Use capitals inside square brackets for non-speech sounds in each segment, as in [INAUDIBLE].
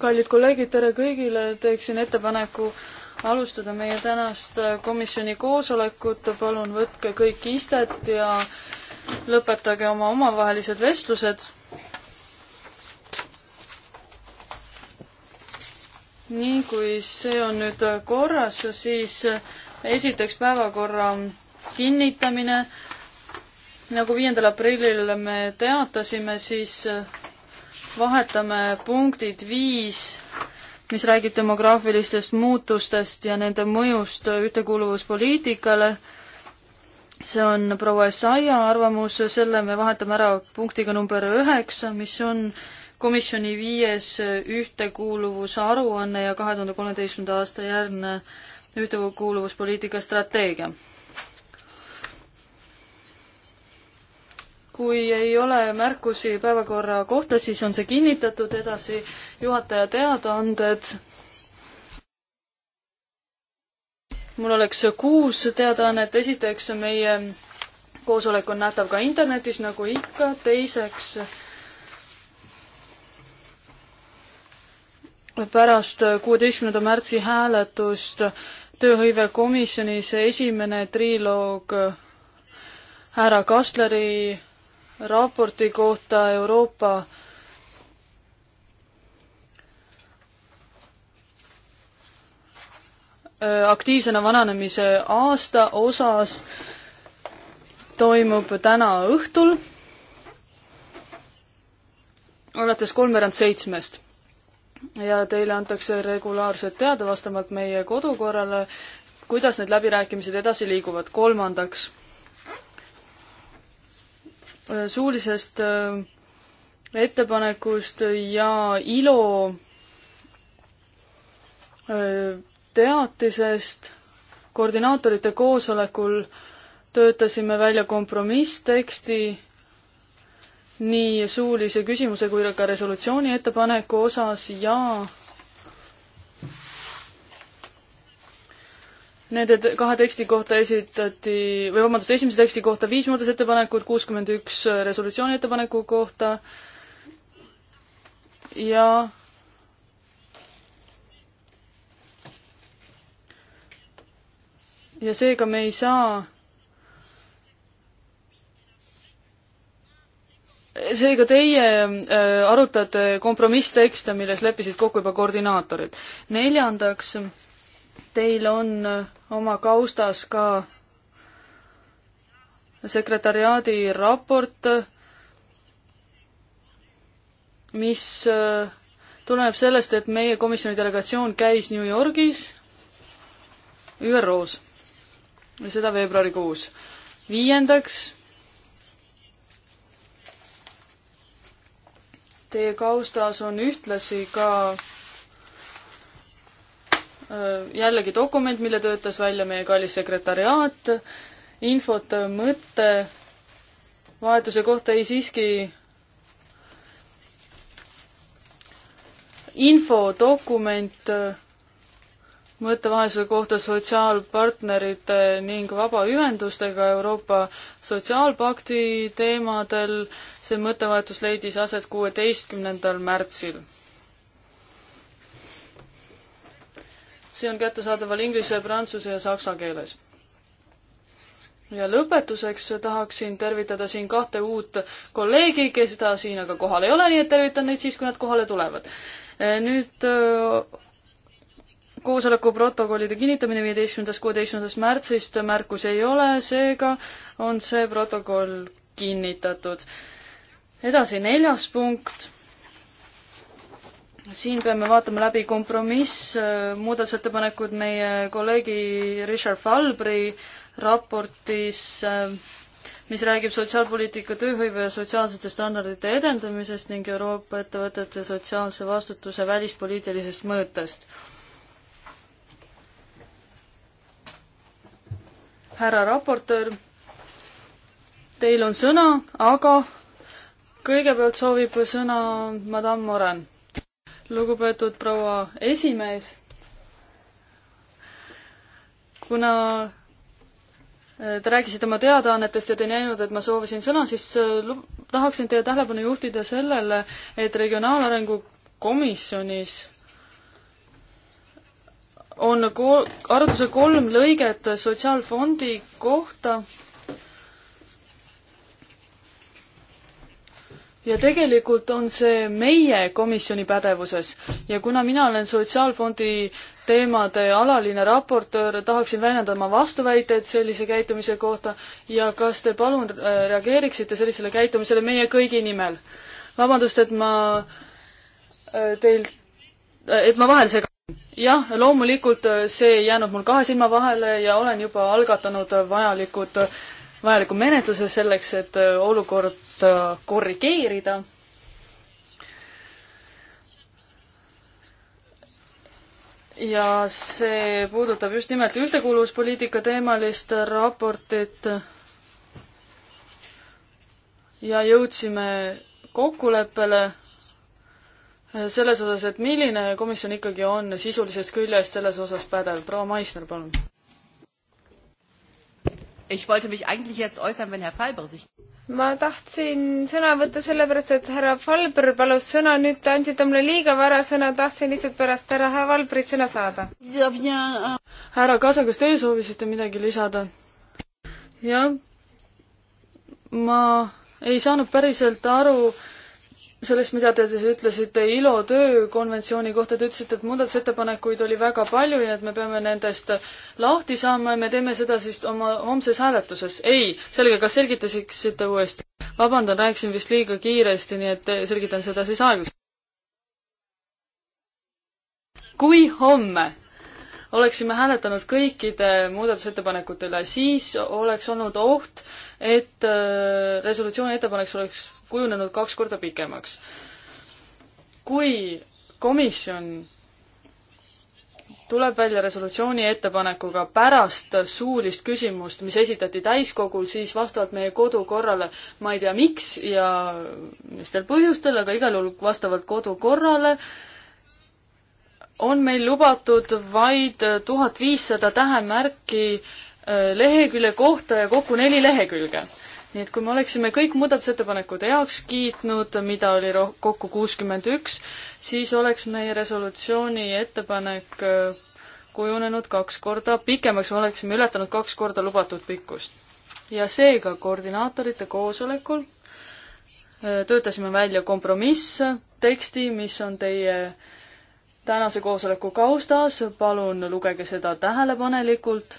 kallid kolleegid, tere kõigile, teeksin ettepaneku alustada meie tänast äh, komisjoni koosolekut, palun võtke kõik istet ja lõpetage oma omavahelised vestlused. nii, kui see on nüüd korras, siis esiteks päevakorra kinnitamine nagu viiendal aprillil me teatasime, siis vahetame punktid viis, mis räägib demograafilistest muutustest ja nende mõjust ühtekuuluvuspoliitikale. see on proua Essaia arvamus, selle me vahetame ära punktiga number üheksa, mis on komisjoni viies ühtekuuluvuse aruanne ja kahe tuhande kolmeteistkümnenda aasta järgne ühtekuuluvuspoliitika strateegia kui ei ole märkusi päevakorra kohta, siis on see kinnitatud, edasi juhataja teadaanded. mul oleks kuus teadaannet, esiteks meie koosolek on nähtav ka internetis, nagu ikka, teiseks pärast kuueteistkümnenda märtsi hääletust tööhõivekomisjonis esimene triloog härra Kastleri raporti kohta Euroopa äh, aktiivsena vananemise aasta osas toimub täna õhtul alates kolmveerand seitsmest. ja teile antakse regulaarselt teada vastavalt meie kodukorrale, kuidas need läbirääkimised edasi liiguvad. kolmandaks Äh, suulisest äh, ettepanekust ja ILO äh, teatisest. koordinaatorite koosolekul töötasime välja kompromissteksti nii suulise küsimuse kui ka resolutsiooni ettepaneku osas ja Nende kahe teksti kohta esitati, või vabandust, esimese teksti kohta viis muudatusettepanekut, kuuskümmend üks resolutsiooni ettepaneku kohta ja ja seega me ei saa seega teie äh, arutate kompromisstekste, milles leppisid kokku juba koordinaatorid. neljandaks, teil on äh, oma kaustas ka sekretariaadi raport, mis äh, tuleneb sellest, et meie komisjoni delegatsioon käis New Yorgis ÜRO-s ja seda veebruarikuus. viiendaks, teie kaustas on ühtlasi ka Äh, jällegi dokument, mille töötas välja meie kallis sekretariaat, infot, äh, mõtte vahetuse kohta ei siiski infodokument äh, mõttevahetuse kohta sotsiaalpartnerite ning vabaühendustega Euroopa Sotsiaalpakti teemadel. see mõttevahetus leidis aset kuueteistkümnendal märtsil see on kättesaadaval inglise, prantsuse ja saksa keeles. ja lõpetuseks tahaksin tervitada siin kahte uut kolleegi, kes täna siin aga kohal ei ole, nii et tervitan neid siis, kui nad kohale tulevad. nüüd koosoleku protokollide kinnitamine viieteistkümnendast, kuueteistkümnendast märtsist märkusi ei ole, seega on see protokoll kinnitatud. edasi neljas punkt siin peame vaatama läbi kompromiss, äh, muudatusettepanekud meie kolleegi Richard Falbri raportis, äh, mis räägib sotsiaalpoliitika tööhõive ja sotsiaalsete standardite edendamisest ning Euroopa ettevõtete sotsiaalse vastutuse välispoliitilisest mõõtest. härra raportöör, teil on sõna, aga kõigepealt soovib sõna Madame Moran lugupeetud proua esimees. kuna te rääkisite oma teadaannetest ja te ei näinud, et ma soovisin sõna, siis äh, tahaksin teie tähelepanu juhtida sellele, et Regionaalarengu komisjonis on ko-, arutlusel kolm lõiget Sotsiaalfondi kohta ja tegelikult on see meie komisjoni pädevuses ja kuna mina olen Sotsiaalfondi teemade alaline raportöör, tahaksin väljendada oma vastuväiteid sellise käitumise kohta ja kas te palun äh, reageeriksite sellisele käitumisele meie kõigi nimel? vabandust, et ma äh, teil, äh, et ma vahel segan jah, loomulikult see ei jäänud mul kahe silma vahele ja olen juba algatanud vajalikud vajaliku menetluse selleks, et äh, olukord äh, korrigeerida. ja see puudutab just nimelt ühtekuuluvuspoliitika teemalist raportit. ja jõudsime kokkuleppele äh, selles osas, et milline komisjon ikkagi on sisulisest küljest selles osas pädev. proua Maisner, palun Ich wollte mich eigentlich erst äußern, wenn Herr Falber sich ma tahtsin sõna võtta sellepärast, et härra Falber palus sõna, nüüd te andsite mulle liiga vara sõna, tahtsin lihtsalt pärast härra Valbrit sõna saada. härra Kasa, kas teie soovisite midagi lisada? jah, ma ei saanud päriselt aru, sellest, mida te ütlesite ILO töökonventsiooni kohta, te ütlesite, et muudatusettepanekuid oli väga palju ja et me peame nendest lahti saama ja me teeme seda siis oma homses hääletuses. ei, selge, kas selgitaksite uuesti? vabandan, rääkisin vist liiga kiiresti, nii et selgitan seda siis aeglaselt. kui homme oleksime hääletanud kõikide muudatusettepanekute üle, siis oleks olnud oht, et äh, resolutsiooni ettepanek oleks kujunenud kaks korda pikemaks. kui komisjon tuleb välja resolutsiooni ettepanekuga pärast suulist küsimust, mis esitati täiskogul, siis vastavalt meie kodukorrale, ma ei tea, miks ja millistel põhjustel, aga igal juhul vastavalt kodukorrale on meil lubatud vaid tuhat viissada tähemärki eh, lehekülje kohta ja kokku neli lehekülge nii et kui me oleksime kõik muudatusettepanekud heaks kiitnud, mida oli roh-, kokku kuuskümmend üks, siis oleks meie resolutsiooni ettepanek äh, kujunenud kaks korda pikemaks, me oleksime ületanud kaks korda lubatud pikkust. ja seega koordinaatorite koosolekul äh, töötasime välja kompromissteksti, mis on teie tänase koosoleku kaustas, palun lugege seda tähelepanelikult.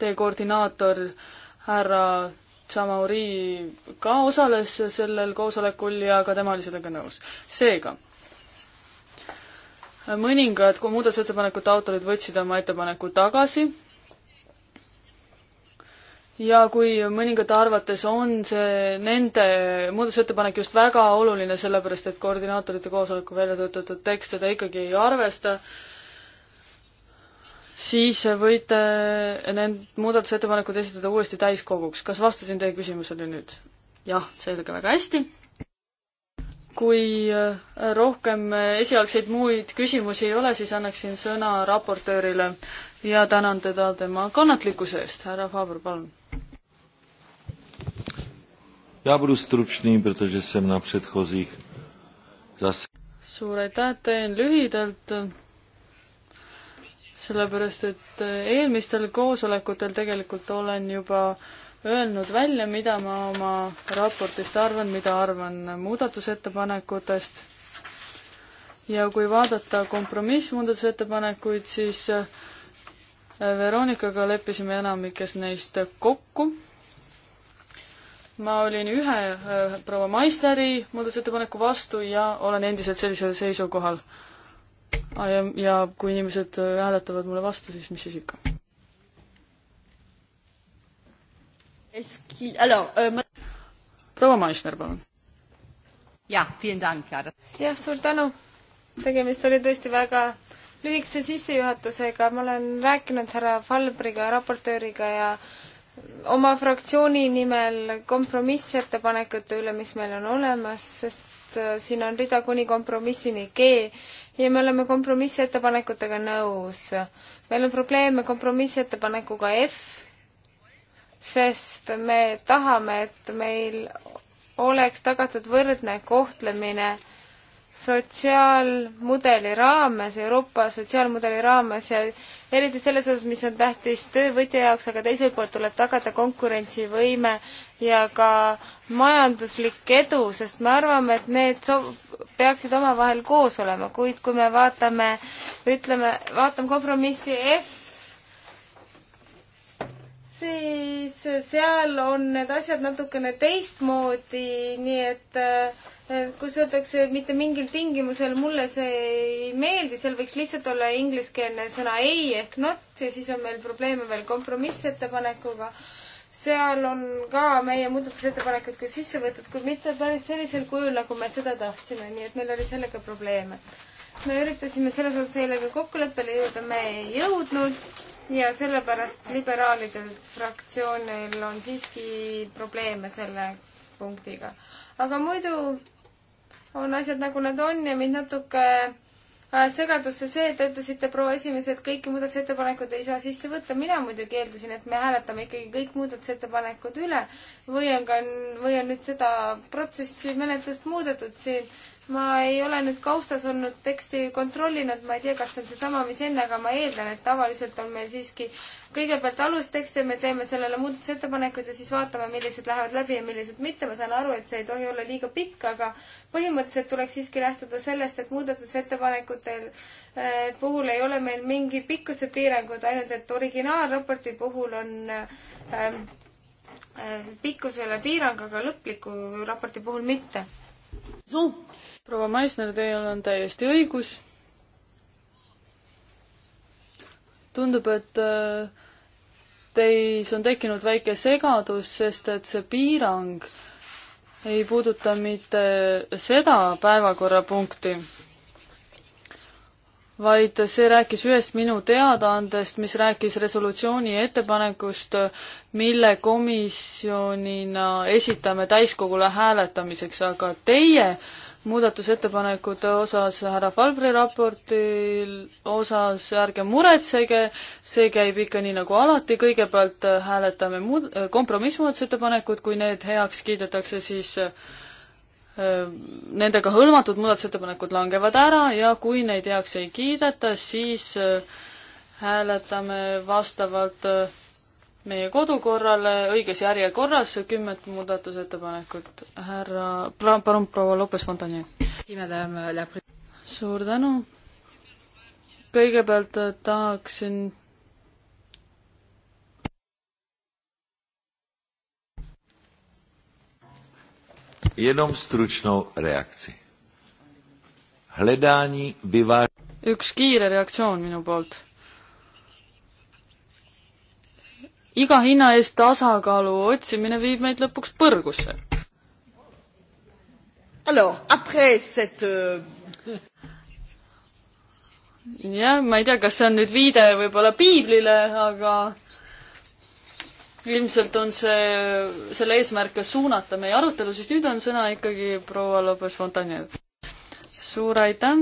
Teie koordinaator härra Samauri ka osales sellel koosolekul ja ka tema oli sellega nõus. seega, mõningad muudatusettepanekute autorid võtsid oma ettepaneku tagasi ja kui mõningate arvates on see nende muudatusettepanek just väga oluline, sellepärast et koordinaatorite koosolekul välja töötatud tekst seda ikkagi ei arvesta, siis võite need muudatusettepanekud esitada uuesti täiskoguks. kas vastasin teie küsimusele nüüd? jah, selge, väga hästi. kui äh, rohkem äh, esialgseid muid küsimusi ei ole, siis annaksin sõna raportöörile ja tänan teda tema kannatlikkuse eest. härra Faber, palun. suur aitäh, teen lühidalt sellepärast et eh, eelmistel koosolekutel tegelikult olen juba öelnud välja, mida ma oma raportist arvan, mida arvan muudatusettepanekutest. ja kui vaadata kompromissmuudatusettepanekuid, siis eh, Veronikaga leppisime enamikes neist kokku. ma olin ühe eh, proua Maisleri muudatusettepaneku vastu ja olen endiselt sellisel seisukohal Ah, ja, ja kui inimesed äh, hääletavad mulle vastu, siis mis siis ikka. Euh, proua Maisner, palun. jah, suur tänu. tegemist oli tõesti väga lühikese sissejuhatusega, ma olen rääkinud härra Falbriga, raportööriga ja oma fraktsiooni nimel kompromissettepanekute üle, mis meil on olemas, sest Äh, siin on rida kuni kompromissini G ja me oleme kompromissettepanekutega nõus. meil on probleeme kompromissettepanekuga F, sest me tahame, et meil oleks tagatud võrdne kohtlemine sotsiaalmudeli raames, Euroopa sotsiaalmudeli raames ja eriti selles osas, mis on tähtis töövõtja jaoks, aga teiselt poolt tuleb tagada konkurentsivõime ja ka majanduslik edu, sest me arvame, et need so-, peaksid omavahel koos olema, kuid kui me vaatame, ütleme, vaatame kompromissi F, siis seal on need asjad natukene teistmoodi, nii et eh, kus öeldakse, et mitte mingil tingimusel mulle see ei meeldi, seal võiks lihtsalt olla ingliskeelne sõna ei ehk not ja siis on meil probleeme veel kompromissettepanekuga seal on ka meie muudatusettepanekud ka sisse võetud, kuid mitte päris sellisel kujul, nagu me seda tahtsime, nii et meil oli sellega probleeme. me üritasime selles osas eelarve kokkuleppele jõuda, me ei jõudnud ja sellepärast liberaalidel fraktsioonil on siiski probleeme selle punktiga. aga muidu on asjad, nagu nad on ja mind natuke Äh, segadusse see, et te ütlesite, proua esimees, et kõiki muudatusettepanekuid ei saa sisse võtta. mina muidugi eeldasin, et me hääletame ikkagi kõik muudatusettepanekud üle või on ka, või on nüüd seda protsessi, menetlust muudetud siin ma ei ole nüüd kaustas olnud teksti kontrollinud, ma ei tea, kas see on seesama, mis enne, aga ma eeldan, et tavaliselt on meil siiski kõigepealt alustekst ja me teeme sellele muudatusettepanekud ja siis vaatame, millised lähevad läbi ja millised mitte. ma saan aru, et see ei tohi olla liiga pikk, aga põhimõtteliselt tuleks siiski lähtuda sellest, et muudatusettepanekutel eh, puhul ei ole meil mingi pikkuse piirangud, ainult et originaalraporti puhul on ähm, pikkusele piirang, aga lõpliku raporti puhul mitte proua Maisner, teil on täiesti õigus. tundub, et äh, teis on tekkinud väike segadus, sest et see piirang ei puuduta mitte seda päevakorrapunkti, vaid see rääkis ühest minu teadaandest, mis rääkis resolutsiooni ettepanekust, mille komisjonina esitame täiskogule hääletamiseks, aga teie äh, muudatusettepanekute osas, härra Falbri raporti osas, ärge muretsege, see käib ikka nii nagu alati, kõigepealt hääletame muud-, kompromissmuudatusettepanekud, kui need heaks kiidetakse, siis äh, nendega hõlmatud muudatusettepanekud langevad ära ja kui neid heaks ei kiideta, siis äh, hääletame vastavalt äh, meie kodukorrale õiges järjekorras, kümmet muudatusettepanekut. härra, palun proua Lopez-Fontanje. suur tänu. kõigepealt äh, tahaksin jenom stručnou reakci. Hledání vyváž... Üks kiire reaktsioon minu poolt iga hinna eest tasakaalu otsimine viib meid lõpuks põrgusse. Euh, jah, ma ei tea, kas see on nüüd viide võib-olla piiblile, aga ilmselt on see, selle eesmärk ka suunata meie arutelu, siis nüüd on sõna ikkagi proua Lopez Fontanel. suur aitäh!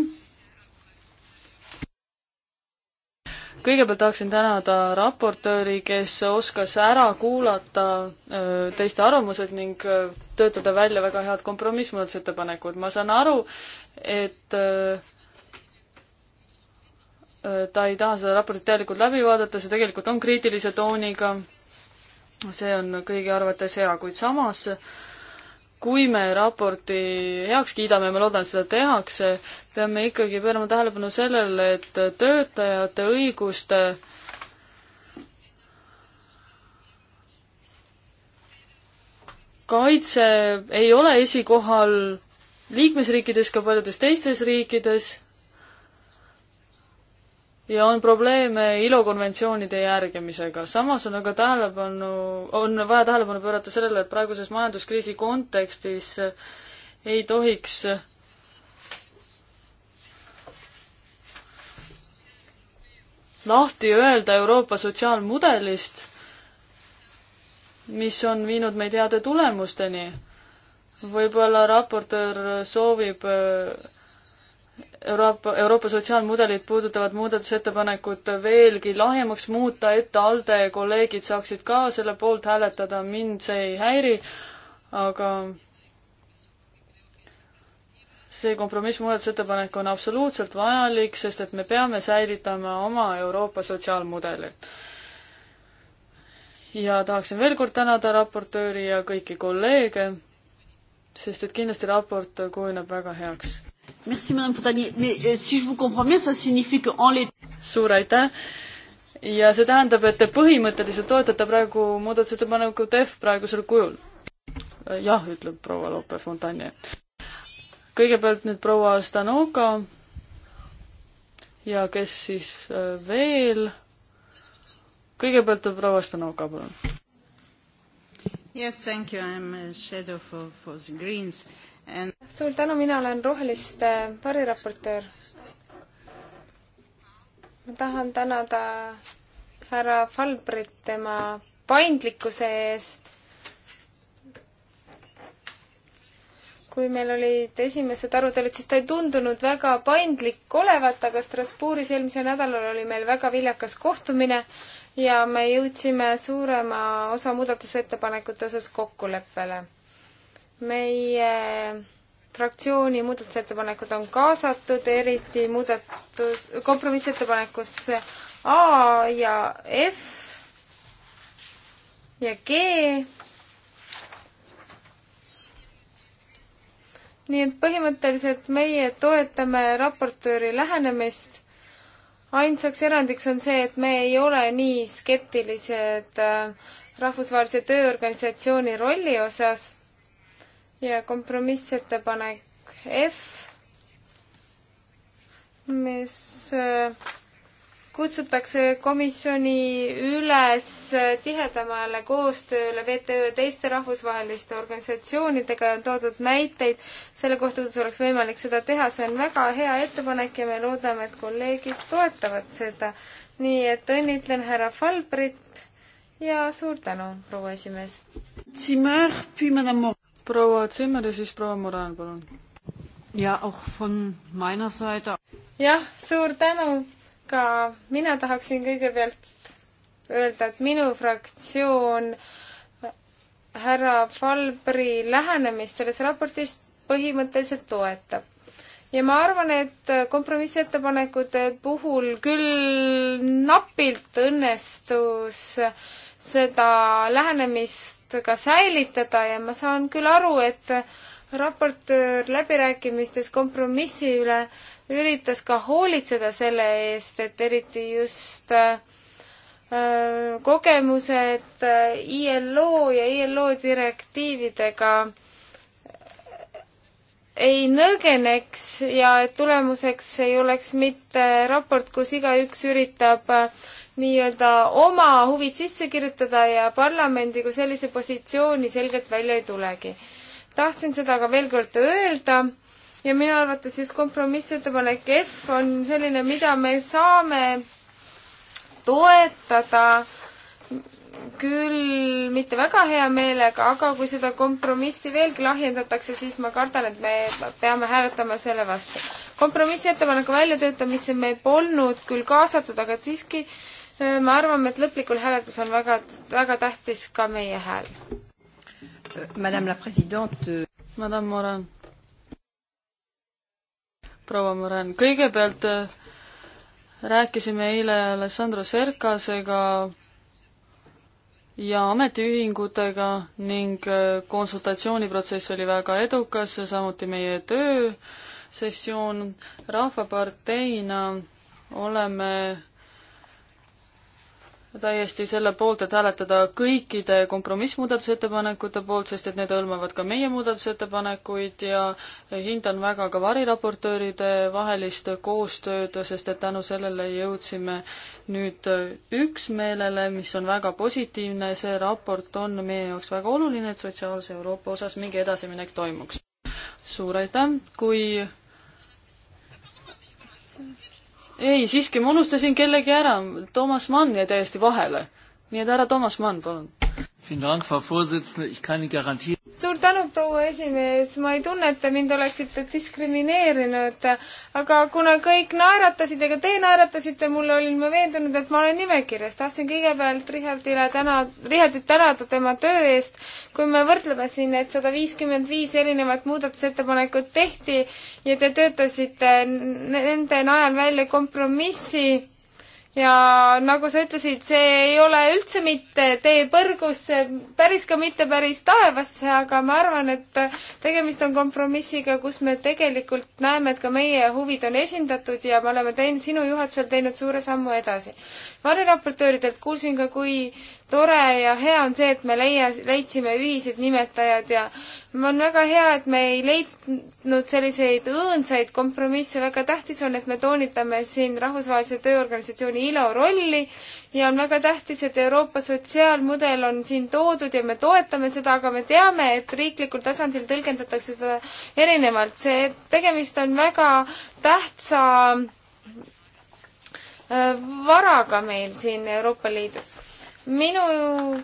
kõigepealt tahaksin tänada raportööri, kes oskas ära kuulata teiste arvamused ning töötada välja väga head kompromissmuudatusettepanekud. ma saan aru, et ta ei taha seda raportit täielikult läbi vaadata, see tegelikult on kriitilise tooniga, see on kõigi arvates hea, kuid samas äh, kui me raporti heaks kiidame, ma loodan, et seda tehakse, peame ikkagi pöörama tähelepanu sellele, et töötajate õiguste kaitse ei ole esikohal liikmesriikides, ka paljudes teistes riikides ja on probleeme ILO konventsioonide järgimisega. samas on aga tähelepanu, on vaja tähelepanu pöörata sellele, et praeguses majanduskriisi kontekstis ei tohiks lahti öelda Euroopa sotsiaalmudelist, mis on viinud meid heade tulemusteni. võib-olla raportöör soovib Euroopa, Euroopa sotsiaalmudelit puudutavad muudatusettepanekut veelgi lahjemaks muuta, et ALDE kolleegid saaksid ka selle poolt hääletada, mind see ei häiri, aga see kompromissmuudatusettepanek on absoluutselt vajalik, sest et me peame säilitama oma Euroopa sotsiaalmudeli. ja tahaksin veel kord tänada raportööri ja kõiki kolleege, sest et kindlasti raport kujuneb väga heaks. Merci, madame Fontanier. Mais euh, si je vous comprends bien, ça signifie que en l'état. suur aitäh ja see tähendab, et te põhimõtteliselt toetate praegu muudatusettepanekut F praegusel kujul. Äh, jah, ütleb proua Lope Fontanje. kõigepealt nüüd proua Stanoka ja kes siis äh, veel? kõigepealt on proua Stanoka, palun. Yes, thank you, I am a shadow for, for the Greens uh, And... suur tänu, mina olen Roheliste variraportöör. ma tahan tänada härra Falbrit tema paindlikkuse eest. kui meil olid esimesed arutelud, siis ta ei tundunud väga paindlik olevat, aga Strasbourgis eelmisel nädalal oli meil väga viljakas kohtumine ja me jõudsime suurema osa muudatusettepanekute osas kokkuleppele meie eh, fraktsiooni muudatusettepanekud on kaasatud, eriti muudatus, kompromissettepanekusse A ja F ja G. nii et põhimõtteliselt meie toetame raportööri lähenemist. ainsaks erandiks on see, et me ei ole nii skeptilised äh, rahvusvahelise tööorganisatsiooni rolli osas ja kompromissettepanek F, mis äh, kutsutakse komisjoni üles tihedamale koostööle WTÜ ja teiste rahvusvaheliste organisatsioonidega ja on toodud näiteid selle kohta, kuidas oleks võimalik seda teha. see on väga hea ettepanek ja me loodame, et kolleegid toetavad seda. nii et õnnitlen härra Falbrit ja suur tänu, proua esimees proua Zimmer ja siis proua Moran, palun. ja oh, von meiner Seite. jah, suur tänu ka mina tahaksin kõigepealt öelda, et minu fraktsioon härra Falbri lähenemist selles raportis põhimõtteliselt toetab. ja ma arvan, et kompromissettepanekute puhul küll napilt õnnestus seda lähenemist ka säilitada ja ma saan küll aru, et raportöör läbirääkimistes kompromissi üle üritas ka hoolitseda selle eest, et eriti just äh, kogemused äh, ILO ja ILO direktiividega ei nõrgeneks ja et tulemuseks ei oleks mitte raport, kus igaüks üritab äh, nii-öelda oma huvid sisse kirjutada ja parlamendi kui sellise positsiooni selgelt välja ei tulegi. tahtsin seda ka veel kord öelda ja minu arvates just kompromissettepanek F on selline, mida me saame toetada küll mitte väga hea meelega, aga kui seda kompromissi veelgi lahjendatakse, siis ma kardan, et me peame hääletama selle vastu. kompromissettepaneku väljatöötamisse me polnud küll kaasatud, aga siiski äh, me arvame, et lõplikul hääletus on väga, väga tähtis ka meie hääl. Madame la Presidente. Madame Moran. proua Moran, kõigepealt äh, rääkisime eile Alessandro Serkasega ja ametiühingutega ning äh, konsultatsiooniprotsess oli väga edukas, samuti meie töösessioon. rahvaparteina oleme täiesti selle poolt, et hääletada kõikide kompromissmuudatusettepanekute poolt, sest et need hõlmavad ka meie muudatusettepanekuid ja hindan väga ka variraportööride vahelist koostööd, sest et tänu sellele jõudsime nüüd üksmeelele, mis on väga positiivne, see raport on meie jaoks väga oluline, et sotsiaalse Euroopa osas mingi edasiminek toimuks. suur aitäh, kui ei, siiski ma unustasin kellegi ära, Toomas Mann jäi täiesti vahele. nii et härra Toomas Mann, palun suur tänu, proua esimees, ma ei tunne, et te mind oleksite diskrimineerinud, aga kuna kõik naeratasid ja ka teie naeratasite mulle, olin ma veendunud, et ma olen nimekirjas. tahtsin kõigepealt Richardile täna, Richardit tänada tema töö eest. kui me võrdleme siin, et sada viiskümmend viis erinevat muudatusettepanekut tehti ja te töötasite nende najal välja kompromissi ja nagu sa ütlesid, see ei ole üldse mitte tee põrgusse, päris ka mitte päris taevasse, aga ma arvan, et tegemist on kompromissiga, kus me tegelikult näeme, et ka meie huvid on esindatud ja me oleme teinud, sinu juhatusel teinud suure sammu edasi variraportööridelt kuulsin ka, kui tore ja hea on see, et me leia-, leidsime ühised nimetajad ja on väga hea, et me ei leidnud selliseid õõnsaid kompromisse, väga tähtis on, et me toonitame siin Rahvusvahelise Tööorganisatsiooni ILO rolli ja on väga tähtis, et Euroopa sotsiaalmudel on siin toodud ja me toetame seda, aga me teame, et riiklikul tasandil tõlgendatakse seda erinevalt, see, tegemist on väga tähtsa varaga meil siin Euroopa Liidus. minu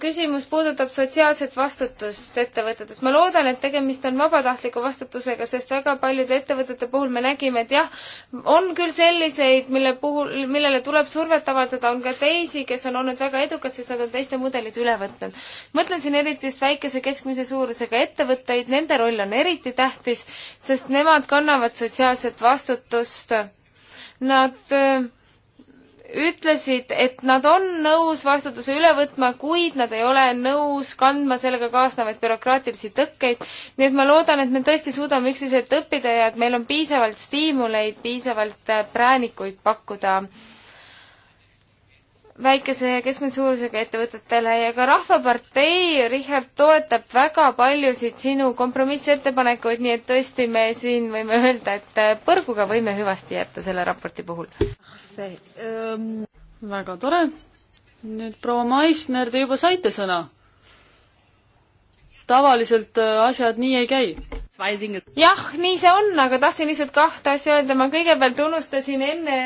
küsimus puudutab sotsiaalset vastutust ettevõtetes. ma loodan, et tegemist on vabatahtliku vastutusega, sest väga paljude ettevõtete puhul me nägime, et jah, on küll selliseid, mille puhul, millele tuleb survet avaldada, on ka teisi, kes on olnud väga edukad, sest nad on teiste mudelid üle võtnud. mõtlen siin eriti just väikese keskmise suurusega ettevõtteid, nende roll on eriti tähtis, sest nemad kannavad sotsiaalset vastutust. Nad äh, ütlesid, et nad on nõus vastutuse üle võtma, kuid nad ei ole nõus kandma sellega kaasnevaid bürokraatilisi tõkkeid. nii et ma loodan, et me tõesti suudame üksteiselt õppida ja et meil on piisavalt stiimuleid, piisavalt äh, präänikuid pakkuda äh, väikese ja keskmise suurusega ettevõtetele ja ka Rahvapartei, Richard, toetab väga paljusid sinu kompromissettepanekuid, nii et tõesti, me siin võime öelda, et äh, põrguga võime hüvasti jätta selle raporti puhul. Ähm. väga tore. nüüd proua Maisner, te juba saite sõna. tavaliselt äh, asjad nii ei käi jah, nii see on, aga tahtsin lihtsalt kahte asja öelda, ma kõigepealt unustasin enne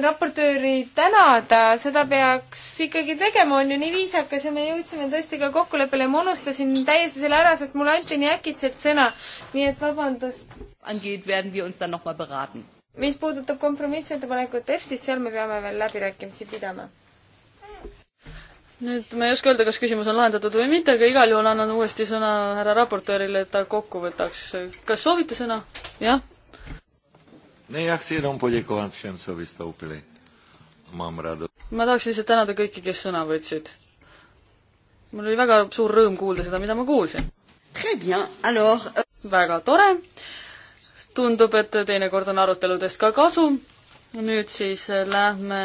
raportööri tänada, seda peaks ikkagi tegema, on ju nii viisakas ja me jõudsime tõesti ka kokkuleppele, ma unustasin täiesti selle ära, sest mulle anti nii äkitselt sõna, nii et vabandust. mis puudutab kompromissettepanekut F, siis seal me peame veel läbirääkimisi pidama. nüüd ma ei oska öelda, kas küsimus on lahendatud või mitte, aga igal juhul annan uuesti sõna härra raportöörile, et ta kokku võtaks. kas soovite sõna? jah Ne, jah, siin on poděkovat všem, co vystoupili. Mám rado. ma tahaks lihtsalt tänada kõiki, kes sõna võtsid. mul oli väga suur rõõm kuulda seda, mida ma kuulsin. Alors... Euh, väga tore. tundub, et teinekord on aruteludest ka kasu. nüüd siis äh, lähme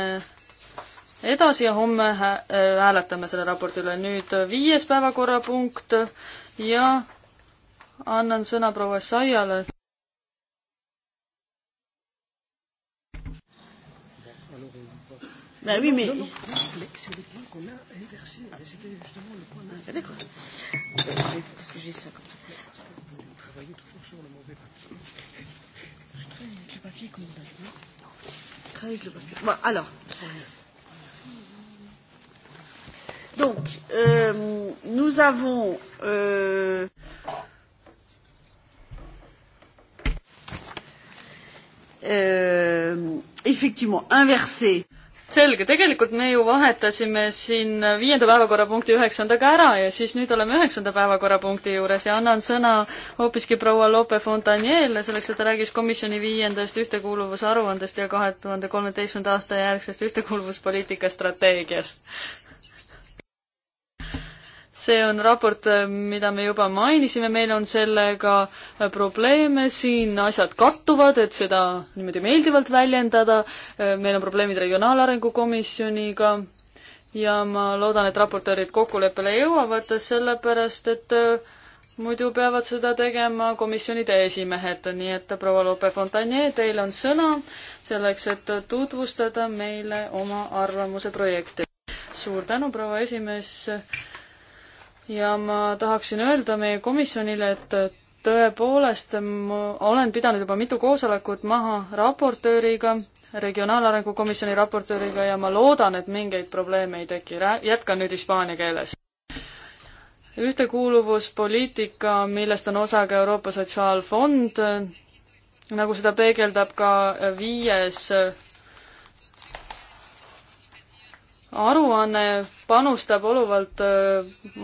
edasi ja homme äh, hääletame selle raporti üle. nüüd äh, viies päevakorrapunkt ja annan sõna proua Saiale. Bah oui, mais. Non, non, mais c'est le point qu'on a inversé. C'était justement le point. Ah, D'accord. Parce que j'ai ça comme ça. Vous travaillez toujours sur le mauvais papier. Je travaille avec le papier comme ça. Je travaille avec le papier. Bon, alors. Donc, euh, nous avons. Euh, euh, effectivement inversé euh, selge, tegelikult me ju vahetasime siin viienda päevakorrapunkti üheksandaga ära ja siis nüüd oleme üheksanda päevakorrapunkti juures ja annan sõna hoopiski proua Lope Fontaniele selleks, et ta räägiks komisjoni viiendast ühtekuuluvusaruandest ja kahe tuhande kolmeteistkümnenda aasta järgsest ühtekuuluvuspoliitika strateegiast see on raport, eh, mida me juba mainisime, meil on sellega eh, probleeme, siin asjad kattuvad, et seda niimoodi meeldivalt väljendada, eh, meil on probleemid Regionaalarengu Komisjoniga ja ma loodan, et raportöörid kokkuleppele jõuavad, sellepärast et muidu peavad seda tegema komisjonide esimehed, nii et proua Lope-Fontanier, teil on sõna selleks, et tutvustada meile oma arvamuse projekti. suur tänu, proua esimees ja ma tahaksin öelda meie komisjonile, et tõepoolest, ma olen pidanud juba mitu koosolekut maha raportööriga, regionaalarengu komisjoni raportööriga ja ma loodan, et mingeid probleeme ei teki. jätkan nüüd hispaania keeles. ühtekuuluvuspoliitika, millest on osa ka Euroopa Sotsiaalfond, nagu seda peegeldab ka viies aruanne panustab oluvalt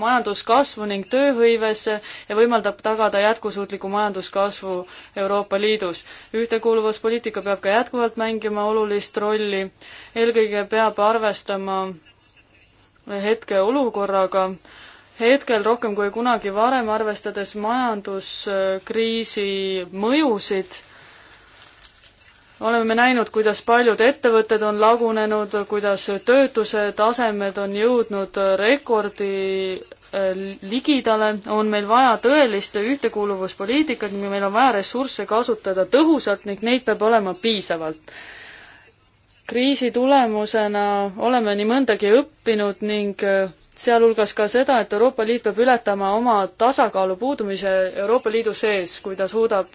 majanduskasvu ning tööhõivesse ja võimaldab tagada jätkusuutliku majanduskasvu Euroopa Liidus. ühtekuuluvuspoliitika peab ka jätkuvalt mängima olulist rolli, eelkõige peab arvestama hetkeolukorraga, hetkel rohkem kui kunagi varem, arvestades majanduskriisi mõjusid oleme me näinud, kuidas paljud ettevõtted on lagunenud, kuidas töötuse tasemed on jõudnud rekordi äh, ligidale, on meil vaja tõelist ühtekuuluvuspoliitikat, meil on vaja ressursse kasutada tõhusalt ning neid peab olema piisavalt. kriisi tulemusena oleme nii mõndagi õppinud ning äh, sealhulgas ka seda, et Euroopa Liit peab ületama oma tasakaalu puudumise Euroopa Liidu sees, kui ta suudab,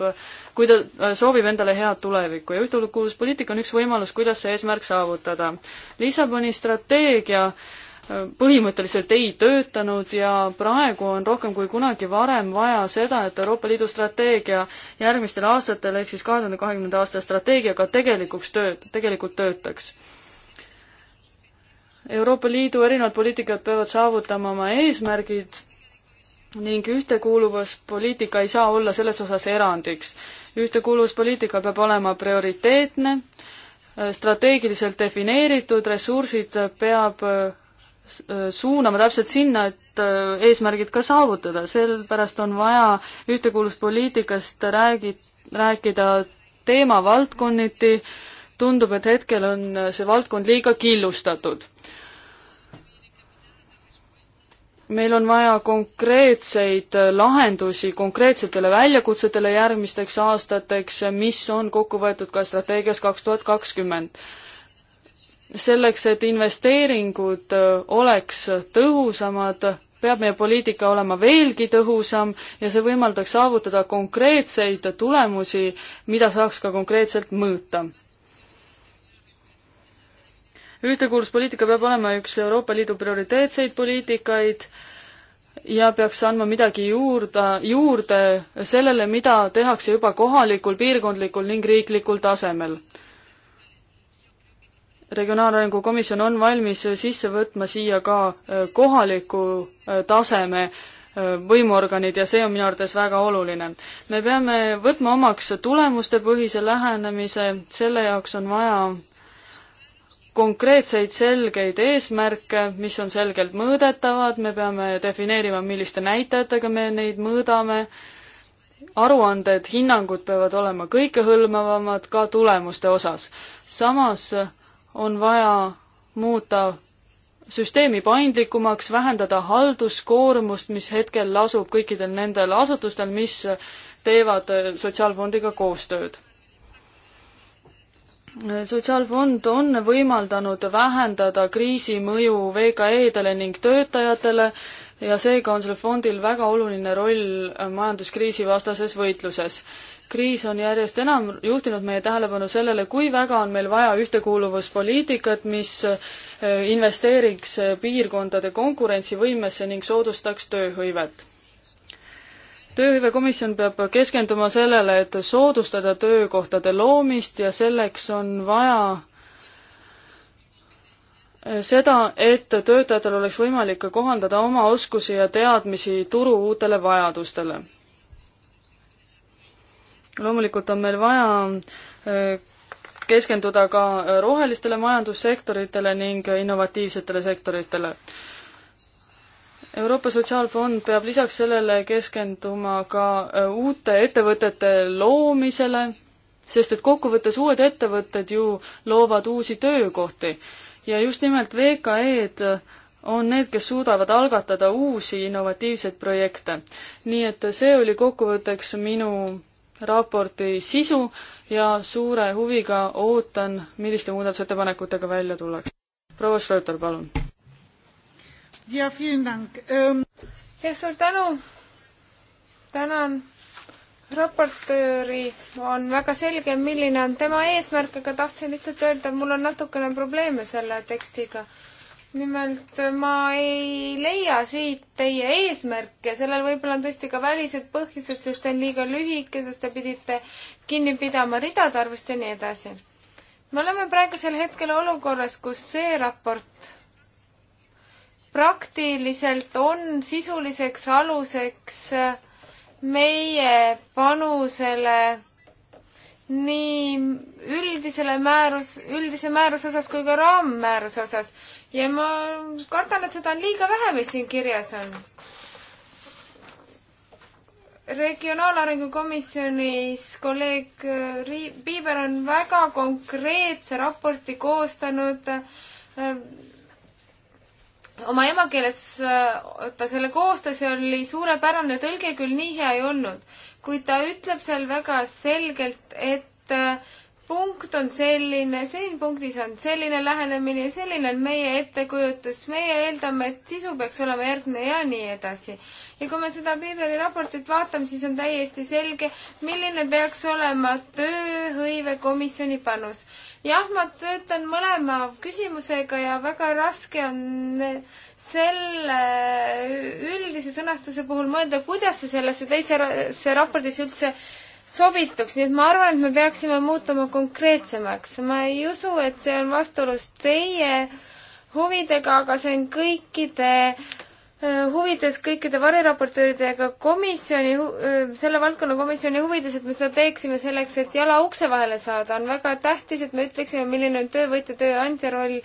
kui ta äh, soovib endale head tulevikku ja ühtekuuluvuspoliitika on üks võimalus, kuidas see eesmärk saavutada. Lissaboni strateegia äh, põhimõtteliselt ei töötanud ja praegu on rohkem kui kunagi varem vaja seda, et Euroopa Liidu strateegia järgmistel aastatel ehk siis kahe tuhande kahekümnenda aasta strateegia ka tegelikuks töö, tegelikult töötaks Euroopa Liidu erinevad poliitikad peavad saavutama oma eesmärgid ning ühtekuuluvuspoliitika ei saa olla selles osas erandiks. ühtekuuluvuspoliitika peab olema prioriteetne, strateegiliselt defineeritud, ressursid peab äh, suunama täpselt sinna, et äh, eesmärgid ka saavutada, sellepärast on vaja ühtekuuluvuspoliitikast räägi-, rääkida teemavaldkonniti, tundub, et hetkel on see valdkond liiga killustatud. meil on vaja konkreetseid lahendusi konkreetsetele väljakutsetele järgmisteks aastateks, mis on kokku võetud ka strateegias kaks tuhat kakskümmend selleks, et investeeringud oleks tõhusamad, peab meie poliitika olema veelgi tõhusam ja see võimaldaks saavutada konkreetseid tulemusi, mida saaks ka konkreetselt mõõta ühtekuuluvuspoliitika peab olema üks Euroopa Liidu prioriteetseid poliitikaid ja peaks andma midagi juurde, juurde sellele, mida tehakse juba kohalikul, piirkondlikul ning riiklikul tasemel. regionaalarengu komisjon on valmis sisse võtma siia ka äh, kohaliku äh, taseme äh, võimuorganid ja see on minu arvates väga oluline. me peame võtma omaks tulemustepõhise lähenemise, selle jaoks on vaja konkreetseid selgeid eesmärke, mis on selgelt mõõdetavad, me peame defineerima, milliste näitajatega me neid mõõdame, aruanded, hinnangud peavad olema kõikehõlmavamad ka tulemuste osas. samas on vaja muuta süsteemi paindlikumaks, vähendada halduskoormust, mis hetkel lasub kõikidel nendel asutustel, mis teevad Sotsiaalfondiga koostööd sotsiaalfond on võimaldanud vähendada kriisi mõju VKE-dele ning töötajatele ja seega on sellel fondil väga oluline roll majanduskriisi vastases võitluses. kriis on järjest enam juhtinud meie tähelepanu sellele, kui väga on meil vaja ühtekuuluvuspoliitikat, mis eh, investeeriks piirkondade konkurentsivõimesse ning soodustaks tööhõivet tööhõivekomisjon peab keskenduma sellele, et soodustada töökohtade loomist ja selleks on vaja seda, et töötajatel oleks võimalik kohandada oma oskusi ja teadmisi turu uutele vajadustele. loomulikult on meil vaja äh, keskenduda ka rohelistele majandussektoritele ning innovatiivsetele sektoritele Euroopa Sotsiaalfond peab lisaks sellele keskenduma ka äh, uute ettevõtete loomisele, sest et kokkuvõttes uued ettevõtted ju loovad uusi töökohti ja just nimelt VKE-d on need, kes suudavad algatada uusi innovatiivseid projekte. nii et see oli kokkuvõtteks minu raporti sisu ja suure huviga ootan, milliste muudatusettepanekutega välja tullakse. proua Schröter, palun! Ähm, ja suur tänu. tänan raportööri, on väga selge, milline on tema eesmärk, aga tahtsin lihtsalt öelda, et mul on natukene probleeme selle tekstiga. nimelt ma ei leia siit teie eesmärke, sellel võib-olla on tõesti ka välised põhjused, sest see on liiga lühike, sest te pidite kinni pidama ridade arvust ja nii edasi. me oleme praegusel hetkel olukorras, kus see raport praktiliselt on sisuliseks aluseks äh, meie panusele nii üldisele määrus, üldise määruse osas kui ka raammääruse osas. ja ma kardan, et seda on liiga vähe, mis siin kirjas on. regionaalarengu komisjonis kolleeg äh, Piiber on väga konkreetse raporti koostanud äh, oma emakeeles äh, ta selle koostas ja oli suurepärane tõlge, küll nii hea ei olnud, kuid ta ütleb seal väga selgelt, et äh, punkt on selline, siin punktis on selline lähenemine ja selline on meie ettekujutus, meie eeldame, et sisu peaks olema järgne ja nii edasi. ja kui me seda Piiberi raportit vaatame, siis on täiesti selge, milline peaks olema tööhõivekomisjoni panus. jah, ma töötan mõlema küsimusega ja väga raske on selle üldise sõnastuse puhul mõelda, kuidas see sellesse teisesse raportisse üldse sobituks, nii et ma arvan, et me peaksime muutuma konkreetsemaks. ma ei usu, et see on vastuolus teie huvidega, aga see on kõikide äh, huvides, kõikide variraportööride ja ka komisjoni, äh, selle valdkonna komisjoni huvides, et me seda teeksime selleks, et jala ukse vahele saada, on väga tähtis, et me ütleksime, milline on töövõtja, tööandja roll.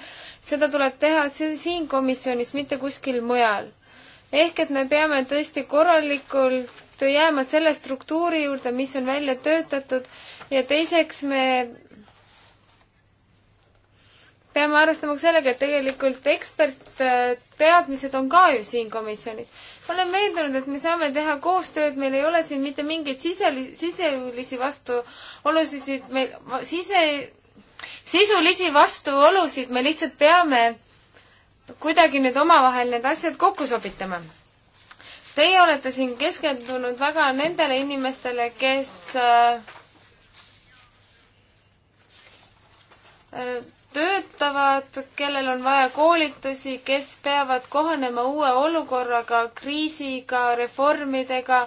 seda tuleb teha siin komisjonis, mitte kuskil mujal. ehk et me peame tõesti korralikult seetõttu jääma selle struktuuri juurde, mis on välja töötatud ja teiseks me peame arvestama ka sellega, et tegelikult ekspertteadmised on ka ju siin komisjonis. ma olen veendunud, et me saame teha koostööd, meil ei ole siin mitte mingeid siseli-, sisulisi vastuolusid, meil sise, sisulisi vastuolusid, me lihtsalt peame kuidagi nüüd omavahel need asjad kokku sobitama Teie olete siin keskendunud väga nendele inimestele, kes äh, äh, töötavad, kellel on vaja koolitusi, kes peavad kohanema uue olukorraga, kriisiga, reformidega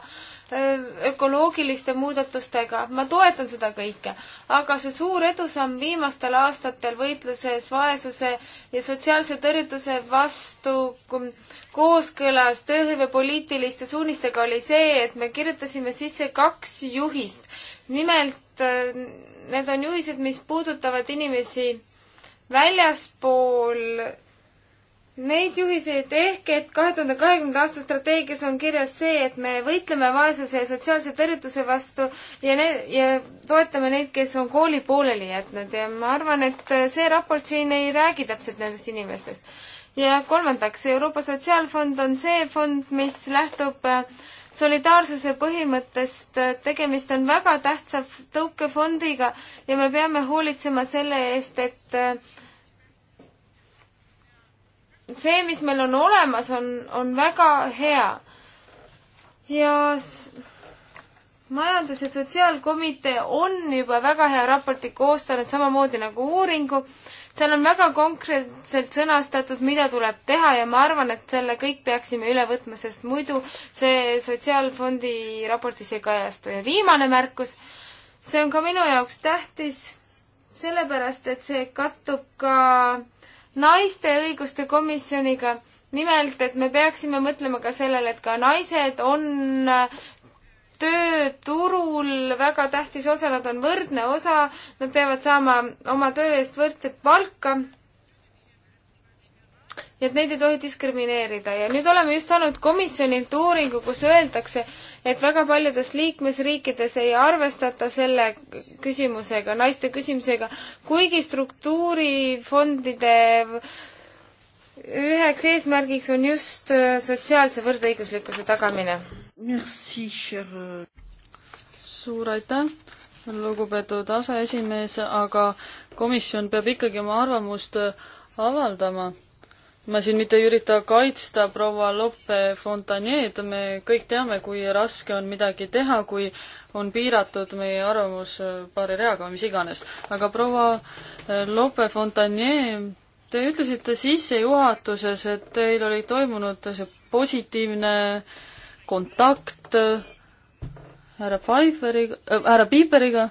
ökoloogiliste muudatustega, ma toetan seda kõike, aga see suur edusamm viimastel aastatel võitluses vaesuse ja sotsiaalse tõrjutuse vastu kooskõlas tööhõivepoliitiliste suunistega oli see, et me kirjutasime sisse kaks juhist. nimelt need on juhised, mis puudutavad inimesi väljaspool Neid juhiseid ehk, et kahe tuhande kahekümnenda aasta strateegias on kirjas see, et me võitleme vaesuse ja sotsiaalse tõrjutuse vastu ja ne-, ja toetame neid, kes on kooli pooleli jätnud ja ma arvan, et see raport siin ei räägi täpselt nendest inimestest. ja kolmandaks, Euroopa Sotsiaalfond on see fond, mis lähtub äh, solidaarsuse põhimõttest, tegemist on väga tähtsa tõukefondiga ja me peame hoolitsema selle eest, et äh, see, mis meil on olemas, on, on väga hea. ja majandus- ja sotsiaalkomitee on juba väga hea raporti koostanud, samamoodi nagu uuringu. seal on väga konkreetselt sõnastatud, mida tuleb teha ja ma arvan, et selle kõik peaksime üle võtma, sest muidu see Sotsiaalfondi raportis ei kajastu. ja viimane märkus, see on ka minu jaoks tähtis, sellepärast et see kattub ka naiste õiguste komisjoniga. nimelt, et me peaksime mõtlema ka sellele, et ka naised on äh, tööturul väga tähtis osa, nad on võrdne osa, nad peavad saama oma töö eest võrdset palka et neid ei tohi diskrimineerida ja nüüd oleme just saanud komisjonilt uuringu, kus öeldakse, et väga paljudes liikmesriikides ei arvestata selle küsimusega, naiste küsimusega, kuigi struktuurifondide üheks eesmärgiks on just äh, sotsiaalse võrdõiguslikkuse tagamine. Euh, suur aitäh, lugupeetud aseesimees, aga komisjon peab ikkagi oma arvamust äh, avaldama ma siin mitte ei ürita kaitsta proua Lope Fontanjeed, me kõik teame, kui raske on midagi teha, kui on piiratud meie arvamus äh, paari reaga või mis iganes. aga proua äh, Lope Fontanje, te ütlesite sissejuhatuses, et teil oli toimunud see positiivne kontakt äh, härra Pfeifferiga äh,, härra Piiperiga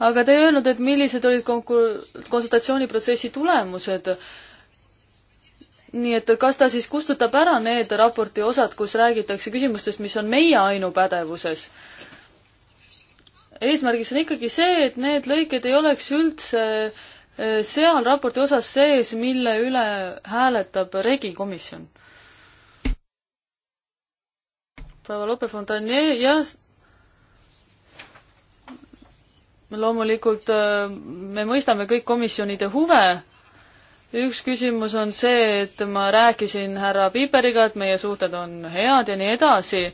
aga te ei öelnud, et millised olid konku-, konsultatsiooniprotsessi tulemused. nii et kas ta siis kustutab ära need raporti osad, kus räägitakse küsimustest, mis on meie ainupädevuses? eesmärgiks on ikkagi see, et need lõiked ei oleks üldse eh, seal raporti osas sees, mille üle hääletab regikomisjon. proua Lope-Fontanier, jah, loomulikult äh, me mõistame kõik komisjonide huve. üks küsimus on see, et ma rääkisin härra Piiperiga, et meie suhted on head ja nii edasi.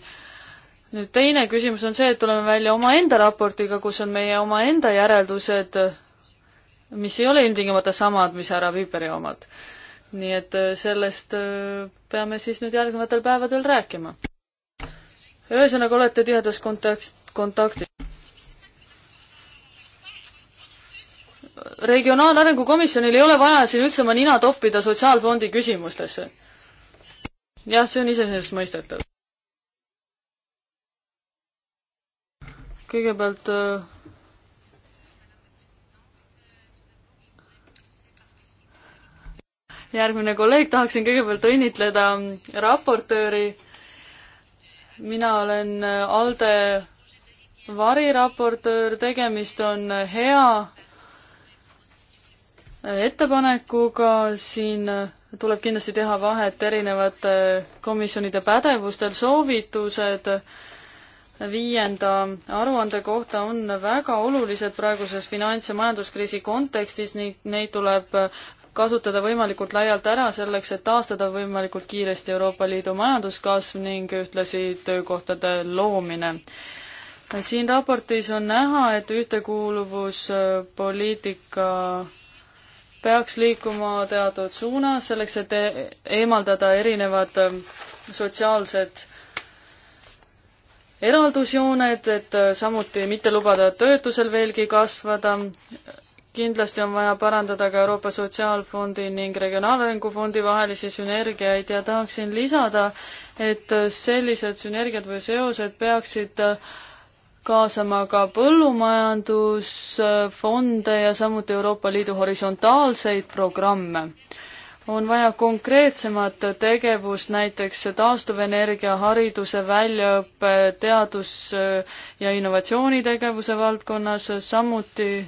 nüüd teine küsimus on see, et tuleme välja omaenda raportiga, kus on meie omaenda järeldused, mis ei ole ilmtingimata samad, mis härra Piiperi omad. nii et äh, sellest äh, peame siis nüüd järgnevatel päevadel rääkima. ühesõnaga, olete tihedas kontakt, kontaktis? regionaalarengu komisjonil ei ole vaja siin üldse oma nina toppida sotsiaalfondi küsimustesse. jah, see on iseenesestmõistetav. kõigepealt äh, järgmine kolleeg, tahaksin kõigepealt õnnitleda raportööri. mina olen äh, ALDE variraportöör, tegemist on hea ettepanekuga, siin tuleb kindlasti teha vahet erinevate komisjonide pädevustel, soovitused viienda aruande kohta on väga olulised praeguses finants- ja majanduskriisi kontekstis ning neid tuleb kasutada võimalikult laialt ära selleks, et taastada võimalikult kiiresti Euroopa Liidu majanduskasv ning ühtlasi töökohtade loomine. siin raportis on näha, et ühtekuuluvuspoliitika peaks liikuma teatud suunas selleks, et e-, eemaldada erinevad ähm, sotsiaalsed eraldusjooned, et äh, samuti mitte lubada töötusel veelgi kasvada. kindlasti on vaja parandada ka Euroopa Sotsiaalfondi ning Regionaalarengu Fondi vahelisi sünergiaid ja tahaksin lisada, et äh, sellised sünergiad või seosed peaksid äh, kaasama ka põllumajandusfonde ja samuti Euroopa Liidu horisontaalseid programme. on vaja konkreetsemat tegevust, näiteks taastuvenergia, hariduse, väljaõppe, teadus- äh, ja innovatsioonitegevuse valdkonnas, samuti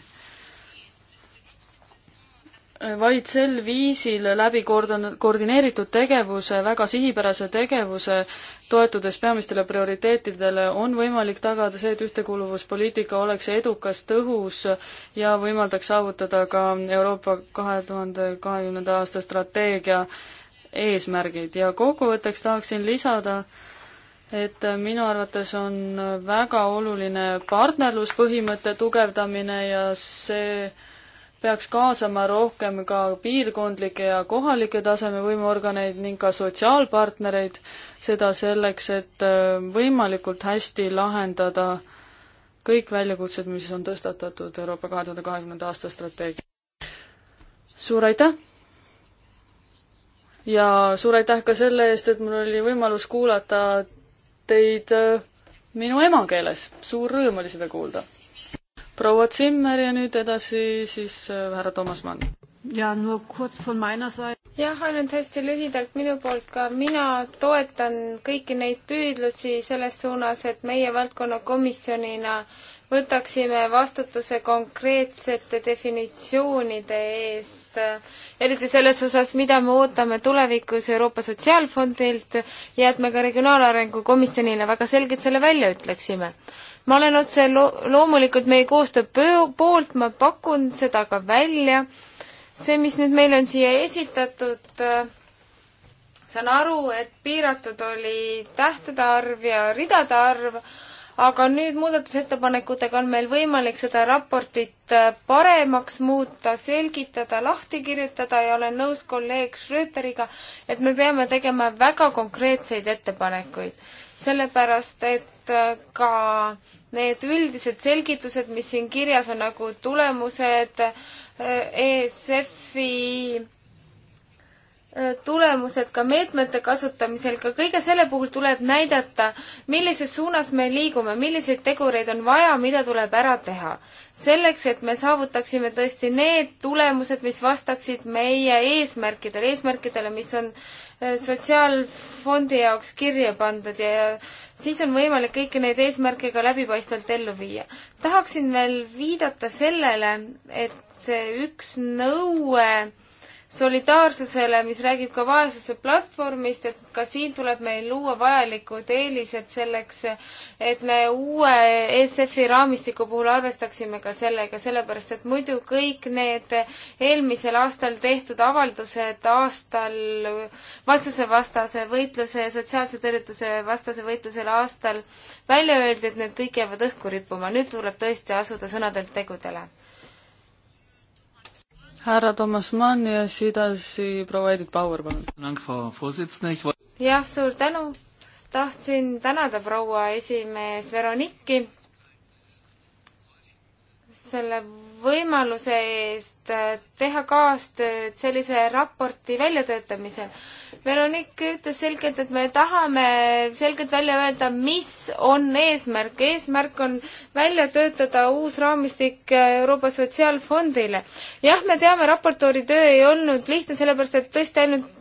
äh, vaid sel viisil läbi koordineeritud tegevuse, väga sihipärase tegevuse toetudes peamistele prioriteetidele, on võimalik tagada see, et ühtekuuluvuspoliitika oleks edukas, tõhus ja võimaldaks saavutada ka Euroopa kahe tuhande kahekümnenda aasta strateegia eesmärgid ja kokkuvõtteks tahaksin lisada, et minu arvates on väga oluline partnerluspõhimõtte tugevdamine ja see peaks kaasama rohkem ka piirkondlikke ja kohalikke taseme võimuorganeid ning ka sotsiaalpartnereid, seda selleks, et äh, võimalikult hästi lahendada kõik väljakutsed, mis on tõstatatud Euroopa kahe tuhande kahekümnenda aasta strateegia. suur aitäh! ja suur aitäh ka selle eest, et mul oli võimalus kuulata teid äh, minu emakeeles, suur rõõm oli seda kuulda proua Zimmer ja nüüd edasi siis äh, härra Toomas Mann. ja no kurz von meiner Seite jah, ainult hästi lühidalt minu poolt ka. mina toetan kõiki neid püüdlusi selles suunas, et meie valdkonnakomisjonina võtaksime vastutuse konkreetsete definitsioonide eest, eriti selles osas, mida me ootame tulevikus Euroopa Sotsiaalfondilt ja et me ka Regionaalarengu Komisjonile väga selgelt selle välja ütleksime ma olen otse lo-, loomulikult meie koostöö poolt, ma pakun seda ka välja. see, mis nüüd meile on siia esitatud, äh, saan aru, et piiratud oli tähtede arv ja ridade arv, aga nüüd muudatusettepanekutega on meil võimalik seda raportit äh, paremaks muuta, selgitada, lahti kirjutada ja olen nõus kolleeg Schröteriga, et me peame tegema väga konkreetseid ettepanekuid. sellepärast, et äh, ka need üldised selgitused, mis siin kirjas on, nagu tulemused, ESF-i eh, e eh, tulemused ka meetmete kasutamisel, ka kõige selle puhul tuleb näidata, millises suunas me liigume, milliseid tegureid on vaja, mida tuleb ära teha. selleks, et me saavutaksime tõesti need tulemused, mis vastaksid meie eesmärkidele, eesmärkidele, mis on eh, sotsiaalfondi jaoks kirja pandud ja siis on võimalik kõiki neid eesmärke ka läbipaistvalt ellu viia. tahaksin veel viidata sellele, et see üks nõue solidaarsusele, mis räägib ka vaesuse platvormist, et ka siin tuleb meil luua vajalikud eelised selleks, et me uue ESF-i raamistiku puhul arvestaksime ka sellega, sellepärast et muidu kõik need eelmisel aastal tehtud avaldused aastal vastusevastase võitluse ja sotsiaalse tõrjutuse vastase võitlusel aastal välja öeldi, et need kõik jäävad õhku rippuma. nüüd tuleb tõesti asuda sõnadelt tegudele härra Toomas Mann ja siis edasi proua Edith Bauer, palun. jah, suur tänu. tahtsin tänada proua esimees Veronikki selle võimaluse eest äh, teha kaastööd sellise raporti väljatöötamisel. Veronique ütles selgelt, et me tahame selgelt välja öelda, mis on eesmärk. eesmärk on välja töötada uus raamistik äh, Euroopa Sotsiaalfondile. jah, me teame, raportööri töö ei olnud lihtne, sellepärast et tõesti ainult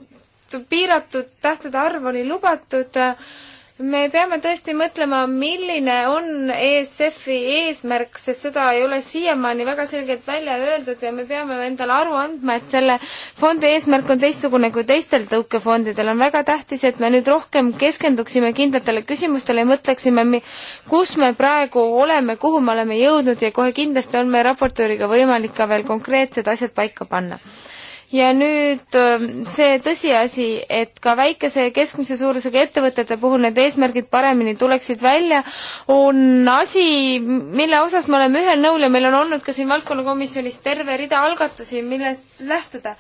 piiratud tähtede arv oli lubatud äh, me peame tõesti mõtlema, milline on ESF-i eesmärk, sest seda ei ole siiamaani väga selgelt välja öeldud ja me peame endale aru andma, et selle fondi eesmärk on teistsugune kui teistel tõukefondidel. on väga tähtis, et me nüüd rohkem keskenduksime kindlatele küsimustele ja mõtleksime, kus me praegu oleme, kuhu me oleme jõudnud ja kohe kindlasti on meie raportööriga võimalik ka veel konkreetsed asjad paika panna ja nüüd see tõsiasi, et ka väikese ja keskmise suurusega ettevõtete puhul need eesmärgid paremini tuleksid välja, on asi, mille osas me oleme ühel nõul ja meil on olnud ka siin valdkonnakomisjonis terve rida algatusi, millest lähtuda.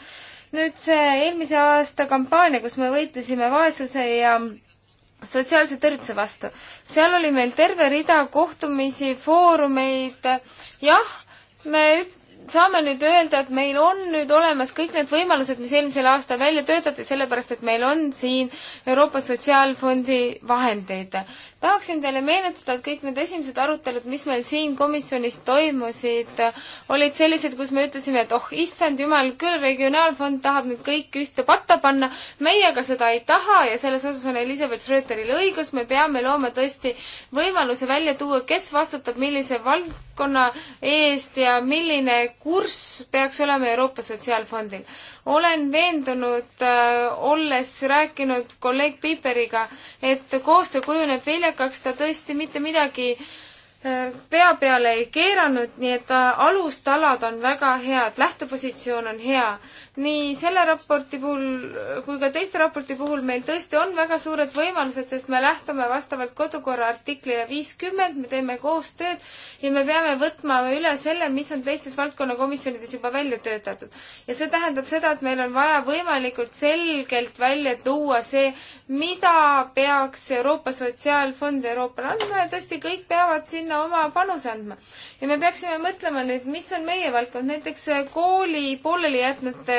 nüüd see eelmise aasta kampaania, kus me võitlesime vaesuse ja sotsiaalse tõrjutuse vastu. seal oli meil terve rida kohtumisi, foorumeid, jah, me saame nüüd öelda, et meil on nüüd olemas kõik need võimalused, mis eelmisel aastal välja töötati, sellepärast et meil on siin Euroopa Sotsiaalfondi vahendeid tahaksin teile meenutada, et kõik need esimesed arutelud, mis meil siin komisjonis toimusid, olid sellised, kus me ütlesime, et oh issand jumal küll, regionaalfond tahab nüüd kõik ühte patta panna, meie aga seda ei taha ja selles osas on Elizabeth Schröteril õigus, me peame looma tõesti võimaluse välja tuua, kes vastutab millise valdkonna eest ja milline kurss peaks olema Euroopa Sotsiaalfondil. olen veendunud, äh, olles rääkinud kolleeg Piiperiga, et koostöö kujuneb vilja naljakaks ta tõesti mitte midagi pea peale ei keeranud, nii et alustalad on väga head, lähtepositsioon on hea. nii selle raporti puhul kui ka teiste raporti puhul meil tõesti on väga suured võimalused, sest me lähtume vastavalt kodukorra artiklile viiskümmend, me teeme koostööd ja me peame võtma üle selle, mis on teistes valdkonnakomisjonides juba välja töötatud. ja see tähendab seda, et meil on vaja võimalikult selgelt välja tuua see, mida peaks Euroopa Sotsiaalfond Euroopale andma ja tõesti kõik peavad siin sinna oma panuse andma. ja me peaksime mõtlema nüüd, mis on meie valdkond, näiteks eh, kooli poolelijätmete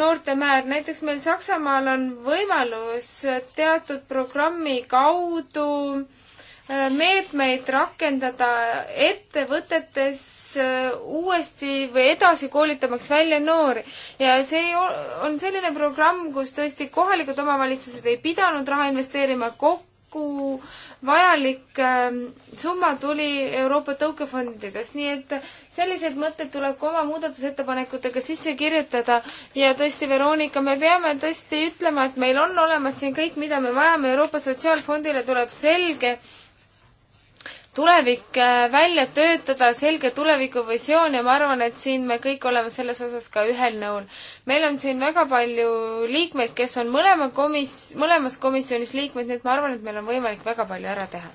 noorte määr, näiteks meil Saksamaal on võimalus teatud programmi kaudu eh, meetmeid rakendada ettevõtetes eh, uuesti või edasi koolitamaks välja noori. ja see on selline programm, kus tõesti kohalikud omavalitsused ei pidanud raha investeerima, kogu vajalik ähm, summa tuli Euroopa tõukefondidest, nii et sellised mõtted tuleb ka oma muudatusettepanekutega sisse kirjutada ja tõesti, Veronika, me peame tõesti ütlema, et meil on olemas siin kõik, mida me vajame, Euroopa Sotsiaalfondile tuleb selge tulevik äh, välja töötada, selge tulevikuvisioon ja ma arvan, et siin me kõik oleme selles osas ka ühel nõul. meil on siin väga palju liikmeid, kes on mõlema komis-, mõlemas komisjonis liikmed, nii et ma arvan, et meil on võimalik väga palju ära teha.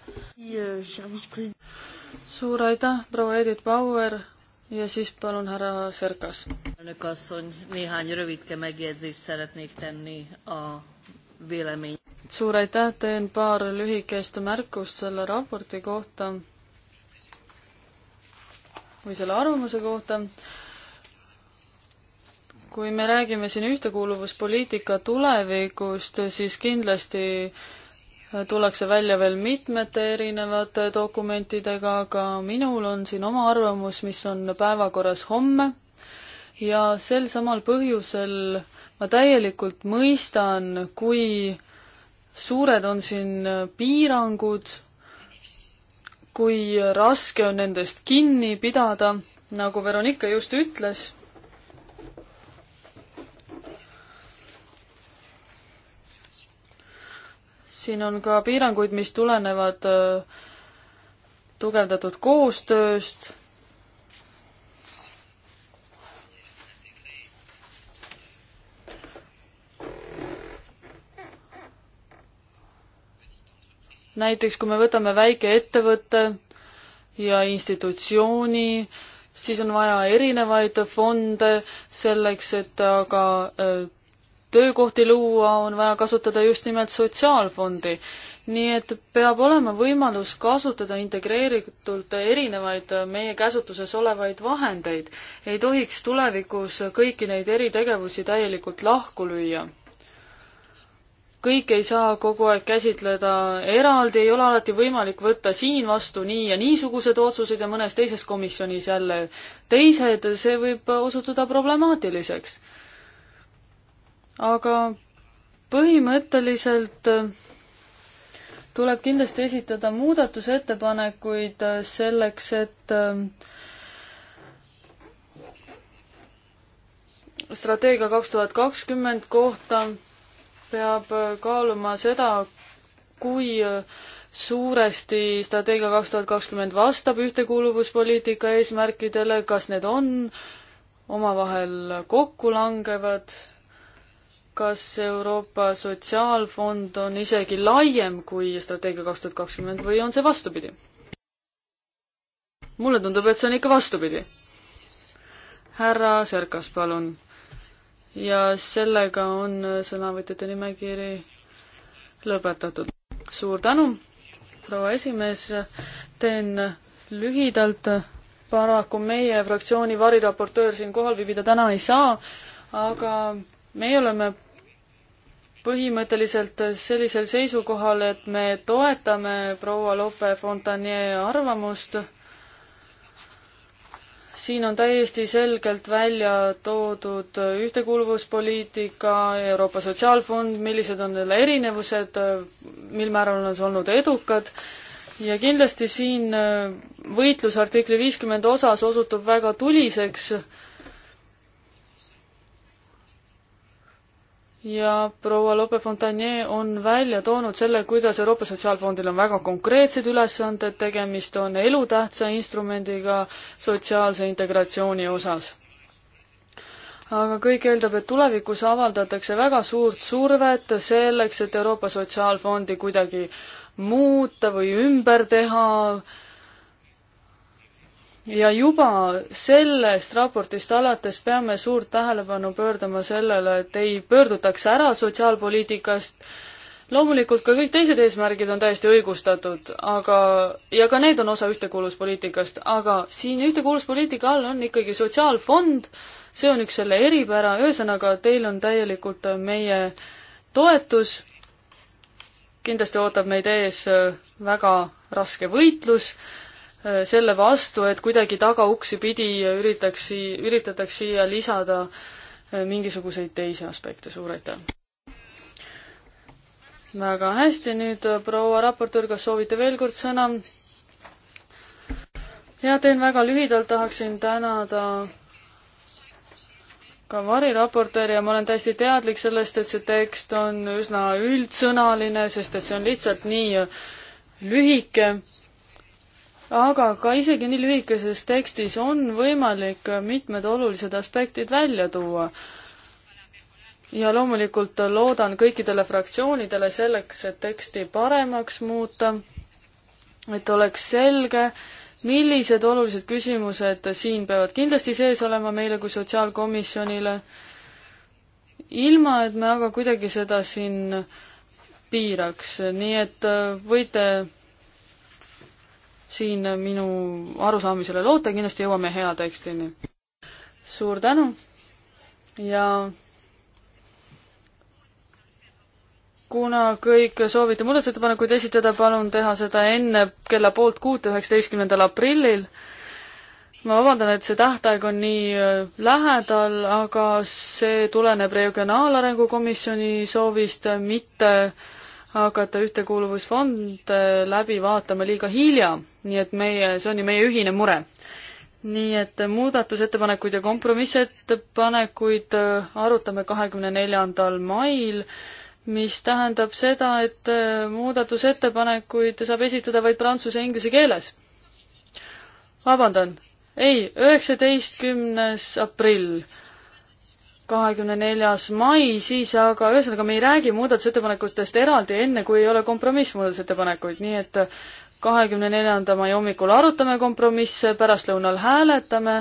suur aitäh, proua Edith Bauer ja siis palun härra Serkas. Önök asszony, néhány rövidke megjegyzést szeretnék tenni a vélemény. suur aitäh, teen paar lühikest märkust selle raporti kohta või selle arvamuse kohta. kui me räägime siin ühtekuuluvuspoliitika tulevikust, siis kindlasti tullakse välja veel mitmete erinevate dokumentidega, aga minul on siin oma arvamus, mis on päevakorras homme ja sel samal põhjusel ma täielikult mõistan, kui suured on siin piirangud, kui raske on nendest kinni pidada, nagu Veronika just ütles. siin on ka piiranguid, mis tulenevad äh, tugevdatud koostööst näiteks kui me võtame väikeettevõtte ja institutsiooni, siis on vaja erinevaid fonde selleks, et aga äh, töökohti luua, on vaja kasutada just nimelt sotsiaalfondi. nii et peab olema võimalus kasutada integreeritult erinevaid äh, meie käsutuses olevaid vahendeid. ei tohiks tulevikus kõiki neid eritegevusi täielikult lahku lüüa kõike ei saa kogu aeg käsitleda eraldi, ei ole alati võimalik võtta siin vastu nii ja niisugused otsused ja mõnes teises komisjonis jälle teised, see võib osutuda problemaatiliseks. aga põhimõtteliselt äh, tuleb kindlasti esitada muudatusettepanekuid äh, selleks, et äh, strateegia kaks tuhat kakskümmend kohta peab äh, kaaluma seda, kui äh, suuresti strateegia kaks tuhat kakskümmend vastab ühtekuuluvuspoliitika eesmärkidele, kas need on omavahel kokku langevad, kas Euroopa Sotsiaalfond on isegi laiem kui strateegia kaks tuhat kakskümmend või on see vastupidi? mulle tundub, et see on ikka vastupidi. härra Serkas, palun ja sellega on sõnavõtjate nimekiri lõpetatud. suur tänu, proua esimees, teen lühidalt, paraku meie fraktsiooni variraportöör siin kohal viibida täna ei saa, aga meie oleme põhimõtteliselt sellisel seisukohal, et me toetame proua Lope Fontanier arvamust siin on täiesti selgelt välja toodud ühtekuuluvuspoliitika, Euroopa Sotsiaalfond, millised on selle erinevused, mil määral on see olnud edukad ja kindlasti siin võitlus artikli viiskümmend osas osutub väga tuliseks ja proua Lope Fontanier on välja toonud selle, kuidas Euroopa Sotsiaalfondil on väga konkreetsed ülesanded, tegemist on elutähtsa instrumendiga sotsiaalse integratsiooni osas. aga kõik eeldab, et tulevikus avaldatakse väga suurt survet selleks, et Euroopa Sotsiaalfondi kuidagi muuta või ümber teha, ja juba sellest raportist alates peame suurt tähelepanu pöördama sellele, et ei pöördutaks ära sotsiaalpoliitikast. loomulikult ka kõik teised eesmärgid on täiesti õigustatud, aga, ja ka need on osa ühtekuuluvuspoliitikast, aga siin ühtekuuluvuspoliitika all on ikkagi sotsiaalfond, see on üks selle eripära, ühesõnaga teil on täielikult meie toetus, kindlasti ootab meid ees väga raske võitlus Äh, selle vastu, et kuidagi tagauksi pidi üritaks, üritataks siia lisada äh, mingisuguseid teisi aspekte, suur aitäh! väga hästi, nüüd äh, proua raportöör, kas soovite veel kord sõna? ja teen väga lühidalt, tahaksin tänada ka variraportööri ja ma olen täiesti teadlik sellest, et see tekst on üsna üldsõnaline, sest et see on lihtsalt nii lühike aga ka isegi nii lühikeses tekstis on võimalik mitmed olulised aspektid välja tuua. ja loomulikult loodan kõikidele fraktsioonidele selleks, et teksti paremaks muuta, et oleks selge, millised olulised küsimused siin peavad kindlasti sees olema meile kui sotsiaalkomisjonile, ilma et me aga kuidagi seda siin piiraks, nii et võite siin minu arusaamisele loota, kindlasti jõuame hea tekstini. suur tänu ja kuna kõik soovite muudatusettepanekuid esitada, palun teha seda enne kella poolt kuut, üheksateistkümnendal aprillil. ma vabandan, et see tähtaeg on nii äh, lähedal, aga see tuleneb Regionaalarengu Komisjoni soovist mitte äh, hakata ühtekuuluvusfonde äh, läbi vaatama liiga hilja, nii et meie, see on ju meie ühine mure. nii et muudatusettepanekuid ja kompromissettepanekuid äh, arutame kahekümne neljandal mail, mis tähendab seda, et äh, muudatusettepanekuid saab esitada vaid prantsuse ja inglise keeles. vabandan, ei, üheksateistkümnes aprill kahekümne neljas mai, siis aga ühesõnaga me ei räägi muudatusettepanekutest eraldi, enne kui ei ole kompromissmuudatusettepanekuid, nii et kahekümne neljanda mai hommikul arutame kompromisse, pärastlõunal hääletame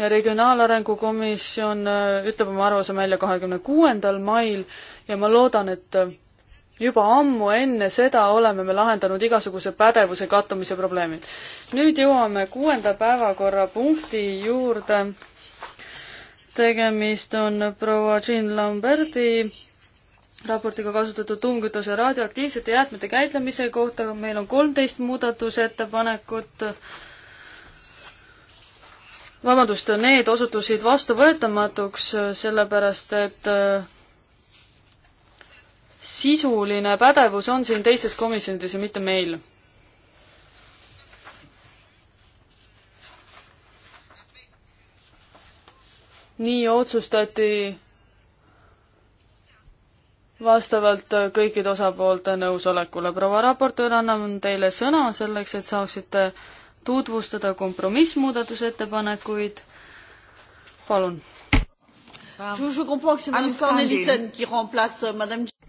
ja Regionaalarengu Komisjon äh, ütleb oma arvamuse välja kahekümne kuuendal mail ja ma loodan, et äh, juba ammu enne seda oleme me lahendanud igasuguse pädevuse kattumise probleemid. nüüd jõuame kuuenda päevakorrapunkti juurde tegemist on proua Jean Lamberti raportiga kasutatud umbkütuse radioaktiivsete jäätmete käitlemise kohta, meil on kolmteist muudatusettepanekut. vabandust, need osutusid vastuvõetamatuks, sellepärast et äh, sisuline pädevus on siin teistes komisjonides ja mitte meil nii otsustati vastavalt kõikide osapoolte nõusolekule. proua raportöör, annan teile sõna selleks, et saaksite tutvustada kompromissmuudatusettepanekuid. palun. Euh,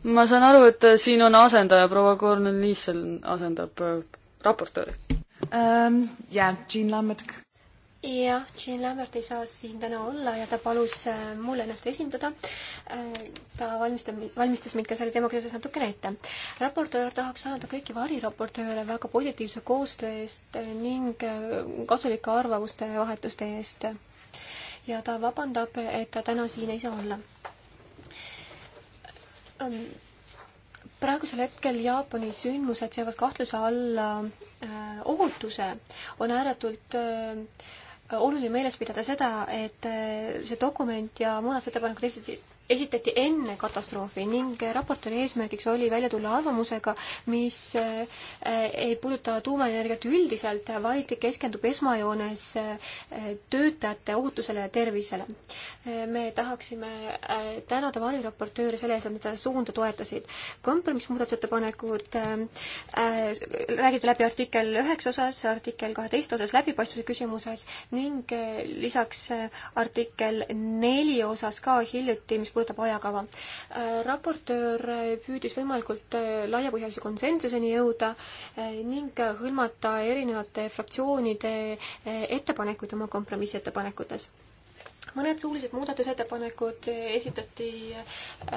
ma saan aru, et siin on asendaja, proua Kornelissen asendab äh, raportööri um,. Ähm, jah yeah,, Jean Lambert jah, Jean Lambert ei saa siin täna olla ja ta palus äh, mul ennast esindada. Äh, ta valmistab, valmistas mind ka selle teemaga seoses natukene ette. raportöör tahaks tänada kõiki variraportööre väga positiivse koostöö eest ning äh, kasulike arvamuste vahetuste eest. ja ta vabandab, et ta täna siin ei saa olla. Ähm, praegusel hetkel Jaapani sündmused seavad kahtluse alla ohutuse, on ääretult äh, oluline meeles pidada seda, et äh, see dokument ja muudatusettepanekud esitati esitati enne katastroofi ning raportori eesmärgiks oli välja tulla arvamusega, mis äh, ei puuduta tuumaenergiat üldiselt, vaid keskendub esmajoones äh, töötajate ohutusele ja tervisele. Äh, me tahaksime tänada variraportööre selle eest, et nad seda suunda toetasid. kompromissmuudatusettepanekud räägiti läbi artikkel üheksa osas, artikkel kaheteist osas läbipaistvuse küsimuses ning lisaks artikkel neli osas ka hiljuti, mis puudutab puudutab ajakava. Äh, raportöör püüdis võimalikult äh, laiapõhjalise konsensuseni jõuda äh, ning hõlmata erinevate fraktsioonide ettepanekuid oma kompromissettepanekutes mõned suulised muudatusettepanekud esitati äh,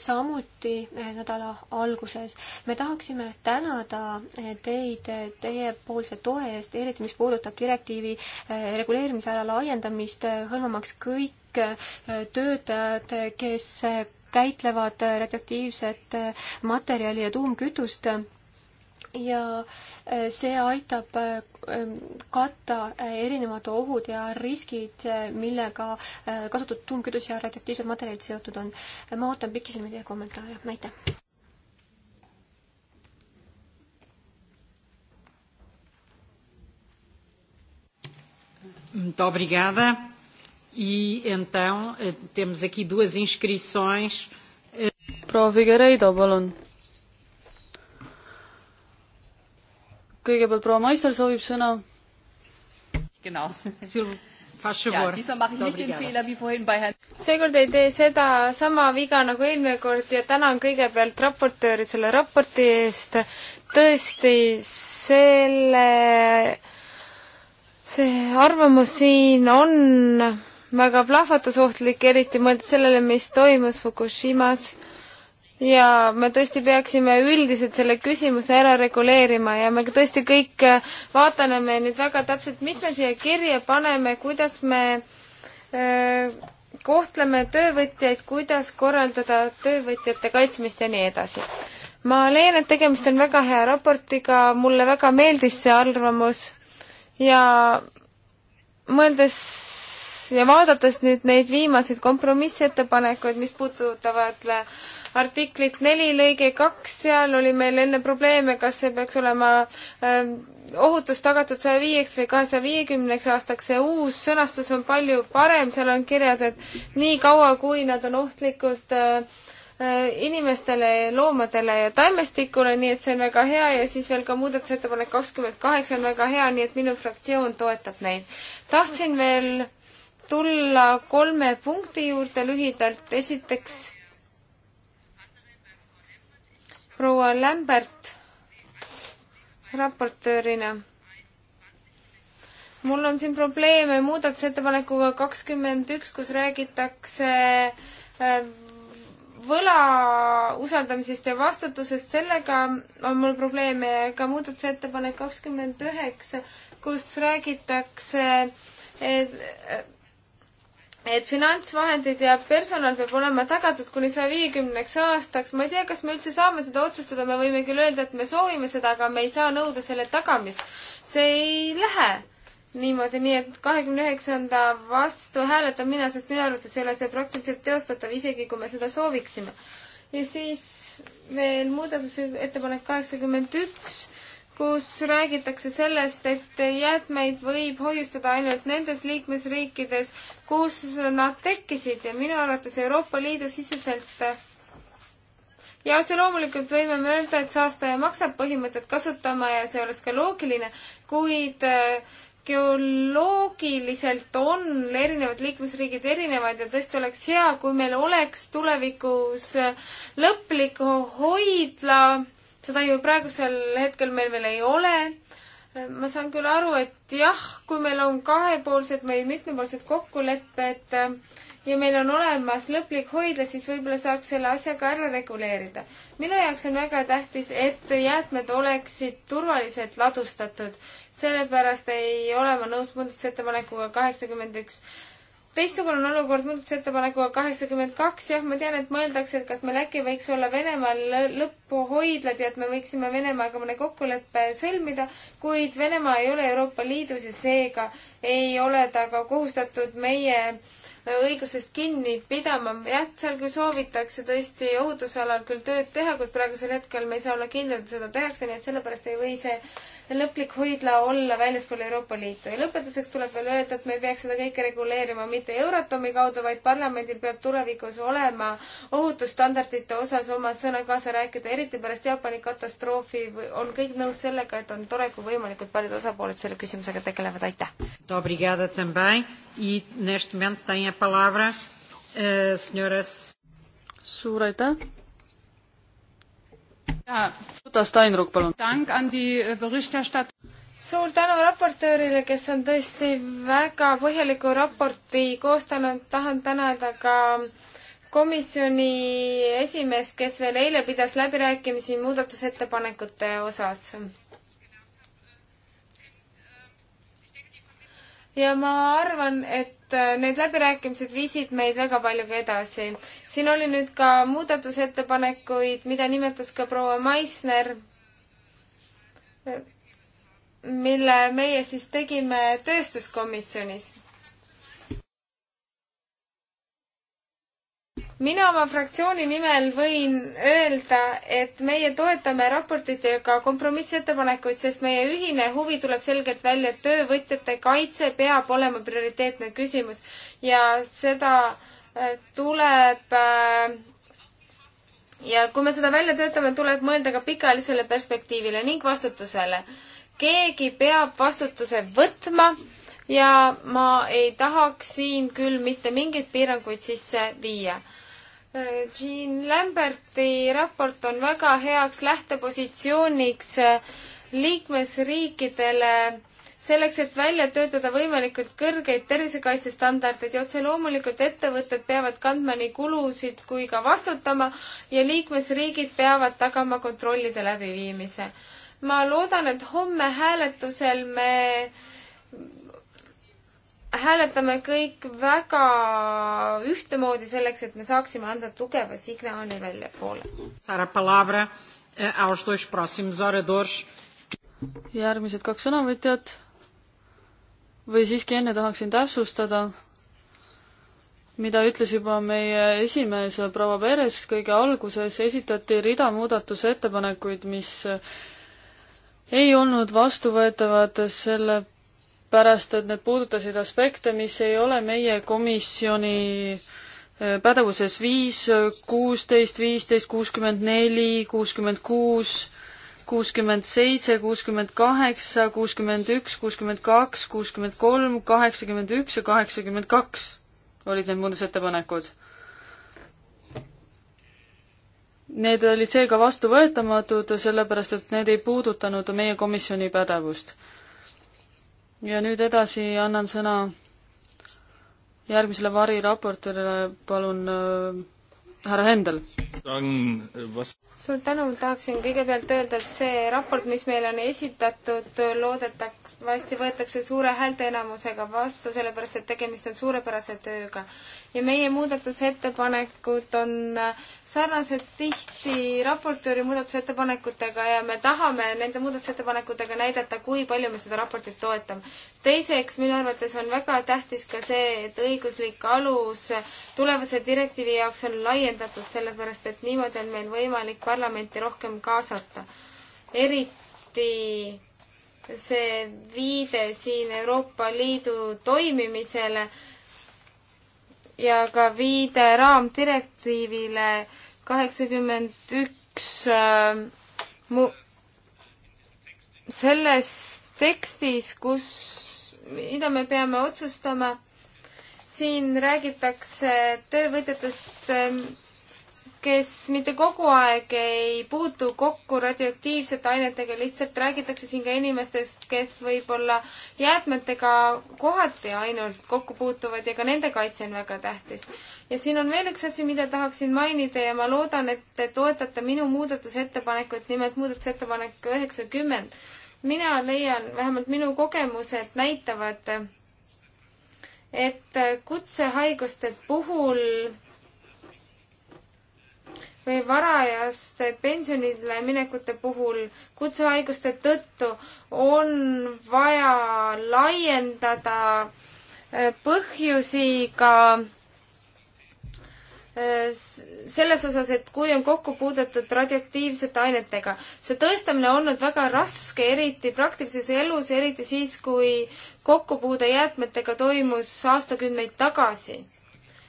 samuti äh, nädala alguses. me tahaksime tänada äh, teid teiepoolse toe eest, eriti mis puudutab direktiivi reguleerimisala laiendamist, hõlmamaks kõik töötajad, kes käitlevad radioaktiivset materjali ja tuumkütust ja äh, see aitab äh, ähm, katta äh, erinevad ohud ja riskid, millega kasutatud tuumkütus ja radioaktiivsed materjalid seotud on. ma ootan pikisilmi teie kommentaare, aitäh! Muito obrigada. E então eh, temos aqui duas inscrições. proua Figueiredo, palun kõigepealt proua Maister soovib sõna. seekord ei tee seda sama viga nagu eelmine kord ja tänan kõigepealt raportööri selle raporti eest. tõesti, selle, see arvamus siin on väga plahvatusohtlik, eriti mõeldes sellele, mis toimus Fukushimas ja me tõesti peaksime üldiselt selle küsimuse ära reguleerima ja me tõesti kõik äh, vaataneme nüüd väga täpselt, mis me siia kirja paneme, kuidas me öö, äh, kohtleme töövõtjaid, kuidas korraldada töövõtjate kaitsmist ja nii edasi. ma leian, et tegemist on väga hea raportiga, mulle väga meeldis see arvamus ja mõeldes ja vaadates nüüd neid viimaseid kompromissettepanekuid, mis puudutavad äh, artiklit neli lõige kaks, seal oli meil enne probleeme, kas see peaks olema ähm, ohutus tagatud saja viieks või kahesaja viiekümneks aastaks, see uus sõnastus on palju parem, seal on kirjas, et nii kaua, kui nad on ohtlikud äh, äh, inimestele, loomadele ja taimestikule, nii et see on väga hea ja siis veel ka muudatusettepanek kakskümmend kaheksa on väga hea, nii et minu fraktsioon toetab neid. tahtsin veel tulla kolme punkti juurde lühidalt. esiteks proua Lämbert raportöörina. mul on siin probleeme muudatusettepanekuga kakskümmend üks, kus räägitakse äh, võla usaldamisest ja vastutusest, sellega on mul probleeme ka muudatusettepanek kakskümmend üheksa, kus räägitakse et finantsvahendid ja personal peab olema tagatud kuni saja viiekümneks aastaks. ma ei tea, kas me üldse saame seda otsustada, me võime küll öelda, et me soovime seda, aga me ei saa nõuda selle tagamist. see ei lähe niimoodi, nii et kahekümne üheksanda vastu hääletan mina, sest minu arvates ei ole see praktiliselt teostatav, isegi kui me seda sooviksime. ja siis veel muudatusettepanek kaheksakümmend üks kus räägitakse sellest, et jäätmeid võib hoiustada ainult nendes liikmesriikides, kus nad tekkisid ja minu arvates Euroopa Liidu siseselt ja otse loomulikult võime me öelda, et saastaja maksab põhimõtet kasutama ja see oleks ka loogiline, kuid äh, geoloogiliselt on erinevad liikmesriigid erinevad ja tõesti oleks hea, kui meil oleks tulevikus lõpliku hoidla seda ju praegusel hetkel meil veel ei ole. ma saan küll aru, et jah, kui meil on kahepoolsed või mitmepoolsed kokkulepped äh, ja meil on olemas lõplik hoidla, siis võib-olla saaks selle asja ka ära reguleerida. minu jaoks on väga tähtis, et jäätmed oleksid turvaliselt ladustatud. sellepärast ei ole ma nõus muudatusettepanekuga kaheksakümmend üks teistsugune on olukord muudatusettepanekuga kaheksakümmend kaks, jah, ma tean, et mõeldakse, et kas meil äkki võiks olla Venemaal lõpuhoidlad ja et me võiksime Venemaaga mõne kokkuleppe sõlmida, kuid Venemaa ei ole Euroopa Liidus ja seega ei ole ta ka kohustatud meie äh, õigusest kinni pidama. jah, seal küll soovitakse tõesti ohutusalal küll tööd teha, kuid praegusel hetkel me ei saa olla kindlad, et seda tehakse, nii et sellepärast ei või see lõplik hoidla olla väljaspool Euroopa Liitu. ja lõpetuseks tuleb veel öelda, et me ei peaks seda kõike reguleerima mitte Euratomi kaudu, vaid parlamendil peab tulevikus olema ohutusstandardite osas oma sõna kaasa rääkida, eriti pärast Jaapani katastroofi on kõik nõus sellega, et on tore, kui võimalikult paljud osapooled selle küsimusega tegelevad, aitäh! Eh, suur aitäh. Ruta Steinruck, palun. Äh, suur tänu raportöörile, kes on tõesti väga põhjaliku raporti koostanud, tahan tänada ka komisjoni esimeest, kes veel eile pidas läbirääkimisi muudatusettepanekute osas. ja ma arvan, et Äh, need läbirääkimised viisid meid väga palju ka edasi. siin oli nüüd ka muudatusettepanekuid, mida nimetas ka proua Maisner, äh, mille meie siis tegime tööstuskomisjonis mina oma fraktsiooni nimel võin öelda, et meie toetame raportit ja ka kompromissettepanekuid, sest meie ühine huvi tuleb selgelt välja, et töövõtjate kaitse peab olema prioriteetne küsimus ja seda äh, tuleb äh, ja kui me seda välja töötame, tuleb mõelda ka pikaajalisele perspektiivile ning vastutusele. keegi peab vastutuse võtma ja ma ei tahaks siin küll mitte mingeid piiranguid sisse viia Jean Lamberti raport on väga heaks lähtepositsiooniks äh, liikmesriikidele selleks, et välja töötada võimalikult kõrgeid tervisekaitsestandardeid ja otse loomulikult ettevõtted peavad kandma nii kulusid kui ka vastutama ja liikmesriigid peavad tagama kontrollide läbiviimise. ma loodan, et homme hääletusel me hääletame kõik väga ühtemoodi selleks, et me saaksime anda tugeva signaali väljapoole. Eh, järgmised kaks sõnavõtjat või siiski enne tahaksin täpsustada, mida ütles juba meie esimees proua Peres kõige alguses, esitati rida muudatusettepanekuid, mis ei olnud vastuvõetavad selle pärast et need puudutasid aspekte, mis ei ole meie komisjoni äh, pädevuses viis, kuusteist, viisteist, kuuskümmend neli, kuuskümmend kuus, kuuskümmend seitse, kuuskümmend kaheksa, kuuskümmend üks, kuuskümmend kaks, kuuskümmend kolm, kaheksakümmend üks ja kaheksakümmend kaks olid need muudatusettepanekud. Need olid seega vastuvõetamatud, sellepärast et need ei puudutanud meie komisjoni pädevust ja nüüd edasi annan sõna järgmisele variraportöörile, palun äh, härra Hendel suur tänu, tahaksin kõigepealt öelda, et see raport, mis meile on esitatud, loodetavasti võetakse suure häälteenamusega vastu, sellepärast et tegemist on suurepärase tööga. ja meie muudatusettepanekud on sarnased tihti raportööri muudatusettepanekutega ja me tahame nende muudatusettepanekutega näidata, kui palju me seda raportit toetame. teiseks, minu arvates on väga tähtis ka see, et õiguslik alus tulevase direktiivi jaoks on laiendatud, sellepärast sellepärast et niimoodi on meil võimalik parlamenti rohkem kaasata. eriti see viide siin Euroopa Liidu toimimisele ja ka viide raamdirektiivile kaheksakümmend üks äh, mu-, selles tekstis, kus, mida me peame otsustama, siin räägitakse töövõtjatest ähm, kes mitte kogu aeg ei puutu kokku radioaktiivsete ainetega, lihtsalt räägitakse siin ka inimestest, kes võib-olla jäätmetega kohati ainult kokku puutuvad ja ka nende kaitse on väga tähtis. ja siin on veel üks asi, mida tahaksin mainida ja ma loodan, et te toetate minu muudatusettepanekut, nimelt muudatusettepanek üheksakümmend. mina leian, vähemalt minu kogemused näitavad, et kutsehaiguste puhul või varajaste pensionile minekute puhul kutsehaiguste tõttu on vaja laiendada äh, põhjusi ka äh, selles osas, et kui on kokku puudetud radioaktiivsete ainetega. see tõestamine on olnud väga raske, eriti praktilises elus, eriti siis, kui kokkupuude jäätmetega toimus aastakümneid tagasi.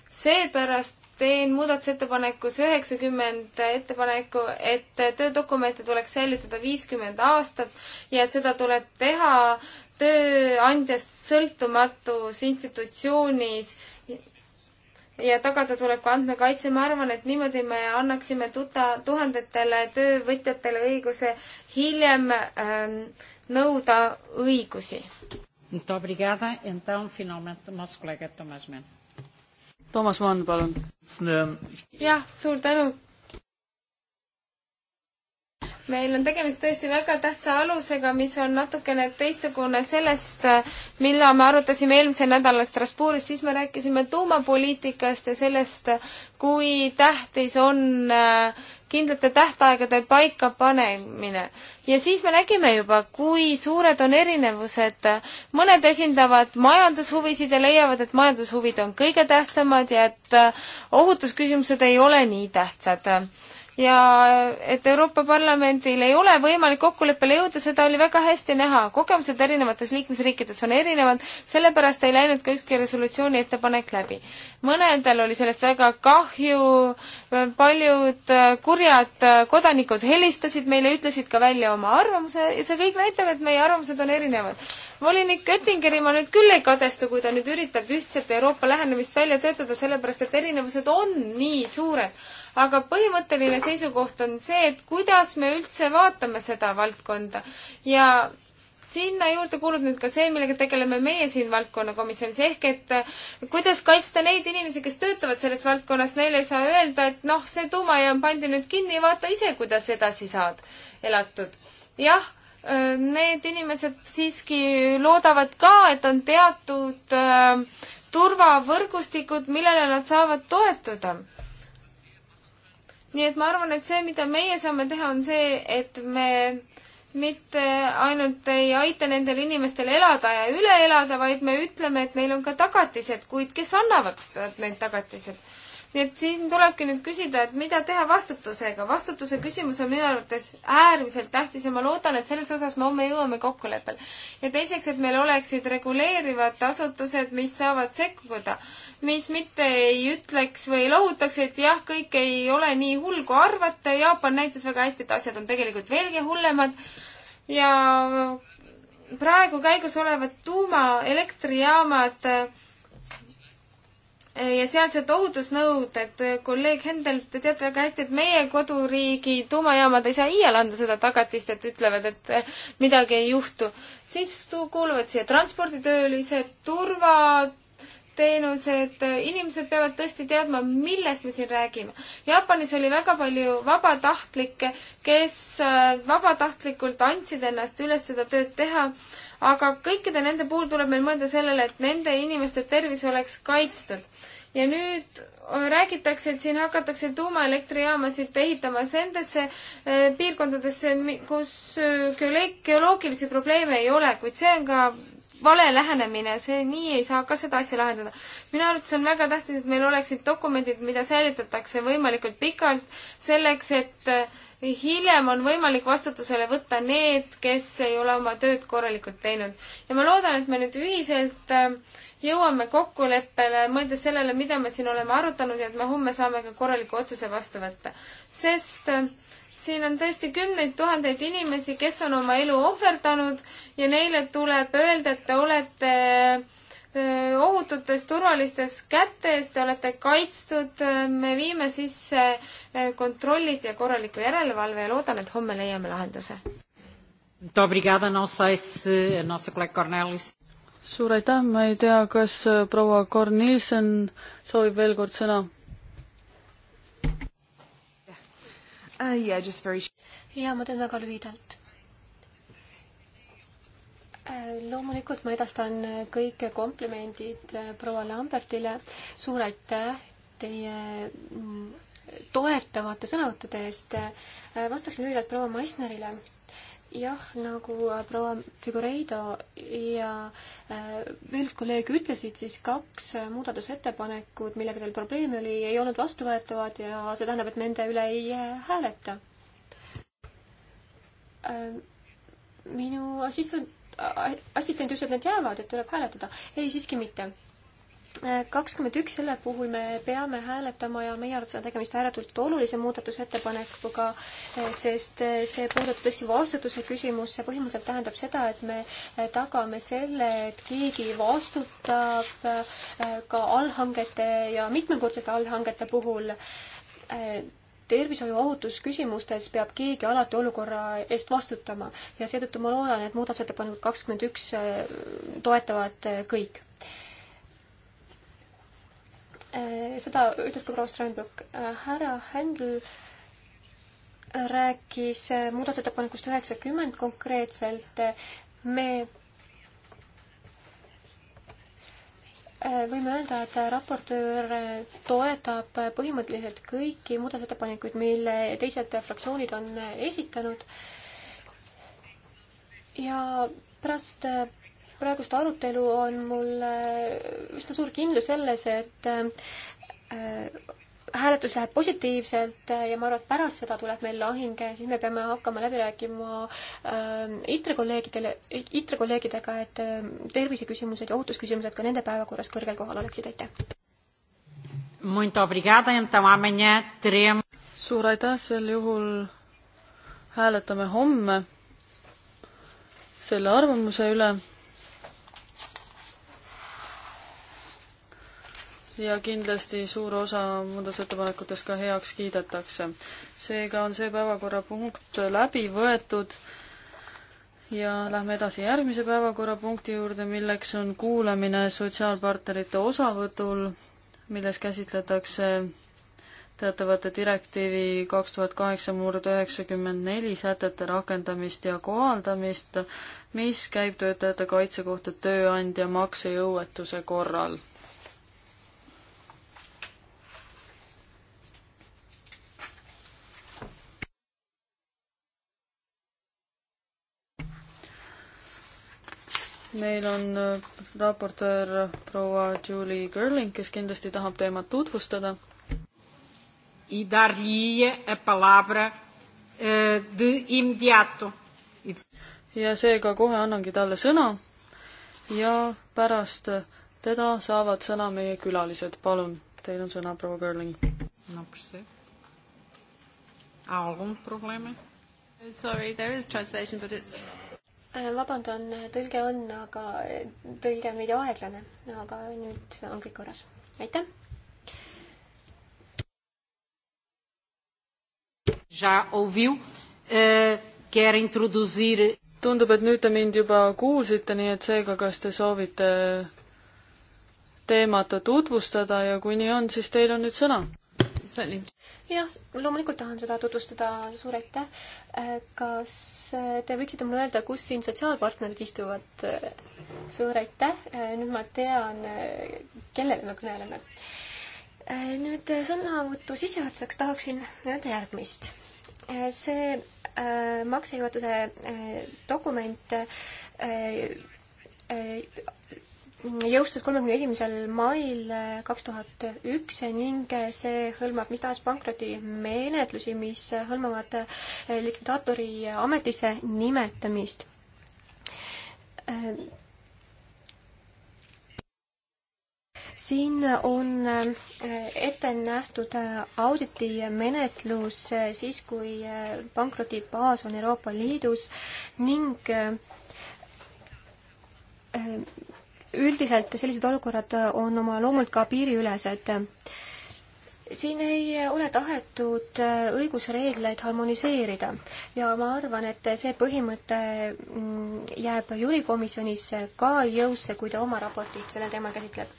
seepärast teen muudatusettepanekus üheksakümmend ettepaneku, et töödokumente tuleks säilitada viiskümmend aastat ja et seda tuleb teha tööandjast sõltumatus institutsioonis ja tagada tuleb ka andmekaitse. ma arvan, et niimoodi me annaksime tuta-, tuhandetele töövõtjatele õiguse hiljem ähm, nõuda õigusi. Muito obrigada. Então, finalmente, o nosso colega Tomás Mendes. Toomas Mann, palun. jah, suur tänu, meil on tegemist tõesti väga tähtsa alusega, mis on natukene teistsugune sellest, mille me arutasime eelmisel nädalal Strasbourgis, siis me rääkisime tuumapoliitikast ja sellest, kui tähtis on äh, kindlate tähtaegade paikapanemine. ja siis me nägime juba, kui suured on erinevused. mõned esindavad majandushuvisid ja leiavad, et majandushuvid on kõige tähtsamad ja et äh, ohutusküsimused ei ole nii tähtsad ja et Euroopa Parlamendil ei ole võimalik kokkuleppele jõuda, seda oli väga hästi näha. kogemused erinevates liikmesriikides on erinevad, sellepärast ei läinud ka ükski resolutsiooni ettepanek läbi. mõnedel oli sellest väga kahju, paljud kurjad kodanikud helistasid meile, ütlesid ka välja oma arvamuse ja see kõik näitab, et meie arvamused on erinevad. volinik Oettingeri ma nüüd küll ei kadesta, kui ta nüüd üritab ühtset Euroopa lähenemist välja töötada, sellepärast et erinevused on nii suured aga põhimõtteline seisukoht on see, et kuidas me üldse vaatame seda valdkonda ja sinna juurde kuulub nüüd ka see, millega tegeleme meie siin valdkonnakomisjonis, ehk et äh, kuidas kaitsta neid inimesi, kes töötavad selles valdkonnas, neile ei saa öelda, et noh, see tuumajaam pandi nüüd kinni, vaata ise, kuidas edasi saad elatud. jah äh, need inimesed siiski loodavad ka, et on teatud äh, turvavõrgustikud, millele nad saavad toetuda nii et ma arvan, et see, mida meie saame teha, on see, et me mitte ainult ei aita nendel inimestel elada ja üle elada, vaid me ütleme, et neil on ka tagatised, kuid kes annavad need tagatised nii et siin tulebki nüüd küsida, et mida teha vastutusega. vastutuse küsimus on minu arvates äärmiselt tähtis ja ma loodan, et selles osas me homme jõuame kokkuleppele. ja teiseks, et meil oleksid reguleerivad asutused, mis saavad sekkuda, mis mitte ei ütleks või lohutaks, et jah, kõik ei ole nii hull, kui arvate. Jaapan näitas väga hästi, et asjad on tegelikult veelgi hullemad ja praegu käigus olevad tuumaelektrijaamad ja sealsed ohutusnõuded, kolleeg Hendel, te teate väga hästi, et meie koduriigi tuumajaamad ei saa iial anda seda tagatist, et ütlevad, et eh, midagi ei juhtu. siis kuuluvad siia transporditöölised, turvateenused, inimesed peavad tõesti teadma, millest me siin räägime. Jaapanis oli väga palju vabatahtlikke, kes eh, vabatahtlikult andsid ennast üles seda tööd teha aga kõikide nende puhul tuleb meil mõelda sellele, et nende inimeste tervis oleks kaitstud. ja nüüd räägitakse, et siin hakatakse tuumaelektrijaamasid ehitama nendesse piirkondadesse, kus geoloogilisi probleeme ei ole, kuid see on ka vale lähenemine, see nii ei saa ka seda asja lahendada. minu arvates on väga tähtis, et meil oleksid dokumendid, mida säilitatakse võimalikult pikalt, selleks et eh, hiljem on võimalik vastutusele võtta need, kes ei ole oma tööd korralikult teinud. ja ma loodan, et me nüüd ühiselt eh, jõuame kokkuleppele, mõeldes sellele, mida me siin oleme arutanud ja et me homme saame ka korraliku otsuse vastu võtta. sest äh, siin on tõesti kümneid tuhandeid inimesi, kes on oma elu ohverdanud ja neile tuleb öelda, et te olete ohututes turvalistes kätes, te olete kaitstud, me viime sisse kontrollid ja korraliku järelevalve ja loodan, et homme leiame lahenduse. suur aitäh, ma ei tea, kas äh, proua Kornilsen soovib veel kord sõna? uh,? Yeah, just very... ja ma teen väga lühidalt äh, Loomulikult ma edastan äh, kõik komplimendid äh, proua Lambertile. suur aitäh teie mm, toetavate sõnavõttude eest. vastaksin lühidalt proua Maisnerile jah, nagu äh, proua Figureido ja äh, veel kolleeg ütlesid, siis kaks äh, muudatusettepanekut, millega teil probleeme oli, ei olnud vastuvõetavad ja see tähendab, et nende üle ei hääleta. Ähm, minu assistent, assistent ütles, et need jäävad, et tuleb hääletada. ei, siiski mitte kakskümmend üks, selle puhul me peame hääletama ja meie arvates on tegemist ääretult olulise muudatusettepanekuga, eh, sest eh, see puudutab tõesti vastutuse küsimust, see põhimõtteliselt tähendab seda, et me eh, tagame selle, et keegi vastutab ka allhangete ja mitmekordsete allhangete puhul. tervishoiuohutus küsimustes peab keegi alati olukorra eest vastutama ja seetõttu ma loodan, et muudatusettepanekud kakskümmend üks toetavad kõik Eh, seda ütles ka proua Steinbrück. Eh, härra Händel eh, rääkis muudatusettepanekust üheksakümmend konkreetselt. me võime öelda, et raportöör toetab põhimõtteliselt kõiki muudatusettepanekuid, mille teised fraktsioonid on esitanud. ja pärast praegust arutelu on mul äh, üsna suur kindlus selles, et äh, hääletus läheb positiivselt äh, ja ma arvan, et pärast seda tuleb meil lahing, siis me peame hakkama läbi rääkima äh, ITRE kolleegidele, ITRE kolleegidega, et äh, terviseküsimused ja ohutusküsimused ka nende päevakorras kõrgel kohal oleksid, aitäh! suur aitäh, sel juhul hääletame homme selle arvamuse üle ja kindlasti suur osa muudatusettepanekutest ka heaks kiidetakse. seega on see päevakorrapunkt läbi võetud ja lähme edasi järgmise päevakorrapunkti juurde, milleks on kuulamine sotsiaalpartnerite osavõtul, milles käsitletakse teatavate direktiivi kaks tuhat kaheksa murd üheksakümmend neli sätete rakendamist ja kohaldamist, mis käib töötajate kaitse kohta tööandja maksejõuetuse korral meil on äh, raportöör proua Julie Gerling, kes kindlasti tahab teemat tutvustada. E dar-lhe a palavra uh, de imediato. ja seega kohe annangi talle sõna ja pärast teda saavad sõna meie külalised, palun, teil on sõna, proua Gerling. no percebo. Há algum problema? Sorry, there is translation, but it's Äh, vabandan, tõlge on, aga äh, tõlge on veidi aeglane, aga nüüd on kõik korras. aitäh. Äh, tundub, et nüüd te mind juba kuulsite, nii et seega, kas te soovite teemat tutvustada ja kui nii on, siis teil on nüüd sõna jah, loomulikult tahan seda tutvustada, suur aitäh. Äh, kas äh, te võiksite mulle öelda, kus siin sotsiaalpartnerid istuvad? suur aitäh, äh, nüüd ma tean, kellele me kõneleme. nüüd sõnavõtu sissejuhatuseks tahaksin öelda järgmist. see maksejuhatuse dokument jõustus kolmekümne esimesel mail eh, kaks tuhat üks ning eh, see hõlmab mis tahes pankrotimenetlusi, mis hõlmavad eh, likvidaatori ametisse nimetamist. siin on ette nähtud auditi menetlus siis, kui pankroti baas on Euroopa Liidus ning üldiselt sellised olukorrad on oma loomult ka piiriülesed. siin ei ole tahetud õigusreegleid harmoniseerida ja ma arvan, et see põhimõte mm, jääb juurikomisjonis ka jõusse, kui ta oma raportit sellel teemal käsitleb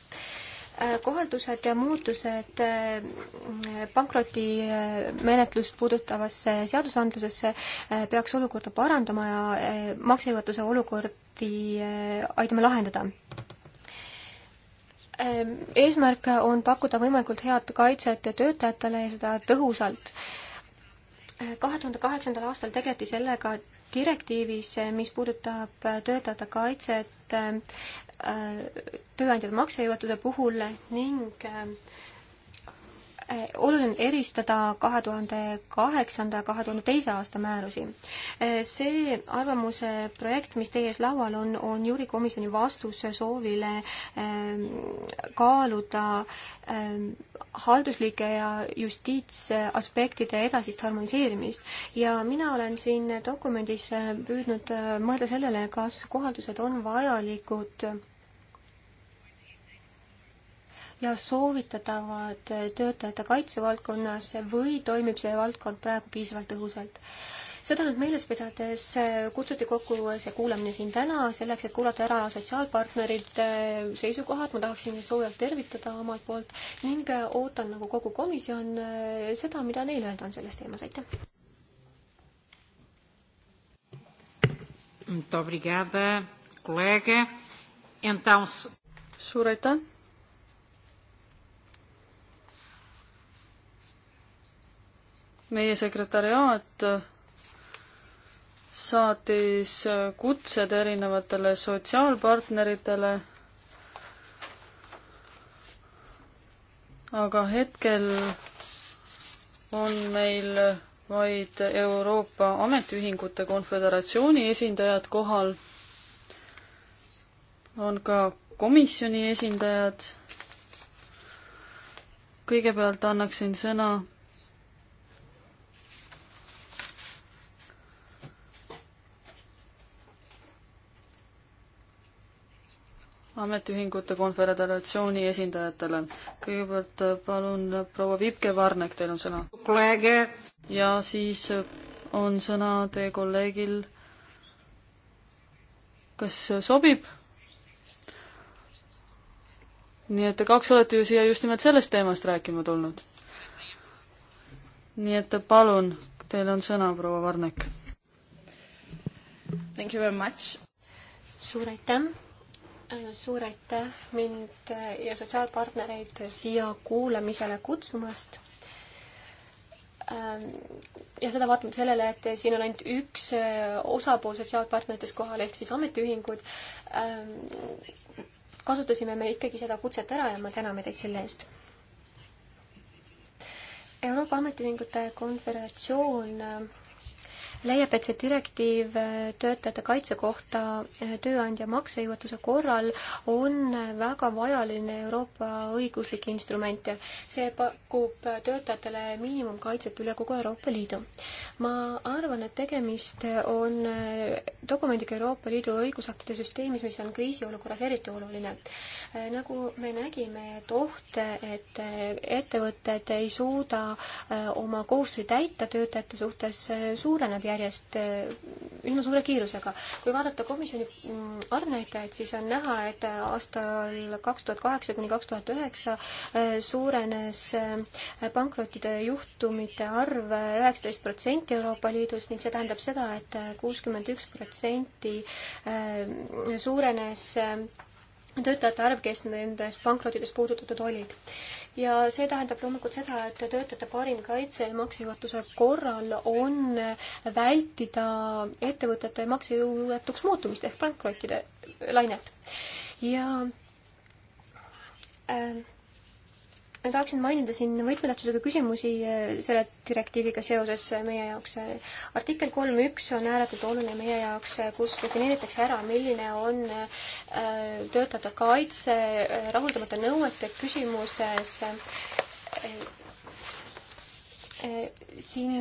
kohaldused ja muutused äh, pankrotimenetlust äh, puudutavasse seadusandlusesse äh, peaks olukorda parandama ja maksejõuetuse olukordi aitama lahendada. Eesmärk on pakkuda võimalikult head kaitset töötajatele ja seda tõhusalt. kahe tuhande kaheksandal aastal tegeleti sellega, et direktiivis, mis puudutab töötajate kaitset Äh, tööandjad maksejõuetuse puhul ning äh, Äh, oluline eristada kahe tuhande kaheksanda ja kahe tuhande teise aasta määrusi. Äh, see arvamuse projekt, mis teie ees laual on, on juurikomisjoni vastus soovile ähm, kaaluda ähm, halduslike ja justiitsaspektide edasist harmoniseerimist ja mina olen siin dokumendis äh, püüdnud mõelda sellele, kas kohaldused on vajalikud ja soovitatavad töötajate kaitsevaldkonnas või toimib see valdkond praegu piisavalt tõhusalt? seda nüüd meeles pidades eh, kutsuti kokku see kuulamine siin täna selleks, et kuulata ära sotsiaalpartnerite eh, seisukohad, ma tahaksin neid soojalt tervitada omalt poolt ning eh, ootan nagu kogu komisjon seda, mida neil öelda on selles teemas, aitäh! Muito obrigada, colega. Então, se... Suur aitäh! meie sekretariaat saatis kutsed erinevatele sotsiaalpartneritele. aga hetkel on meil vaid Euroopa Ametiühingute Konföderatsiooni esindajad kohal. on ka komisjoni esindajad. kõigepealt annaksin sõna ametiühingute konföderatsiooni esindajatele. kõigepealt äh, palun proua Vipke Varnek, teil on sõna. ja siis äh, on sõna teie kolleegil. kas äh, sobib? nii et te kaks olete ju siia just nimelt sellest teemast rääkima tulnud. nii et palun, teil on sõna, proua Varnek. suur aitäh suur aitäh mind ja sotsiaalpartnereid siia kuulamisele kutsumast. Ähm, ja seda vaatamata sellele, et siin on ainult üks äh, osapool sotsiaalpartneritest kohal ehk siis ametiühingud. Ähm, kasutasime me ikkagi seda kutset ära ja me täname teid selle eest. Euroopa Ametiühingute Konföderatsioon äh, leiab, et see direktiiv äh, töötajate kaitse kohta äh, tööandja maksejõuetuse korral on äh, väga vajaline Euroopa õiguslik instrument ja see pakub töötajatele miinimumkaitset üle kogu Euroopa Liidu. ma arvan, et tegemist on dokumendiga Euroopa Liidu õigusaktide süsteemis, mis on kriisiolukorras eriti oluline. nagu me nägime, et oht, et ettevõtted ei suuda oma kohustusi täita töötajate suhtes, suureneb järjest järjest eh, üsna suure kiirusega. kui vaadata komisjoni mm, arvnäitajaid, siis on näha, et aastal kaks tuhat kaheksa kuni kaks tuhat üheksa eh, suurenes eh, pankrottide juhtumite arv üheksateist protsenti Euroopa Liidus ning see tähendab seda et, et kuuskümmend üks protsenti suurenes töötajate arv, kes nendest pankrotidest puudutatud olid. ja see tähendab loomulikult seda, et töötajate parim kaitse maksejõuetuse korral on vältida ettevõtete maksejõuetuks muutumist ehk pankrottide lainet. ja äh, tahaksin mainida siin võtmetähtsusega küsimusi eh, selle direktiiviga seoses eh, meie jaoks. Eh, artikkel kolm üks on ääretult oluline meie jaoks, kus defineeritakse ära, milline on töötajate kaitse rahuldamata nõuete küsimuses. siin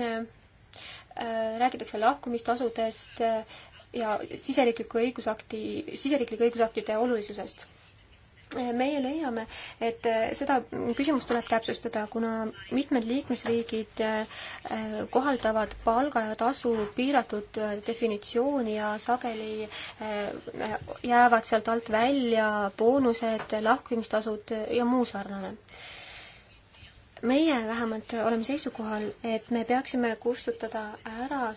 räägitakse lahkumistasudest ja siseriikliku õigusakti, siseriiklike õigusaktide olulisusest meie leiame, et eh, seda küsimust tuleb täpsustada, kuna mitmed liikmesriigid eh, kohaldavad palga ja tasu piiratud eh, definitsiooni ja sageli jäävad sealt alt välja boonused, lahkumistasud ja muu sarnane meie vähemalt oleme seisukohal, et me peaksime kustutada ära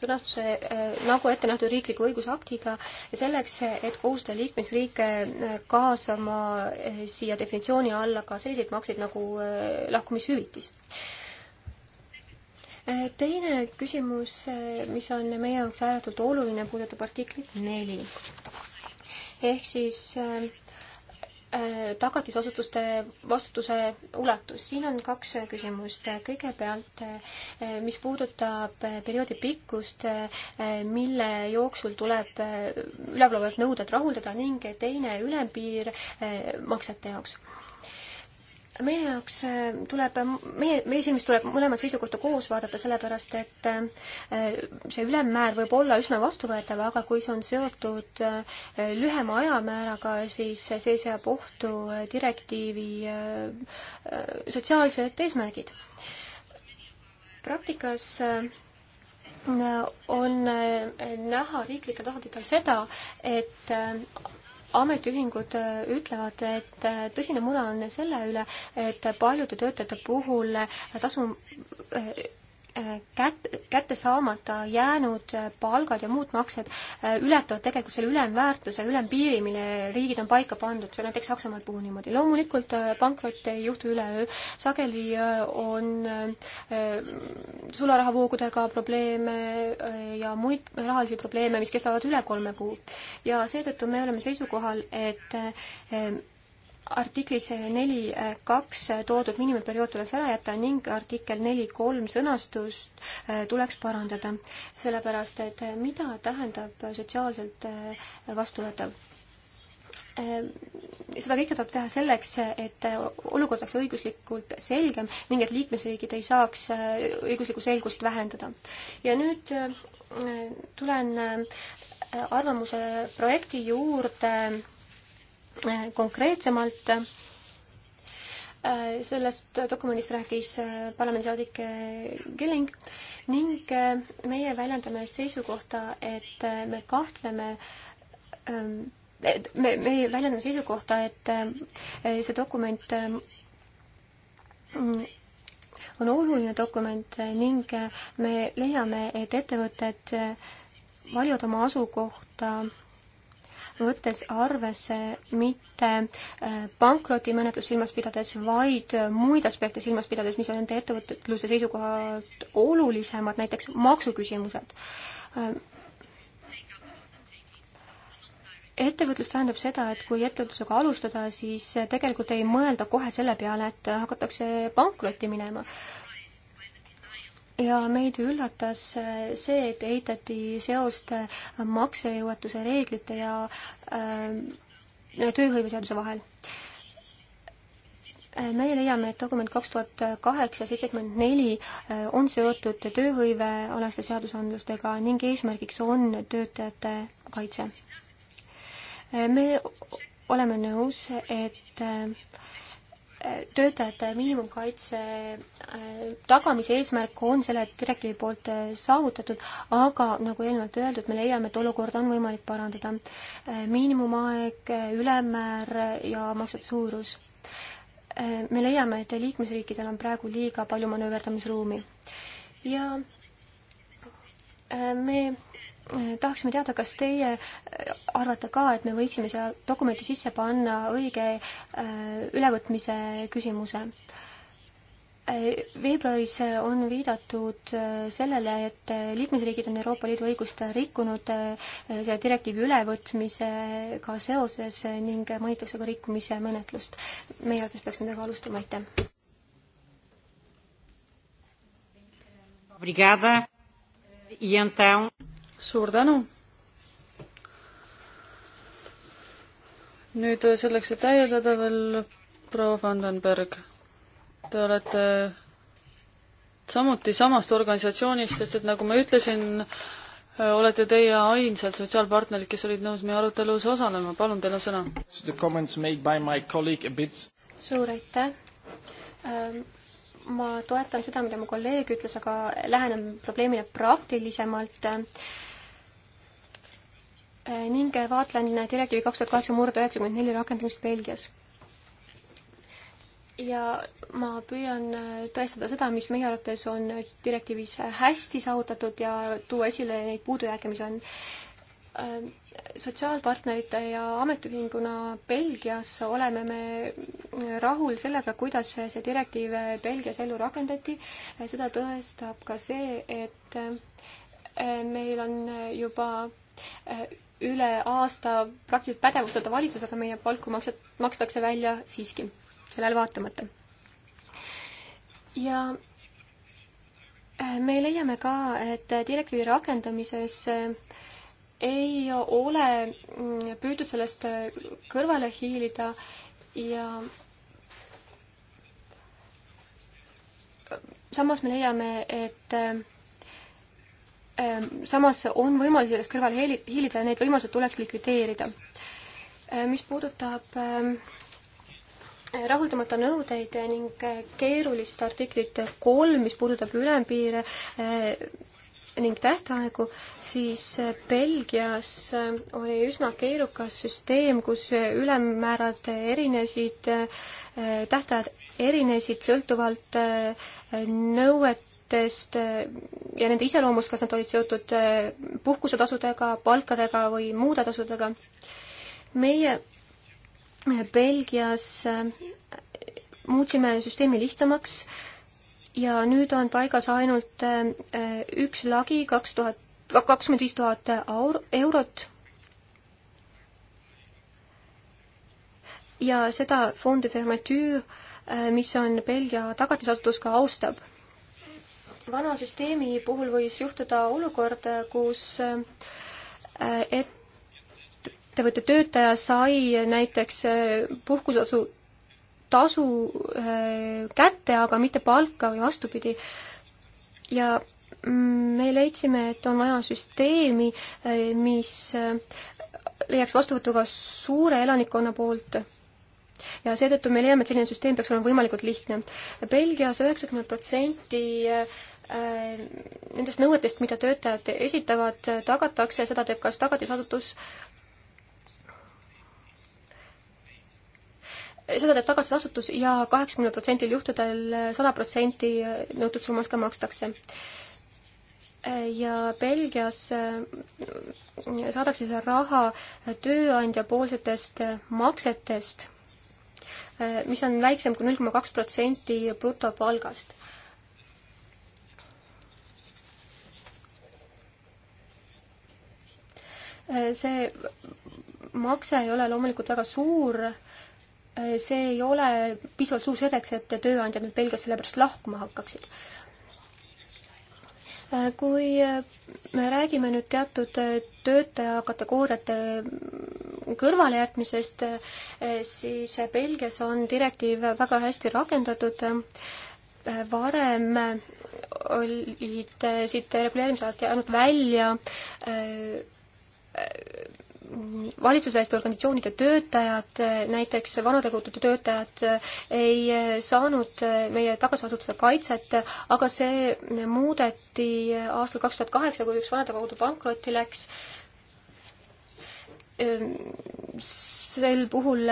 sõnastuse äh, nagu ette nähtud riikliku õigusaktiga ja selleks, et kohustada liikmesriike äh, kaasama äh, siia definitsiooni alla ka selliseid makseid nagu lahkumishüvitis. teine küsimus, mis on meie jaoks ääretult oluline, puudutab artiklit neli ehk siis äh, Äh, tagatisasutuste vastutuse ulatus, siin on kaks äh, küsimust. Äh, kõigepealt, mis puudutab perioodi pikkust, mille jooksul tuleb ülevalvajad nõuded rahuldada ning teine ülempiir maksete jaoks meie jaoks äh, tuleb, äh, meie, meie silmis tuleb mõlemat seisukohta koos vaadata, sellepärast et äh, see ülemmäär võib olla üsna vastuvõetav, aga kui see on seotud lühema ajamääraga, siis see seab ohtu direktiivi sotsiaalsed eesmärgid. praktikas on näha riiklikel tasanditel seda, et ametiühingud äh, ütlevad, et äh, tõsine mure on selle üle, et paljude töötajate puhul äh, tasu Äh, kät-, kätte saamata jäänud äh, palgad ja muud maksed äh, ületavad tegelikult selle ülemväärtuse, ülempiiri, mille riigid on paika pandud, see on näiteks Saksamaal puhul niimoodi. loomulikult pankrot ei juhtu üleöö, sageli on sularahavoogudega probleeme ja muid rahalisi probleeme, mis kestavad üle kolme kuu. ja seetõttu me oleme seisukohal, et artiklis neli eh, kaks eh, toodud miinimumperiood tuleks ära jätta ning artikkel neli kolm sõnastust eh, tuleks parandada, sellepärast et mida tähendab sotsiaalselt vastuvõetav? seda kõike tuleb teha selleks, et olukord oleks õiguslikult selgem ning et liikmesriigid ei saaks õiguslikku selgust vähendada. ja nüüd tulen arvamuse projekti juurde Äh, konkreetsemalt. Äh, sellest dokumendist rääkis äh, parlamendisaadik Killing ning meie väljendame seisukohta, et me kahtleme ähm, me, me väljendame seisukohta, et see dokument ähm, on oluline dokument ning me leiame, et ettevõtted valivad oma asukohta võttes arvesse mitte äh, pankrotimenetlust silmas pidades, vaid muid aspekte silmas pidades, mis on nende ettevõtluse seisukohalt olulisemad, näiteks maksuküsimused. Äh, ettevõtlus tähendab seda, et kui ettevõtlusega alustada, siis tegelikult ei mõelda kohe selle peale, et hakatakse pankrotti minema ja meid üllatas äh, see, et eitati seost äh, maksejõuetuse reeglite ja äh, tööhõiveseaduse vahel. meie leiame, et dokument kaks tuhat kaheksa seitsekümmend neli on seotud tööhõivealaste seadusandlustega ning eesmärgiks on töötajate kaitse. me oleme nõus, et töötajate miinimumkaitse äh, tagamise eesmärk on selle direktiivi poolt äh, saavutatud, aga nagu eelnevalt öeldud, me leiame, et olukorda on võimalik parandada. Äh, miinimumaeg, ülemmäär ja maksete suurus. me leiame, et liikmesriikidel on praegu liiga palju manööverdamisruumi ja me Eh, tahaksime teada, kas teie eh, arvate ka, et me võiksime siia dokumenti sisse panna õige eh, ülevõtmise küsimuse? veebruaris on viidatud sellele, et liikmesriigid on Euroopa Liidu õigust rikkunud selle direktiivi ülevõtmisega seoses ning mainitakse ka rikkumise menetlust. meie arvates peaks nendega alustama, aitäh suur tänu. nüüd äh, selleks, et täiendada veel proua Vandenberg, te olete samuti samast organisatsioonist, sest et nagu ma ütlesin, äh, olete teie ainsad sotsiaalpartnerid, kes olid nõus meie arutelus osalema, palun, teil on sõna. suur aitäh. Ähm, ma toetan seda, mida mu kolleeg ütles, aga lähenen probleemile praktilisemalt Äh, ning vaatlen direktiivi kaks tuhat kaheksa murd üheksakümmend neli rakendamist Belgias. ja ma püüan äh, tõestada seda, mis meie arvates on direktiivis hästi saavutatud ja tuua esile neid puudujääke, mis on ähm, sotsiaalpartnerite ja ametiühinguna Belgias oleme me äh, rahul sellega, kuidas see direktiiv Belgias ellu rakendati. seda tõestab ka see, et meil on juba üle aasta praktiliselt pädevusteta valitsus, aga meie palku maksab, makstakse välja siiski, sellele vaatamata. ja äh, me leiame ka, et direktiivi rakendamises äh, ei ole mm, püütud sellest äh, kõrvale hiilida ja samas me leiame, et Ehm, samas on võimalusi sellest kõrval hiilida ja need võimalused tuleks likvideerida. Ehm, mis puudutab ehm, rahuldamata nõudeid ning eh, keerulist artiklit kolm, mis puudutab ülempiire ning tähtaegu, siis eh, Belgias oli üsna keerukas süsteem, kus eh, ülemmäärad erinesid, tähtajad erinesid sõltuvalt äh, nõuetest äh, ja nende iseloomust, kas nad olid seotud äh, puhkusetasudega, palkadega või muude tasudega. meie Belgias muutsime süsteemi lihtsamaks ja nüüd on paigas ainult üks lagi, kaks tuhat, kakskümmend viis tuhat eurot ja seda Fondi Fermeture Äh, mis on Belgia tagatisasutus ka austab. vana süsteemi puhul võis juhtuda olukord, kus äh, ettevõtte töötaja sai näiteks äh, puhkustasu tasu kätte, aga mitte palka või vastupidi. ja me leidsime, et on vaja süsteemi, mis leiaks vastuvõtu ka suure elanikkonna poolt ja seetõttu me leiame, et selline süsteem peaks olema võimalikult lihtne. Belgias üheksakümmend protsenti äh, nendest nõuetest, mida töötajad esitavad, tagatakse, seda teeb kas tagatisasutus seda teeb tagasiasutus ja kaheksakümne protsendil juhtudel sada protsenti nõutud summas ka makstakse. ja Belgias äh, saadakse see raha tööandjapoolsetest maksetest Eh, mis on väiksem kui null koma kaks protsenti brutopalgast. Eh, see makse ei ole loomulikult väga suur, eh, see ei ole piisavalt suur selleks, et tööandjad nüüd Belgiast selle pärast lahkuma hakkaksid kui me räägime nüüd teatud töötaja kategooriate kõrvalejätmisest, siis Belgias on direktiiv väga hästi rakendatud. varem olid siit reguleerimise alt jäänud välja valitsusväliste organisatsioonide töötajad, näiteks vanadekodude töötajad, ei saanud meie tagasiasutuse kaitset, aga see muudeti aastal kaks tuhat kaheksa, kui üks vanadekodu pankrotti läks. sel puhul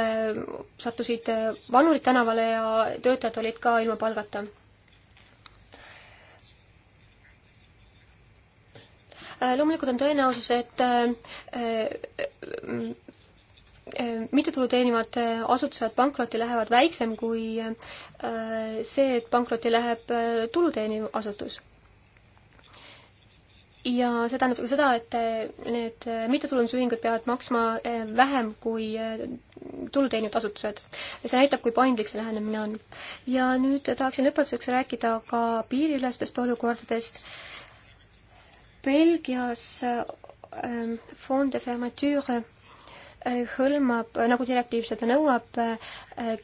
sattusid vanurid tänavale ja töötajad olid ka ilma palgata Äh, loomulikult on tõenäosus, et äh, äh, mittetulu teenivad asutused pankrotti lähevad väiksem kui see, et pankrotti läheb tulu teeniv asutus ja see tähendab ka seda, et need mittetulundusühingud peavad maksma vähem kui tulu teenivad asutused. see näitab, kui paindlik see lähenemine on. ja nüüd tahaksin lõpetuseks rääkida ka piiriülestest olukordadest Belgias ähm, Fond de Fermeture äh, hõlmab, äh, nagu direktiiv seda nõuab, äh,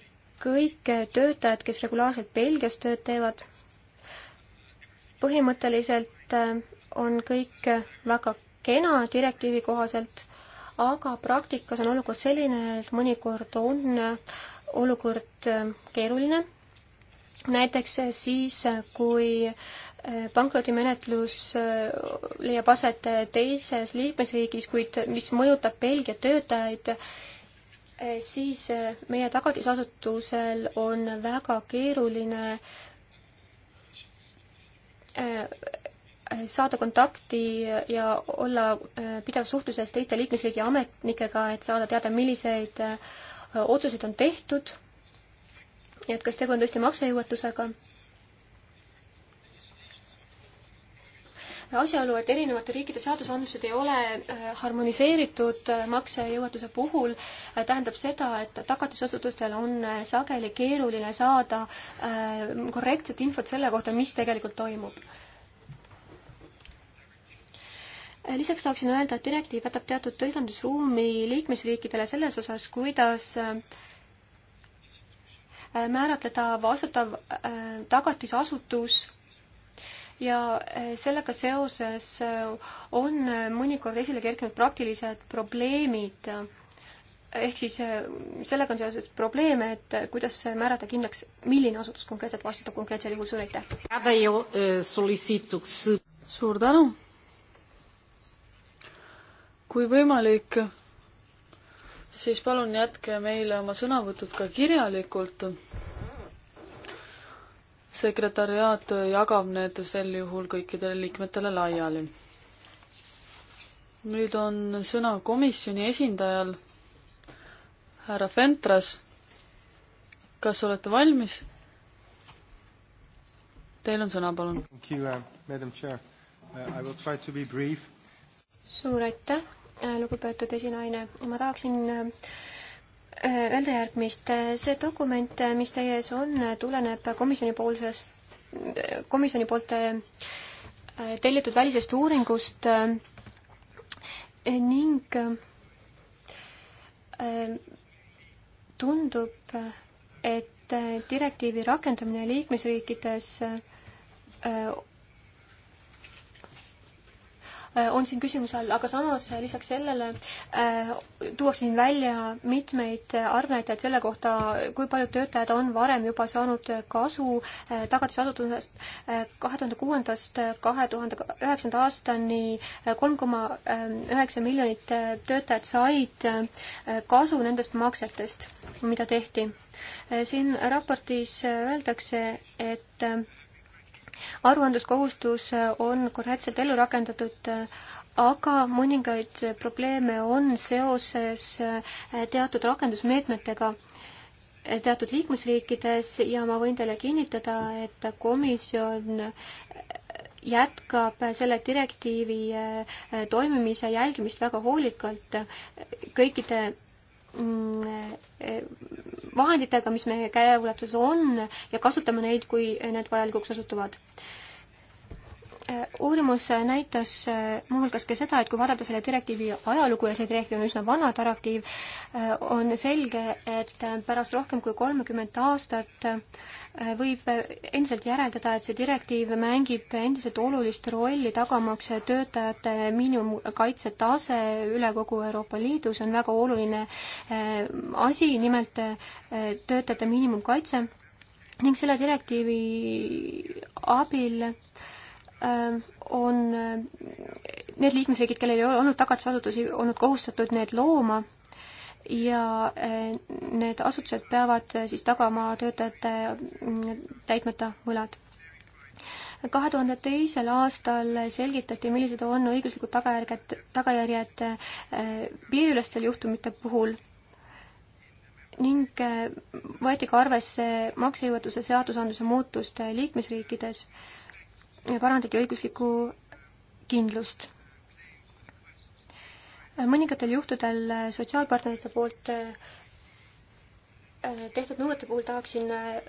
kõik töötajad, kes regulaarselt Belgias tööd teevad. põhimõtteliselt on kõik väga kena direktiivi kohaselt, aga praktikas on olukord selline, et mõnikord on olukord keeruline. näiteks siis, kui pankrotimenetlus äh, leiab aset teises liikmesriigis, kuid mis mõjutab Belgia töötajaid, äh, siis äh, meie tagatisasutusel on väga keeruline saada kontakti ja olla pidev suhtluses teiste liikmesriigi ametnikega, et saada teada, milliseid otsuseid on tehtud ja et kas tegu on tõesti maksejõuetusega asjaolu, et erinevate riikide seadusandlused ei ole äh, harmoniseeritud äh, maksejõuetuse puhul, äh, tähendab seda, et tagatisasutustel on sageli keeruline saada korrektset infot selle kohta, mis tegelikult toimub. lisaks tahaksin öelda, et direktiiv jätab teatud tõlgendusruumi liikmesriikidele selles osas, kuidas määratleda vastutav tagatisasutus ja eh, sellega seoses eh, on eh, mõnikord esile kerkinud praktilised probleemid. ehk siis sellega on seoses probleeme, et kuidas määrata kindlaks, milline asutus konkreetselt vastutab konkreetsel juhul, suur aitäh! suur tänu! kui võimalik, siis palun jätke meile oma sõnavõtud ka kirjalikult sekretariaat jagab need sel juhul kõikidele liikmetele laiali. nüüd on sõna komisjoni esindajal, härra Fentras. kas olete valmis? Teil on sõna, palun. Uh, uh, suur aitäh, lugupeetud esinaine. ma tahaksin uh, öelda järgmist. see dokument, mis teie ees on, tuleneb komisjonipoolsest, komisjoni poolt äh, tellitud välisest uuringust äh, ning äh, tundub, et direktiivi rakendamine liikmesriikides Äh, on siin küsimuse all, aga samas äh, lisaks sellele äh, tuuakse siin välja mitmeid arvnäitajaid selle kohta, kui paljud töötajad on varem juba saanud kasu tagatisasutusest kahe tuhande kuuendast kahe tuhande üheksanda aastani kolm koma üheksa miljonit töötajat said kasu nendest maksetest, mida tehti. siin raportis öeldakse, et aruandluskohustus äh, on korrektselt ellu rakendatud, äh, aga mõningaid probleeme on seoses äh, teatud rakendusmeetmetega teatud liikmesriikides ja ma võin teile kinnitada, et komisjon jätkab selle direktiivi toimimise jälgimist väga hoolikalt kõikide Mm, eh, vahenditega, mis meie käeulatuses on ja kasutame neid, kui need vajalikuks osutuvad. Eh, uurimus näitas eh, muuhulgas ka seda, et kui vaadata selle direktiivi ajalugu ja see direktiiv on üsna vana direktiiv, on selge, et pärast rohkem kui kolmekümmet aastat Äh, võib äh, endiselt järeldada, et see direktiiv mängib endiselt olulist rolli, tagamaks töötajate miinimumkaitsetase üle kogu Euroopa Liidu, see on väga oluline äh, asi, nimelt töötajate miinimumkaitse ning selle direktiivi abil on need liikmesriigid, kellel ei ole olnud tagatisasutusi, olnud kohustatud need looma ja eh, need asutused peavad eh, siis tagama töötajate mm, täitmata võlad. kahe tuhande teisel aastal selgitati, millised on õiguslikud tagajärged, tagajärjed eh, piiriülestel juhtumite puhul ning võeti ka arvesse maksejõuetuse seadusandluse muutust liikmesriikides ja parandati õiguslikku kindlust mõningatel juhtudel sotsiaalpartnerite poolt äh, tehtud nõuete puhul tahaksin äh,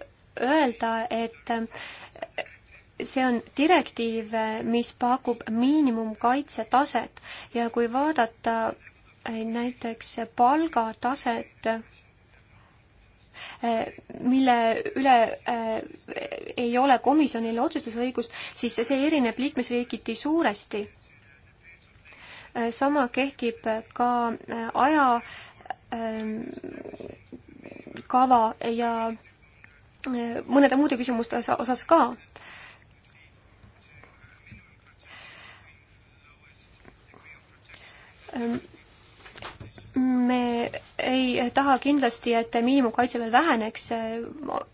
öelda, et äh, see on direktiiv, mis pakub miinimumkaitsetaset ja kui vaadata näiteks palgataset, mille üle ei ole komisjonil otsustusõigust, siis see erineb liikmesriigiti suuresti Äh, sama kehtib äh, ka äh, aja ähm, kava ja mõnede muude küsimuste osas ka. Ähm, me ei taha kindlasti, et miinimumkaitse veel väheneks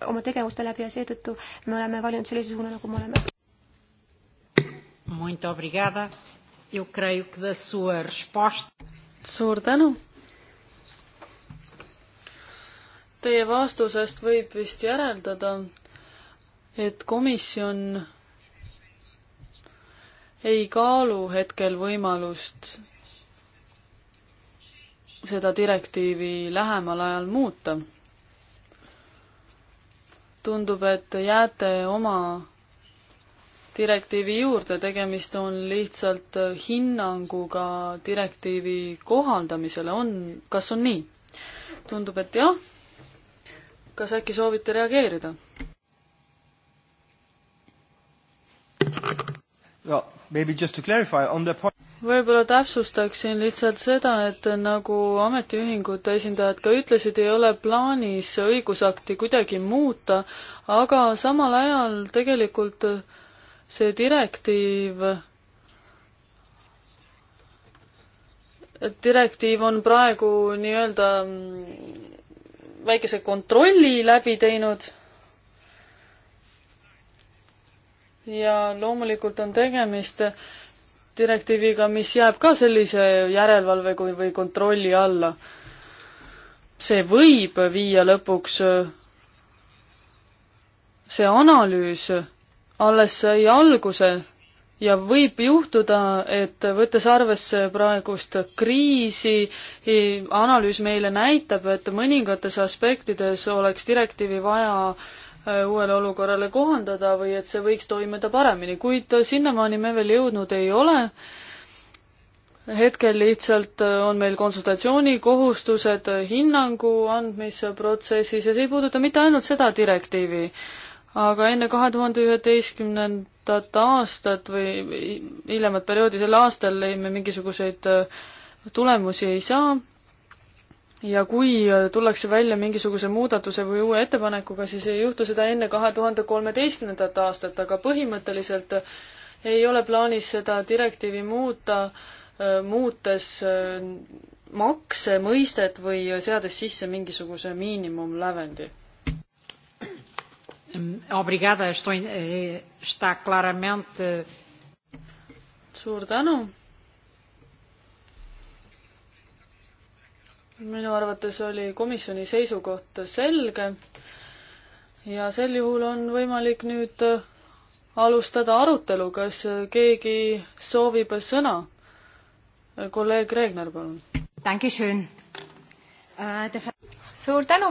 oma tegevuste läbi ja seetõttu me oleme valinud sellise suuna, nagu me oleme. Eu creio que da sua resposta. suur tänu. Teie vastusest võib vist järeldada, et komisjon ei kaalu hetkel võimalust seda direktiivi lähemal ajal muuta. tundub, et jääte oma direktiivi juurde, tegemist on lihtsalt hinnanguga direktiivi kohaldamisele, on, kas on nii? tundub, et jah. kas äkki soovite reageerida? Well, maybe just to clarify on the point võib-olla täpsustaksin lihtsalt seda, et nagu ametiühingute esindajad ka ütlesid, ei ole plaanis õigusakti kuidagi muuta, aga samal ajal tegelikult äh, see direktiiv, direktiiv on praegu nii-öelda väikese kontrolli läbi teinud ja loomulikult on tegemist direktiiviga, mis jääb ka sellise järelevalve kui, või kontrolli alla. see võib viia lõpuks, see analüüs alles sai alguse ja võib juhtuda, et võttes arvesse praegust kriisi, analüüs meile näitab, et mõningates aspektides oleks direktiivi vaja äh, uuele olukorrale kohandada või et see võiks toimida paremini, kuid sinnamaani me veel jõudnud ei ole. hetkel lihtsalt äh, on meil konsultatsioonikohustused äh, hinnangu andmise protsessis ja see ei puuduta mitte ainult seda direktiivi aga enne kahe tuhande üheteistkümnendat aastat või hiljemat perioodi sel aastal me mingisuguseid äh, tulemusi ei saa. ja kui äh, tullakse välja mingisuguse muudatuse või uue ettepanekuga, siis ei juhtu seda enne kahe tuhande kolmeteistkümnendat aastat, aga põhimõtteliselt äh, ei ole plaanis seda direktiivi muuta, muutes makse mõistet või seades sisse mingisuguse miinimumlävendi Obrigada, estou, eh, está claramente. Eh, suur tänu. minu arvates oli komisjoni seisukoht selge ja sel juhul on võimalik nüüd eh, alustada arutelu, kas keegi soovib sõna? kolleeg Regner, palun. Äh, suur tänu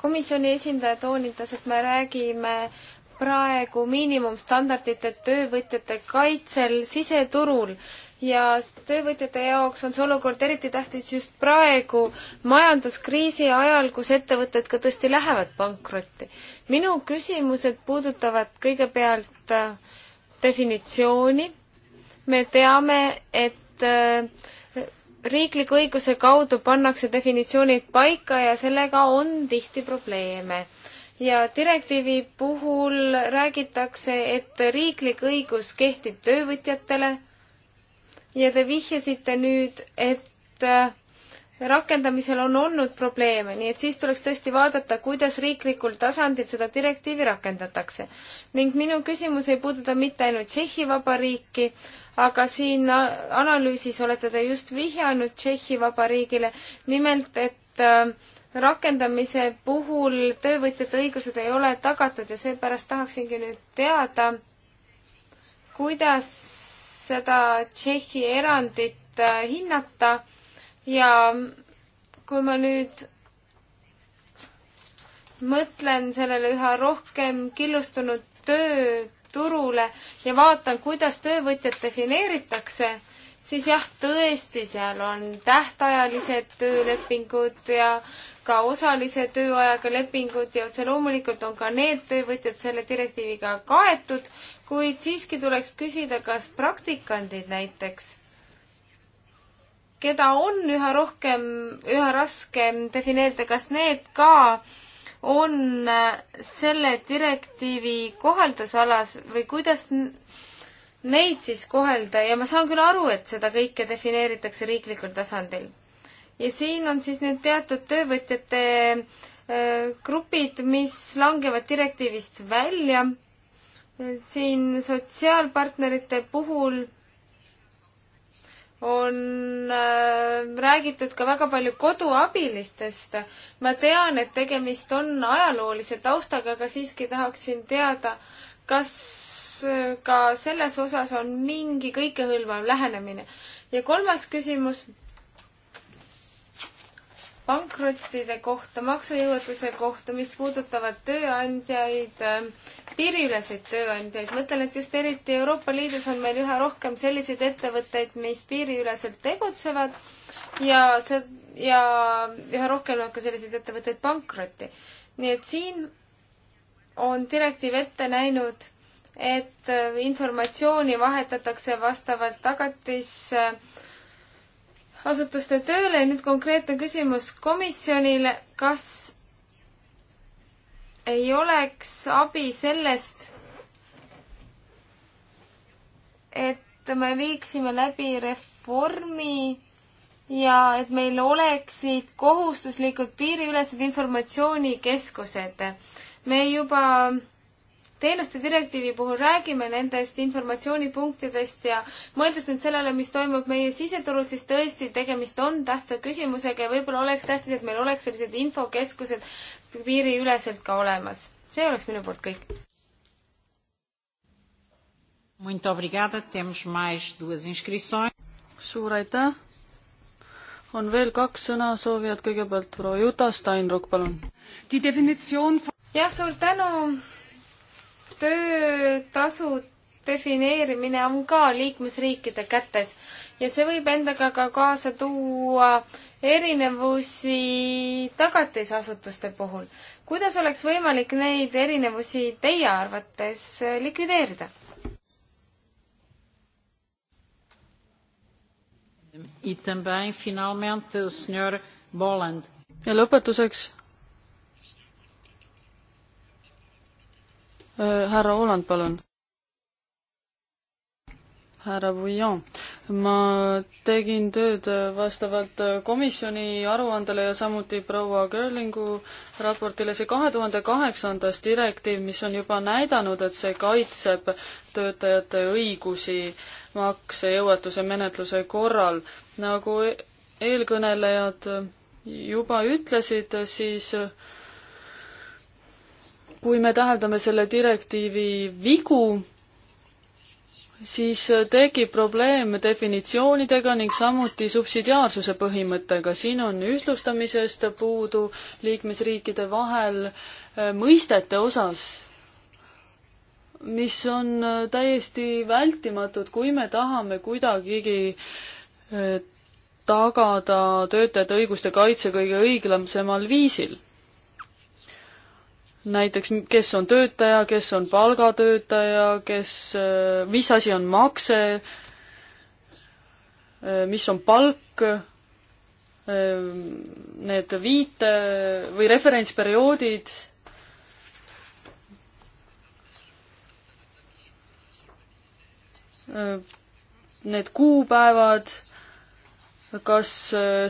komisjoni esindaja toonitas, et me räägime praegu miinimumstandardite töövõtjate kaitsel siseturul ja töövõtjate jaoks on see olukord eriti tähtis just praegu majanduskriisi ajal, kus ettevõtted ka tõesti lähevad pankrotti. minu küsimused puudutavad kõigepealt äh, definitsiooni. me teame, et äh, riikliku õiguse kaudu pannakse definitsioonid paika ja sellega on tihti probleeme. ja direktiivi puhul räägitakse, et riiklik õigus kehtib töövõtjatele ja te vihjasite nüüd, et äh, rakendamisel on olnud probleeme, nii et siis tuleks tõesti vaadata, kuidas riiklikul tasandil seda direktiivi rakendatakse. ning minu küsimus ei puuduta mitte ainult Tšehhi Vabariiki, aga siin analüüsis olete te just vihjanud Tšehhi Vabariigile, nimelt et äh, rakendamise puhul töövõtjate õigused ei ole tagatud ja seepärast tahaksingi nüüd teada, kuidas seda Tšehhi erandit äh, hinnata ja kui ma nüüd mõtlen sellele üha rohkem killustunud tööturule ja vaatan, kuidas töövõtjat defineeritakse, siis jah, tõesti, seal on tähtajalised töölepingud ja ka osalise tööajaga lepingud ja otse loomulikult on ka need töövõtjad selle direktiiviga kaetud, kuid siiski tuleks küsida, kas praktikandid näiteks keda on üha rohkem, üha raskem defineerida, kas need ka on äh, selle direktiivi kohaldusalas või kuidas neid siis kohelda ja ma saan küll aru, et seda kõike defineeritakse riiklikul tasandil. ja siin on siis nüüd teatud töövõtjate äh, grupid, mis langevad direktiivist välja. siin sotsiaalpartnerite puhul on äh, räägitud ka väga palju koduabilistest. ma tean, et tegemist on ajaloolise taustaga, aga siiski tahaksin teada, kas äh, ka selles osas on mingi kõikehõlmav lähenemine. ja kolmas küsimus pankrottide kohta, maksujõuetuse kohta, mis puudutavad tööandjaid, ähm, piiriüleseid tööandjaid. mõtlen, et just eriti Euroopa Liidus on meil üha rohkem selliseid ettevõtteid, mis piiriüleselt tegutsevad ja see, ja üha rohkem on ka selliseid ettevõtteid pankrotti. nii et siin on direktiiv ette näinud, et äh, informatsiooni vahetatakse vastavalt tagatis äh, asutuste tööle ja nüüd konkreetne küsimus komisjonile, kas ei oleks abi sellest, et me viiksime läbi reformi ja et meil oleksid kohustuslikud piiriülesed informatsioonikeskused. me juba teenuste direktiivi puhul räägime nendest informatsioonipunktidest ja mõeldes nüüd sellele, mis toimub meie siseturul, siis tõesti, tegemist on tähtsa küsimusega ja võib-olla oleks tähtis, et meil oleks sellised infokeskused piiriüleselt ka olemas. see oleks minu poolt kõik. Muito obrigada, temos mais duas inscrições. suur aitäh! on veel kaks sõnasoovijat, kõigepealt proua Juta Steinruck, palun. jah, suur tänu töötasu defineerimine on ka liikmesriikide kätes ja see võib endaga ka kaasa tuua erinevusi tagatisasutuste puhul. kuidas oleks võimalik neid erinevusi teie arvates likvideerida? ja lõpetuseks Äh, härra Holland, palun. härra Bouillon, ma tegin tööd vastavalt komisjoni aruandele ja samuti proua Görlingu raportile. see kahe tuhande kaheksandas direktiiv, mis on juba näidanud, et see kaitseb töötajate õigusi maksejõuetuse menetluse korral. nagu e-, eelkõnelejad juba ütlesid, siis kui me täheldame selle direktiivi vigu, siis tekib probleem definitsioonidega ning samuti subsidiaarsuse põhimõttega. siin on ühtlustamisest puudu liikmesriikide vahel äh, mõistete osas, mis on äh, täiesti vältimatud, kui me tahame kuidagigi äh, tagada töötajate õiguste kaitse kõige õiglasemal viisil näiteks kes on töötaja, kes on palgatöötaja, kes, mis asi on makse, mis on palk, need viite või referentsperioodid, need kuupäevad, kas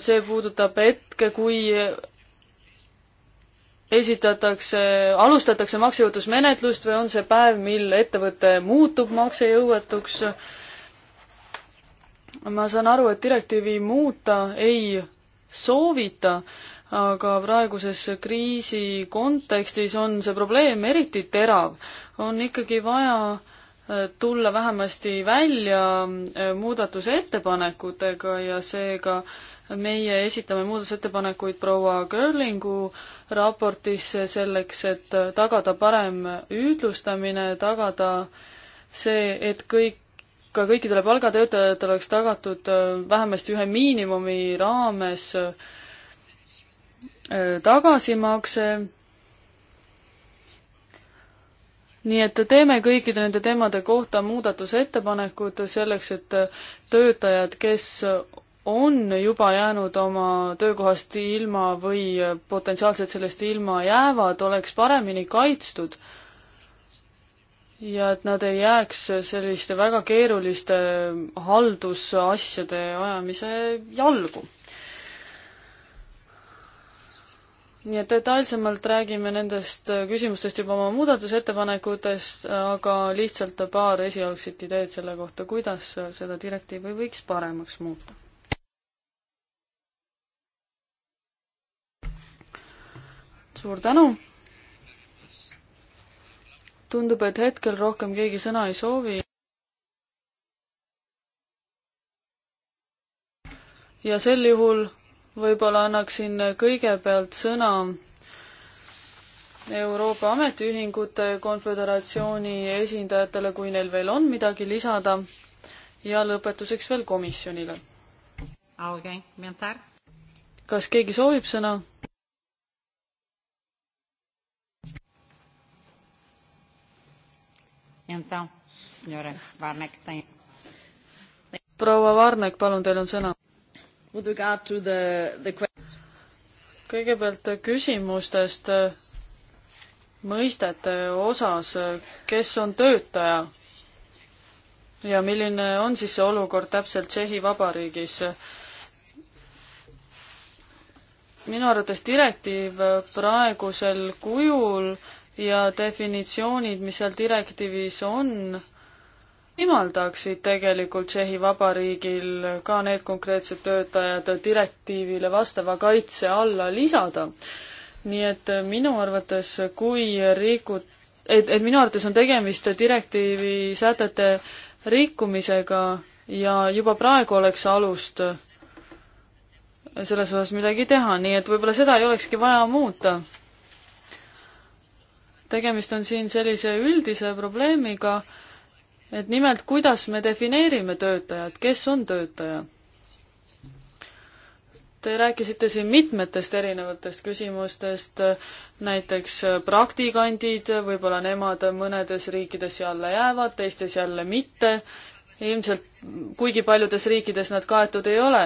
see puudutab hetke, kui esitatakse, alustatakse maksejõuetusmenetlust või on see päev, mil ettevõte muutub maksejõuetuks. ma saan aru, et direktiivi muuta ei soovita, aga praeguses kriisi kontekstis on see probleem eriti terav. on ikkagi vaja äh, tulla vähemasti välja äh, muudatusettepanekutega ja seega meie esitame muudatusettepanekuid proua Görlingu äh, raportisse selleks, et tagada parem ühtlustamine, tagada see, et kõik, ka kõikidele palgatöötajatele oleks tagatud äh, vähemasti ühe miinimumi raames äh, tagasimakse. nii et teeme kõikide nende teemade kohta muudatusettepanekud selleks, et töötajad, kes on juba jäänud oma töökohast ilma või potentsiaalselt sellest ilma jäävad, oleks paremini kaitstud. ja et nad ei jääks selliste väga keeruliste haldusasjade ajamise jalgu. nii et detailsemalt räägime nendest küsimustest juba oma muudatusettepanekutest, aga lihtsalt paar esialgset ideed selle kohta, kuidas seda direktiivi võiks paremaks muuta suur tänu. tundub, et hetkel rohkem keegi sõna ei soovi. ja sel juhul võib-olla annaksin kõigepealt sõna Euroopa Ametiühingute Konföderatsiooni esindajatele, kui neil veel on midagi lisada. ja lõpetuseks veel komisjonile. kas keegi soovib sõna? Então, senhora Varnek, tem... proua Varnek, palun, teil on sõna. kõigepealt küsimustest eh, mõistete osas, eh, kes on töötaja ja milline on siis see olukord täpselt Tšehhi Vabariigis? minu arvates direktiiv praegusel kujul ja definitsioonid, mis seal direktiivis on, võimaldaksid tegelikult Tšehhi Vabariigil ka need konkreetsed töötajad direktiivile vastava kaitse alla lisada. nii et minu arvates, kui riikud, et, et minu arvates on tegemist direktiivi sätete rikkumisega ja juba praegu oleks alust selles osas midagi teha, nii et võib-olla seda ei olekski vaja muuta tegemist on siin sellise üldise probleemiga, et nimelt, kuidas me defineerime töötajat, kes on töötaja? Te rääkisite siin mitmetest erinevatest küsimustest, näiteks praktikandid, võib-olla nemad mõnedes riikides jälle jäävad, teistes jälle mitte, ilmselt kuigi paljudes riikides nad kaetud ei ole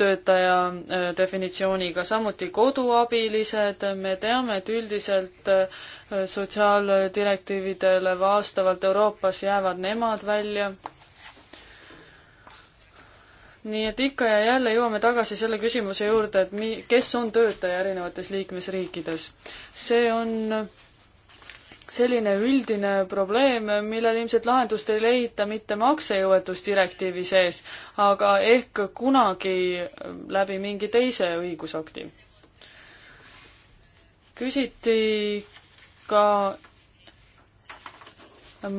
töötaja äh, definitsiooniga, samuti koduabilised, me teame, et üldiselt äh, sotsiaaldirektiividele vastavalt Euroopas jäävad nemad välja. nii et ikka ja jälle jõuame tagasi selle küsimuse juurde, et mi-, kes on töötaja erinevates liikmesriikides. see on selline üldine probleem, millele ilmselt lahendust ei leita mitte maksejõuetusdirektiivi sees, aga ehk kunagi läbi mingi teise õigusakti. küsiti ka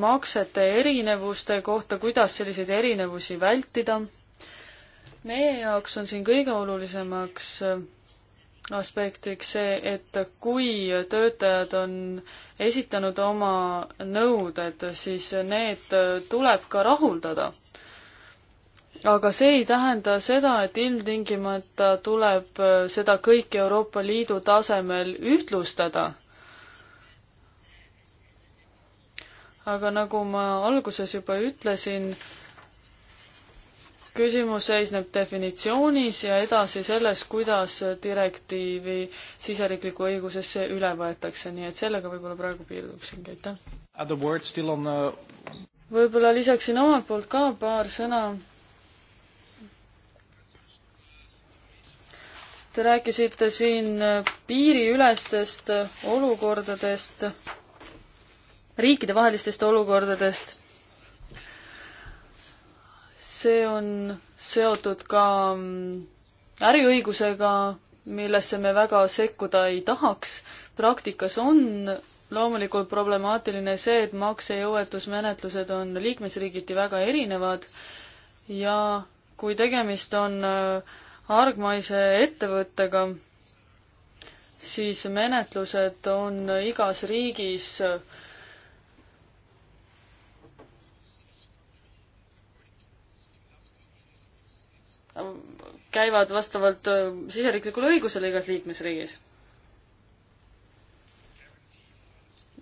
maksete erinevuste kohta, kuidas selliseid erinevusi vältida. meie jaoks on siin kõige olulisemaks aspektiks see, et kui töötajad on esitanud oma nõuded, siis need tuleb ka rahuldada. aga see ei tähenda seda, et ilmtingimata tuleb seda kõike Euroopa Liidu tasemel ühtlustada. aga nagu ma alguses juba ütlesin, küsimus seisneb definitsioonis ja edasi selles, kuidas direktiivi siseriiklikku õigusesse üle võetakse, nii et sellega võib-olla praegu piirduksingi, aitäh. Uh, võib-olla lisaksin omalt poolt ka paar sõna. Te rääkisite siin piiriülestest olukordadest, riikidevahelistest olukordadest see on seotud ka mm, äriõigusega, millesse me väga sekkuda ei tahaks. praktikas on loomulikult problemaatiline see, et maksejõuetusmenetlused on liikmesriigiti väga erinevad ja kui tegemist on äh, argmaise ettevõttega, siis menetlused on igas riigis äh, käivad vastavalt äh, siseriiklikule õigusele igas liikmesriigis.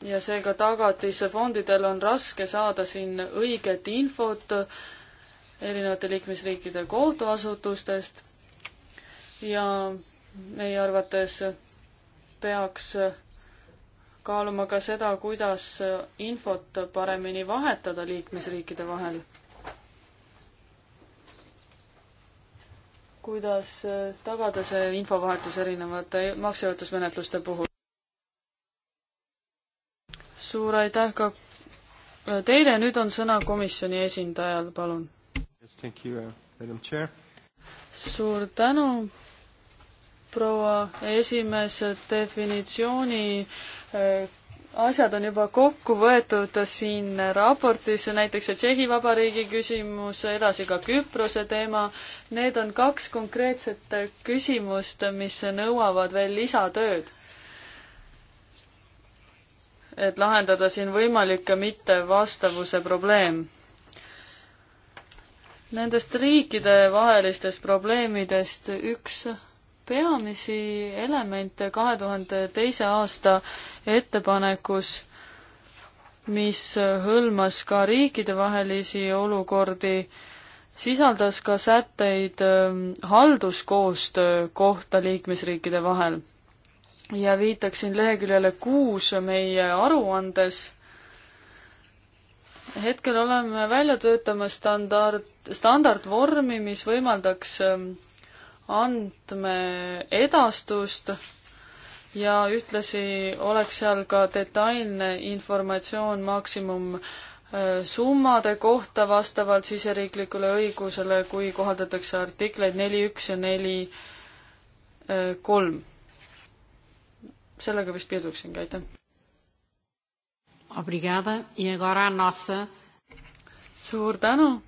ja seega tagatisfondidel on raske saada siin õiget infot erinevate liikmesriikide kohtuasutustest ja meie arvates peaks kaaluma ka seda, kuidas infot paremini vahetada liikmesriikide vahel kuidas äh, tagada see infovahetus erinevate maksejõuetusmenetluste puhul? suur aitäh ka äh, teile, nüüd on sõna komisjoni esindajal, palun yes,. Uh, suur tänu, proua esimees, definitsiooni äh, asjad on juba kokku võetud siin raportis, näiteks see Tšehhi Vabariigi küsimus, edasi ka Küprose teema. Need on kaks konkreetset küsimust, mis nõuavad veel lisatööd. et lahendada siin võimalikke mittevastavuse probleem. Nendest riikide vahelistest probleemidest üks peamisi elemente kahe tuhande teise aasta ettepanekus, mis hõlmas ka riikidevahelisi olukordi, sisaldas ka sätteid ähm, halduskoostöö kohta liikmesriikide vahel. ja viitaksin leheküljele kuus meie aruandes. hetkel oleme välja töötamas standard, standardvormi, mis võimaldaks ähm, andmeedastust ja ühtlasi oleks seal ka detailne informatsioon maksimum äh, summade kohta vastavalt siseriiklikule õigusele, kui kohaldatakse artikleid neli üks ja neli äh, kolm. sellega vist piirduksingi, aitäh. E suur tänu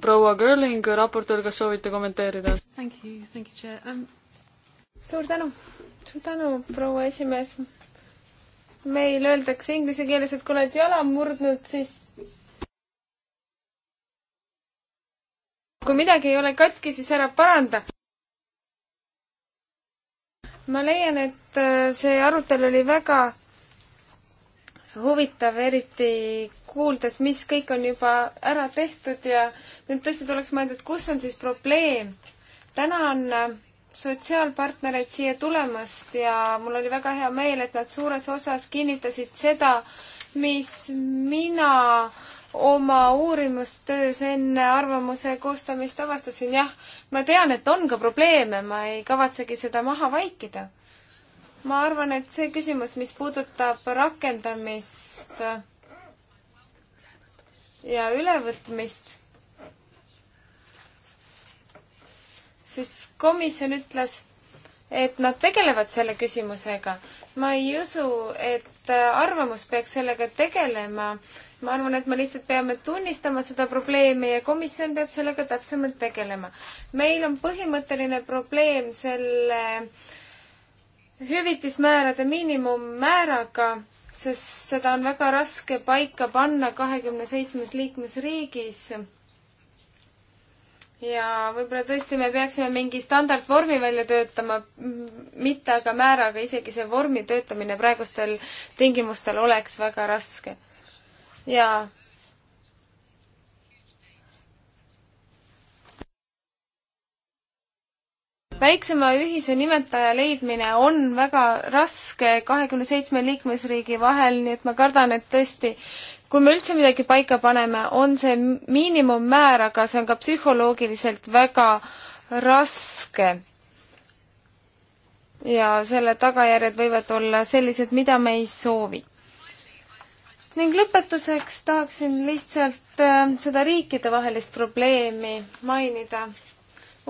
proua Görling, raportöör, kas soovite kommenteerida? Um... suur tänu, suur tänu, proua esimees. meil öeldakse inglise keeles, et kui oled jala murdnud, siis kui midagi ei ole katki, siis ära paranda. ma leian, et äh, see arutelu oli väga huvitav, eriti kuuldes, mis kõik on juba ära tehtud ja nüüd tõesti tuleks mõelda, et kus on siis probleem. tänan äh, sotsiaalpartnereid siia tulemast ja mul oli väga hea meel, et nad suures osas kinnitasid seda, mis mina oma uurimustöös enne arvamuse koostamist avastasin, jah, ma tean, et on ka probleeme, ma ei kavatsegi seda maha vaikida. ma arvan, et see küsimus, mis puudutab rakendamist, ja ülevõtmist, siis komisjon ütles, et nad tegelevad selle küsimusega. ma ei usu, et arvamus peaks sellega tegelema. ma arvan, et me lihtsalt peame tunnistama seda probleemi ja komisjon peab sellega täpsemalt tegelema. meil on põhimõtteline probleem selle hüvitismäärade miinimummääraga sest seda on väga raske paika panna kahekümne seitsmes liikmesriigis. ja võib-olla tõesti me peaksime mingi standardvormi välja töötama, mitte aga määraga, isegi see vormi töötamine praegustel tingimustel oleks väga raske. ja väiksema ühise nimetaja leidmine on väga raske kahekümne seitsme liikmesriigi vahel, nii et ma kardan, et tõesti, kui me üldse midagi paika paneme, on see miinimummäär, aga see on ka psühholoogiliselt väga raske. ja selle tagajärjed võivad olla sellised, mida me ei soovi ning lõpetuseks tahaksin lihtsalt äh, seda riikidevahelist probleemi mainida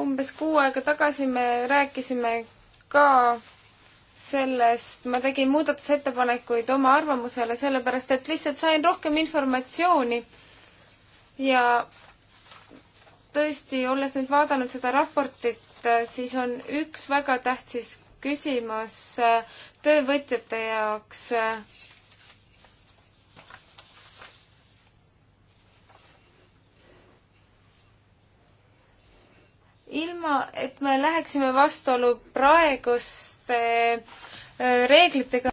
umbes kuu aega tagasi me rääkisime ka sellest, ma tegin muudatusettepanekuid oma arvamusele, sellepärast et lihtsalt sain rohkem informatsiooni ja tõesti, olles nüüd vaadanud seda raportit, siis on üks väga tähtis küsimus äh, töövõtjate jaoks äh, ilma, et me läheksime vastuollu praeguste äh, reeglitega,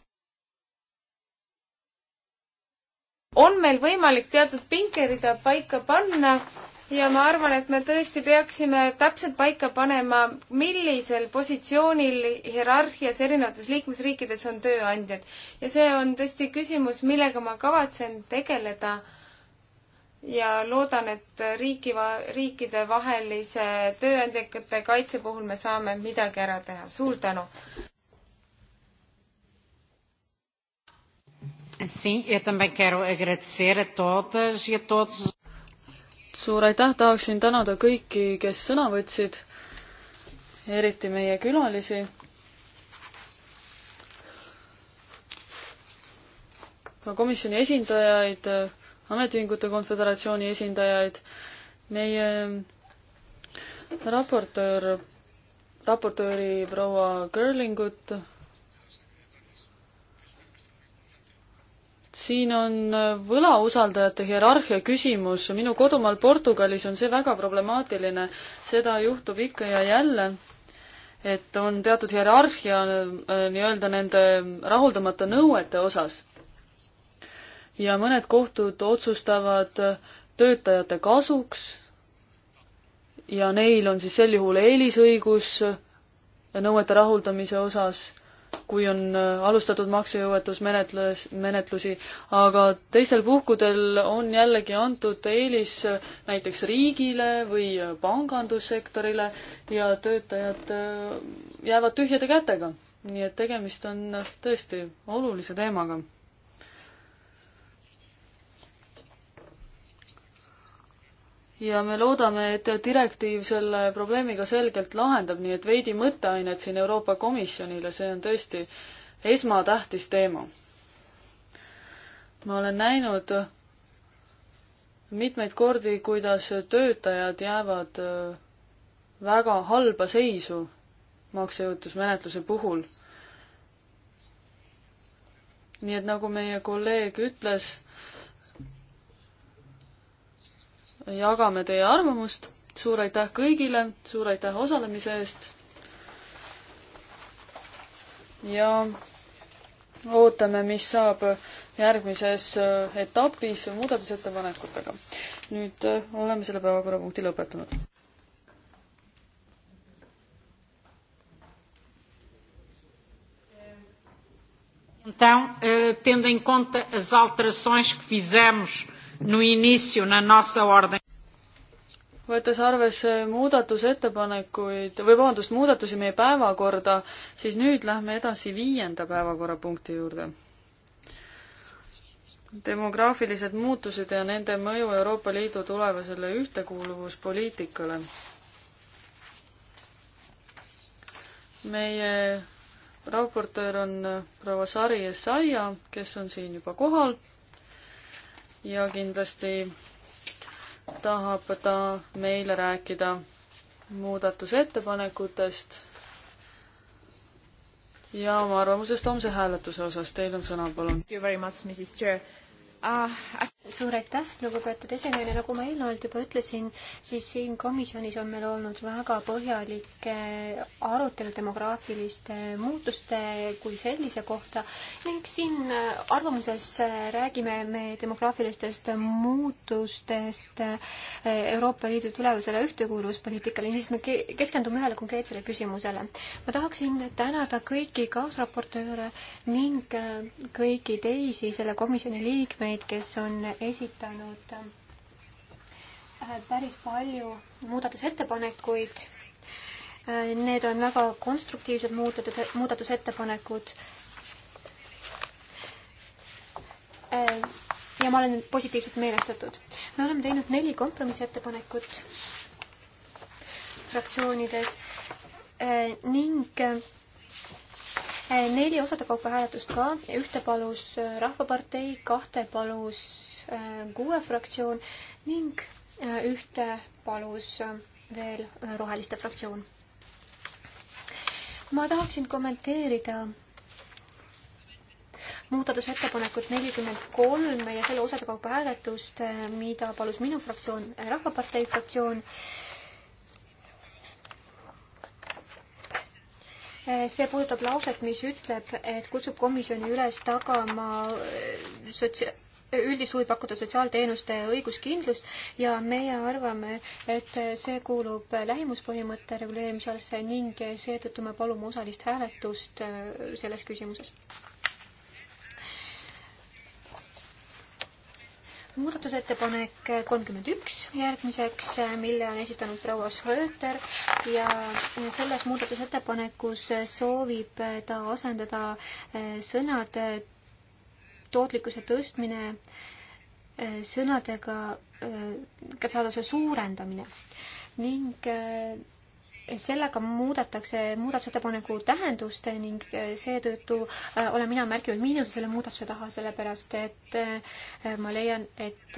on meil võimalik teatud pingerida paika panna ja ma arvan, et me tõesti peaksime täpselt paika panema, millisel positsioonil hierarhias erinevates liikmesriikides on tööandjad. ja see on tõesti küsimus, millega ma kavatsen tegeleda äh, ja loodan, et riiki, riikide vahelise tööandjate kaitse puhul me saame midagi ära teha. suur tänu! Sim, eu também quero agradecer a todas e a todos. suur aitäh, tahaksin tänada kõiki, kes sõna võtsid, eriti meie külalisi. ka komisjoni esindajaid Ametiühingute Konföderatsiooni esindajaid. meie raportöör, raportööri proua Görlingut. siin on võlausaldajate hierarhia küsimus, minu kodumaal Portugalis on see väga problemaatiline, seda juhtub ikka ja jälle et on teatud hierarhia äh, nii-öelda nende rahuldamata nõuete osas ja mõned kohtud otsustavad töötajate kasuks ja neil on siis sel juhul eelisõigus nõuete rahuldamise osas, kui on alustatud maksejõuetusmenetlus, menetlusi, aga teistel puhkudel on jällegi antud eelis näiteks riigile või pangandussektorile ja töötajad äh, jäävad tühjade kätega. nii et tegemist on tõesti olulise teemaga ja me loodame, et direktiiv selle probleemiga selgelt lahendab, nii et veidi mõtteainet siin Euroopa Komisjonile, see on tõesti esmatähtis teema. ma olen näinud mitmeid kordi, kuidas töötajad jäävad äh, väga halba seisu maksejõutusmenetluse puhul. nii et nagu meie kolleeg ütles, jagame teie arvamust. suur aitäh kõigile, suur aitäh osalemise eest. ja ootame, mis saab järgmises äh, etapis muudatusettepanekutega. nüüd äh, oleme selle päevakorrapunkti lõpetanud. Então, eh, tendo em conta as alterações que fizemos no início na nossa ordem. võttes arvesse muudatusettepanekuid või vabandust, muudatusi meie päevakorda, siis nüüd lähme edasi viienda päevakorrapunkti juurde. demograafilised muutused ja nende mõju Euroopa Liidu tulevasele ühtekuuluvuspoliitikale. meie raportöör on proua Sari Essaia, kes on siin juba kohal ja kindlasti tahab ta meile rääkida muudatusettepanekutest ja oma arvamusest homse hääletuse osas. Teil on sõna, palun suur aitäh, lugupeetud esineja, nagu ma eelnevalt juba ütlesin, siis siin komisjonis on meil olnud väga põhjalik arutelu demograafiliste muutuste kui sellise kohta ning siin arvamuses räägime me demograafilistest muutustest Euroopa Liidu tulevusele ühtekuuluvuspoliitikale, siis me keskendume ühele konkreetsele küsimusele. ma tahaksin tänada kõiki kaasraportööre ning kõiki teisi selle komisjoni liikmeid, kes on esitanud äh, päris palju muudatusettepanekuid. Äh, need on väga konstruktiivsed muudatud, muudatusettepanekud. Äh, ja ma olen positiivselt meelestatud. me oleme teinud neli kompromissettepanekut fraktsioonides ning neli osade kaupa hääletust ka, ühte palus Rahvapartei, kahte palus Äh, kuue fraktsioon ning äh, ühte palus äh, veel Roheliste fraktsioon. ma tahaksin kommenteerida muudatusettepanekut nelikümmend kolm ja selle osade kaupa hääletust, mida palus minu fraktsioon, Rahvapartei fraktsioon. see puudutab lauset, mis ütleb, et kutsub komisjoni üles tagama sotsia-, üldist huvi pakkuda sotsiaalteenuste õiguskindlust ja meie arvame, et see kuulub lähimuspõhimõtte reguleerimise alasse ning seetõttu me palume osalist hääletust äh, selles küsimuses. muudatusettepanek kolmkümmend üks järgmiseks, äh, mille on esitanud proua Schröter ja selles muudatusettepanekus soovib ta asendada äh, sõnad tootlikkuse tõstmine äh, sõnadega äh, kättesaadavuse suurendamine ning äh, sellega muudetakse muudatusettepaneku tähendust ning seetõttu olen mina märkinud miinuse selle muudatuse taha, sellepärast et ma leian, et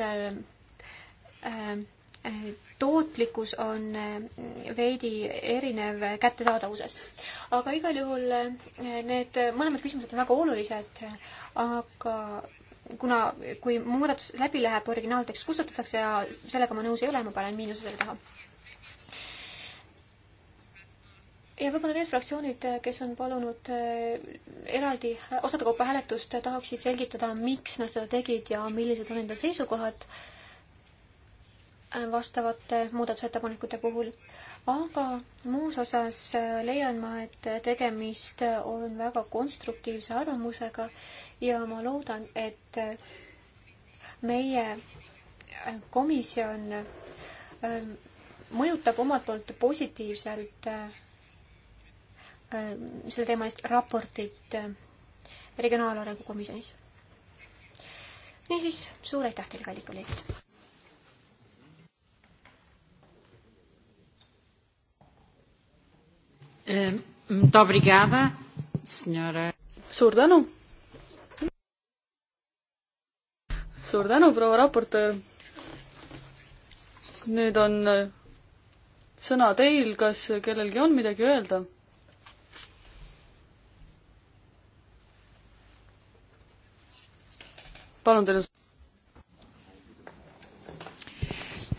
tootlikkus on eh, veidi erinev kättesaadavusest. aga igal juhul eh, need mõlemad küsimused on väga olulised, aga kuna, kui muudatus läbi läheb, originaaltekst kustutatakse ja sellega ma nõus ei ole, ma panen miinuse selle taha. ja võib-olla need fraktsioonid, kes on palunud eh, eraldi osade kaupa hääletust, tahaksid selgitada, miks nad seda tegid ja millised on nende seisukohad äh, Äh, vastavate muudatusettepanekute puhul, aga muus osas äh, leian ma, et tegemist on väga konstruktiivse arvamusega ja ma loodan, et äh, meie komisjon ähm, mõjutab omalt poolt positiivselt selle teema eest raportit Regionaalarengu Komisjonis. niisiis, suur aitäh teile, kallid kolleegid! Eh, suur tänu. suur tänu, proua raportöör. nüüd on eh, sõna teil, kas kellelgi on midagi öelda? palun teil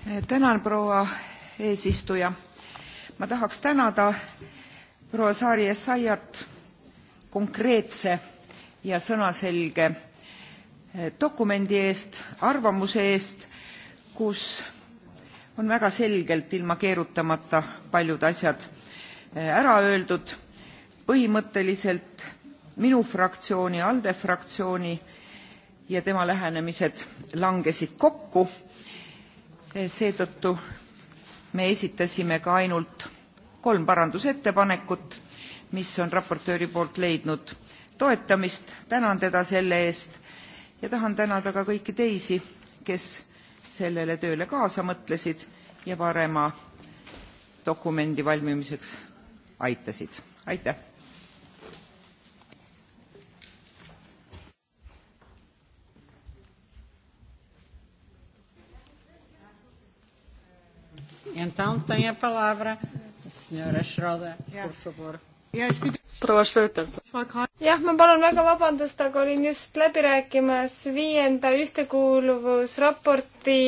on tänan, proua eesistuja. ma tahaks tänada proua saari essayalt konkreetse ja sõnaselge eh, dokumendi eest arvamuse eest kus on väga selgelt ilma keerutamata paljud asjad eh, ära öeldud põhimõtteliselt minu fraktsiooni alde fraktsiooni ja tema lähenemised langesid kokku eh, seetõttu me esitasime ka ainult kolm parandusettepanekut mis on raportööri poolt leidnud toetamist tänan teda selle eest ja tahan tänada ka kõiki teisi kes sellele tööle kaasa mõtlesid ja parema dokumendi valmimiseks aitasid aitäh Então tem a palavra Signora Schroeder, por favor. proua Schröter. jah, ma palun väga vabandust, aga olin just läbi rääkimas viienda ühtekuuluvusraporti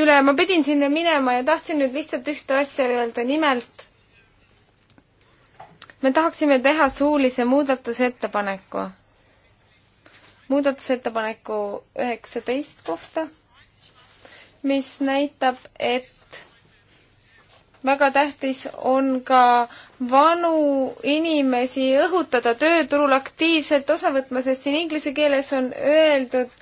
üle, ma pidin sinna minema ja tahtsin nüüd lihtsalt ühte asja öelda, nimelt me tahaksime teha suulise muudatusettepaneku. muudatusettepaneku üheksateist kohta, mis näitab, et väga tähtis on ka vanu inimesi õhutada tööturul aktiivselt osa võtma, sest siin inglise keeles on öeldud,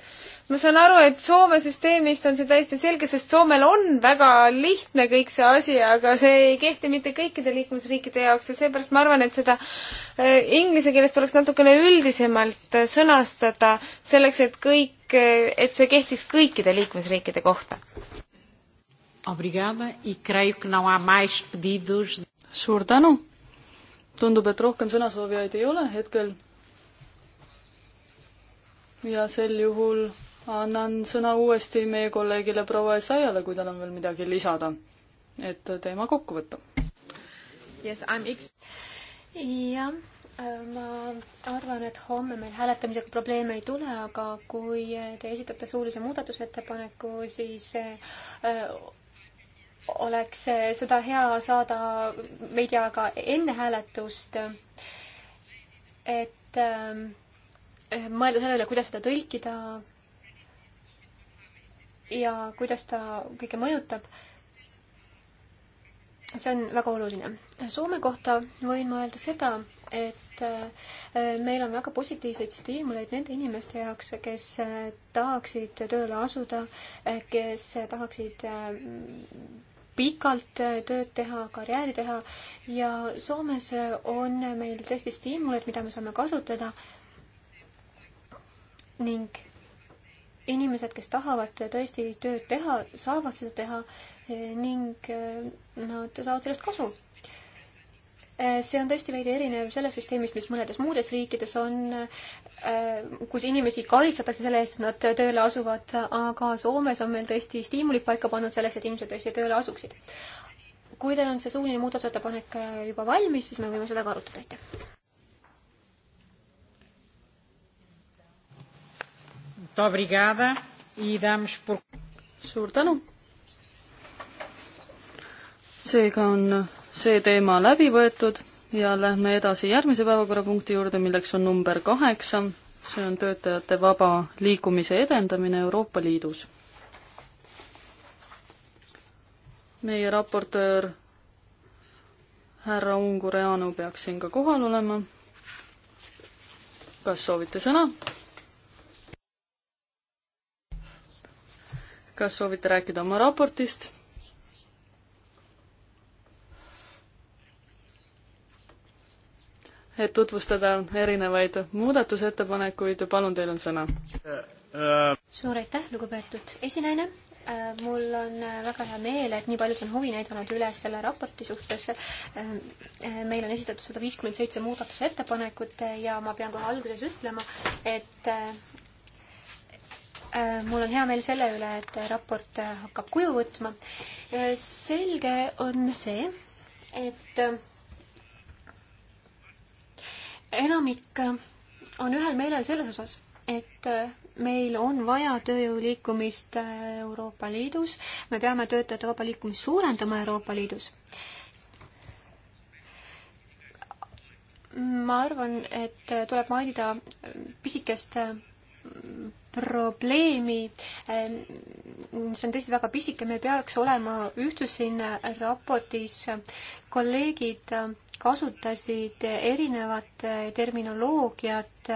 ma saan aru, et Soome süsteemist on see täiesti selge, sest Soomel on väga lihtne kõik see asi, aga see ei kehti mitte kõikide liikmesriikide jaoks ja seepärast ma arvan, et seda äh, inglise keeles tuleks natukene üldisemalt äh, sõnastada, selleks et kõik, äh, et see kehtiks kõikide liikmesriikide kohta Obrigada e creio que não há mais pedidos. suur tänu. tundub, et rohkem sõnasoovijaid ei ole hetkel. ja sel juhul annan sõna uuesti meie kolleegile proua Essayale, kui tal on veel midagi lisada, et teema kokku võtta. Yes, I am X. jah, äh, ma arvan, et homme meil hääletamisega probleeme ei tule, aga kui te esitate suulise muudatusettepaneku, siis äh, oleks seda hea saada veidi aega enne hääletust, et ähm, mõelda sellele, kuidas seda tõlkida ja kuidas ta kõike mõjutab. see on väga oluline. Soome kohta võin ma öelda seda, et äh, meil on väga positiivseid stiimuleid nende inimeste jaoks, kes äh, tahaksid tööle asuda, äh, kes tahaksid pikalt äh, tööd teha, karjääri teha ja Soomes äh, on meil tõesti stiimulid, mida me saame kasutada. ning inimesed, kes tahavad äh, tõesti tööd teha, saavad seda teha ning nad saavad sellest kasu Eh, see on tõesti veidi erinev sellest süsteemist, mis mõnedes muudes riikides on, eh, kus inimesi karistatakse selle eest, et nad tööle asuvad, aga Soomes on meil tõesti stiimulid paika pannud selleks, et inimesed tõesti tööle asuksid. kui teil on see suuline muudatusettepanek eh, juba valmis, siis me võime seda ka arutada, aitäh! obrigada e damos por... Suur tänu. seega on see teema läbi võetud ja lähme edasi järgmise päevakorrapunkti juurde, milleks on number kaheksa. see on töötajate vaba liikumise edendamine Euroopa Liidus. meie raportöör härra Ungureanu peaks siin ka kohal olema. kas soovite sõna? kas soovite rääkida oma raportist? et tutvustada erinevaid muudatusettepanekuid. palun, teil on sõna. suur aitäh, lugupeetud esinaine äh, mul on äh, väga hea meel, et nii paljud on huvi näidanud üles selle raporti suhtes. Äh, meil on esitatud sada viiskümmend seitse muudatusettepanekut ja ma pean kohe alguses ütlema, et mul on hea meel selle üle, et raport hakkab kuju võtma. selge on see, et enamik on ühel meelel selles osas, et meil on vaja tööjõu liikumist Euroopa Liidus, me peame töötajate vaba liikumist suurendama Euroopa Liidus. ma arvan, et tuleb mainida pisikest probleemi, see on tõesti väga pisike, me peaks olema ühtlusin raportis, kolleegid kasutasid erinevat terminoloogiat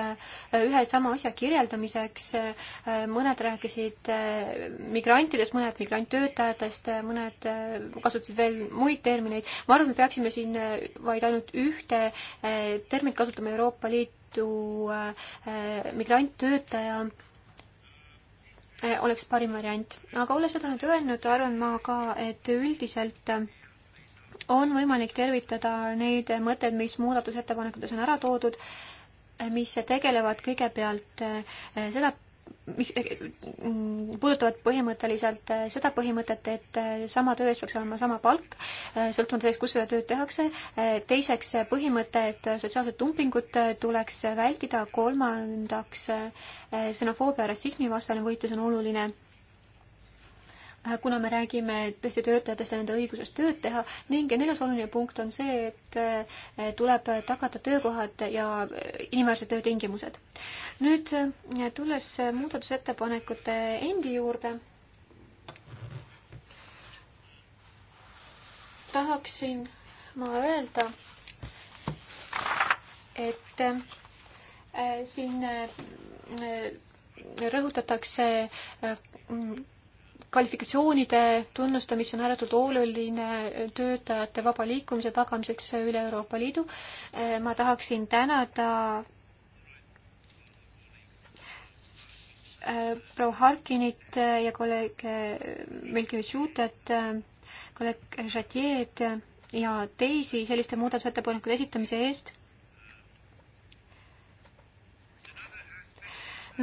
ühe sama asja kirjeldamiseks. mõned rääkisid migrantidest, mõned migranttöötajatest, mõned kasutasid veel muid termineid. ma arvan, et me peaksime siin vaid ainult ühte terminit kasutama, Euroopa Liidu migranttöötaja oleks parim variant. aga olles seda nüüd öelnud, arvan ma ka, et üldiselt on võimalik tervitada neid mõtteid, mis muudatusettepanekutes on ära toodud, mis tegelevad kõigepealt eh, seda, mis eh, mm, puudutavad põhimõtteliselt eh, seda põhimõtet, et sama töö eest peaks olema sama palk, sõltumata sellest, kus seda tööd tehakse. teiseks põhimõte, et sotsiaalset dumpingut tuleks vältida. kolmandaks, ksenofoobia ja rassismi vastane võitlus on oluline Äh, kuna me räägime tõesti töötajatest ja nende õigusest tööd teha ning neljas oluline punkt on see, et äh, tuleb tagada töökohad ja inimväärsed töötingimused. nüüd äh, tulles muudatusettepanekute endi juurde, tahaksin ma öelda, et siin rõhutatakse kvalifikatsioonide tunnustamisse on ääretult oluline töötajate vaba liikumise tagamiseks üle Euroopa Liidu. Eh, ma tahaksin tänada eh, proua Harkinit eh, ja kolleeg Melkivitš-Juutet, kolleeg Žatjeed ja teisi selliste muudatusettepanekute esitamise eest.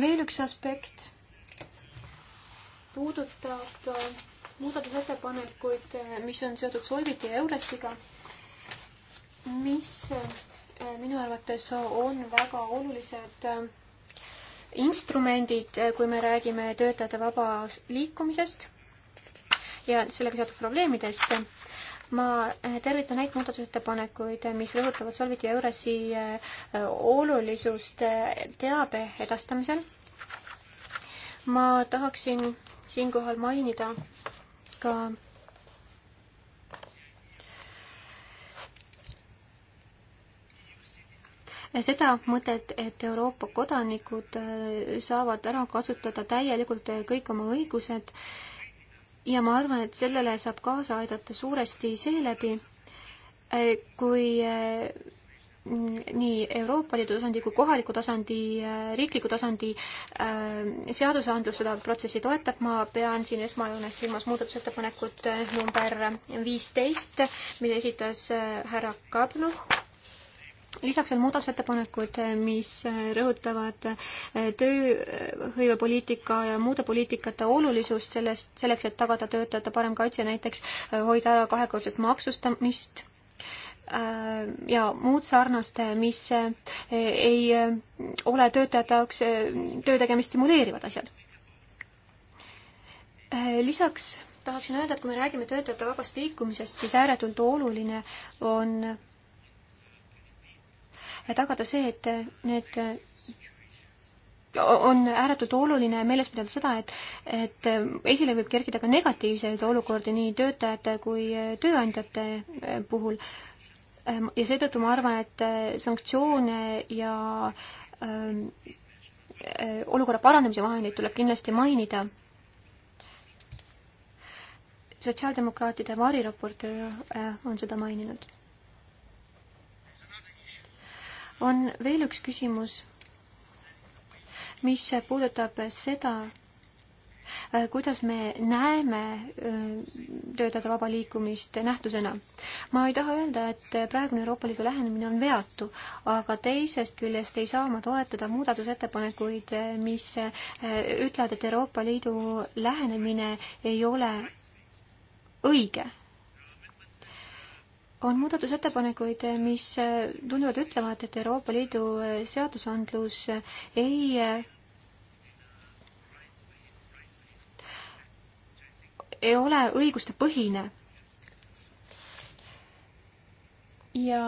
veel üks aspekt puudutab äh, muudatusettepanekuid, äh, mis on seotud Solviti ja Euressiga, mis äh, minu arvates on väga olulised instrumendid, kui me räägime töötajate vaba liikumisest ja sellega seotud probleemidest. ma tervitan neid muudatusettepanekuid, mis rõhutavad Solvit ja Euresi olulisust teabe edastamisel. ma tahaksin siinkohal mainida ka seda mõtet, et Euroopa kodanikud äh, saavad ära kasutada täielikult äh, kõik oma õigused ja ma arvan, et sellele saab kaasa aidata suuresti seeläbi, äh, kui nii Euroopa Liidu tasandi kui kohaliku tasandi, äh, riikliku tasandi äh, seadusandlus seda protsessi toetab, ma pean siin esmajoones silmas muudatusettepanekut äh, number viisteist, mille esitas härra Kabnuh. lisaks on muudatusettepanekud, mis rõhutavad tööhõivepoliitika ja muude poliitikate olulisust sellest, selleks, et tagada töötajate parem kaitse, näiteks hoida ära kahekordset maksustamist Äh, ja muud sarnast, äh, mis äh, ei ole töötajate jaoks töö tegemist stimuleerivad asjad. lisaks tahaksin öelda, et kui me räägime töötajate vabast liikumisest, siis ääretult oluline on tagada see, et need on ääretult oluline meeles pidada seda, et, et esile võib kerkida ka negatiivseid olukordi nii töötajate kui tööandjate puhul Ehm, ja seetõttu ma arvan, et äh, sanktsioone ja ähm, äh, olukorra parandamise vahendeid tuleb kindlasti mainida. sotsiaaldemokraatide variraportöör äh, on seda maininud. on veel üks küsimus, mis puudutab seda, Äh, kuidas me näeme äh, töötajate vaba liikumist nähtusena. ma ei taha öelda, et praegune Euroopa Liidu lähenemine on veatu, aga teisest küljest ei saa ma toetada muudatusettepanekuid, äh, mis ütlevad, et Euroopa Liidu lähenemine ei ole õige on muudatusettepanekuid, mis tunduvad ütlevat, et Euroopa Liidu seadusandlus ei ei ole õigustepõhine. ja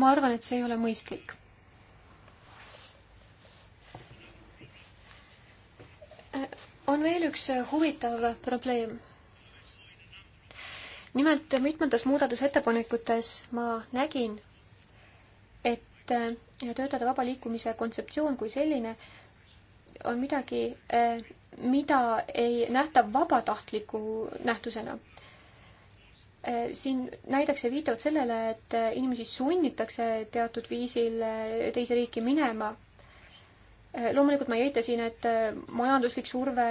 ma arvan, et see ei ole mõistlik. on veel üks huvitav probleem. nimelt mitmetes muudatusettepanekutes ma nägin, et töötajate vaba liikumise kontseptsioon kui selline on midagi, eh, mida ei nähta vabatahtliku nähtusena. siin näidakse viitavat sellele, et inimesi sunnitakse teatud viisil teise riiki minema. loomulikult ma ei eita siin, et majanduslik surve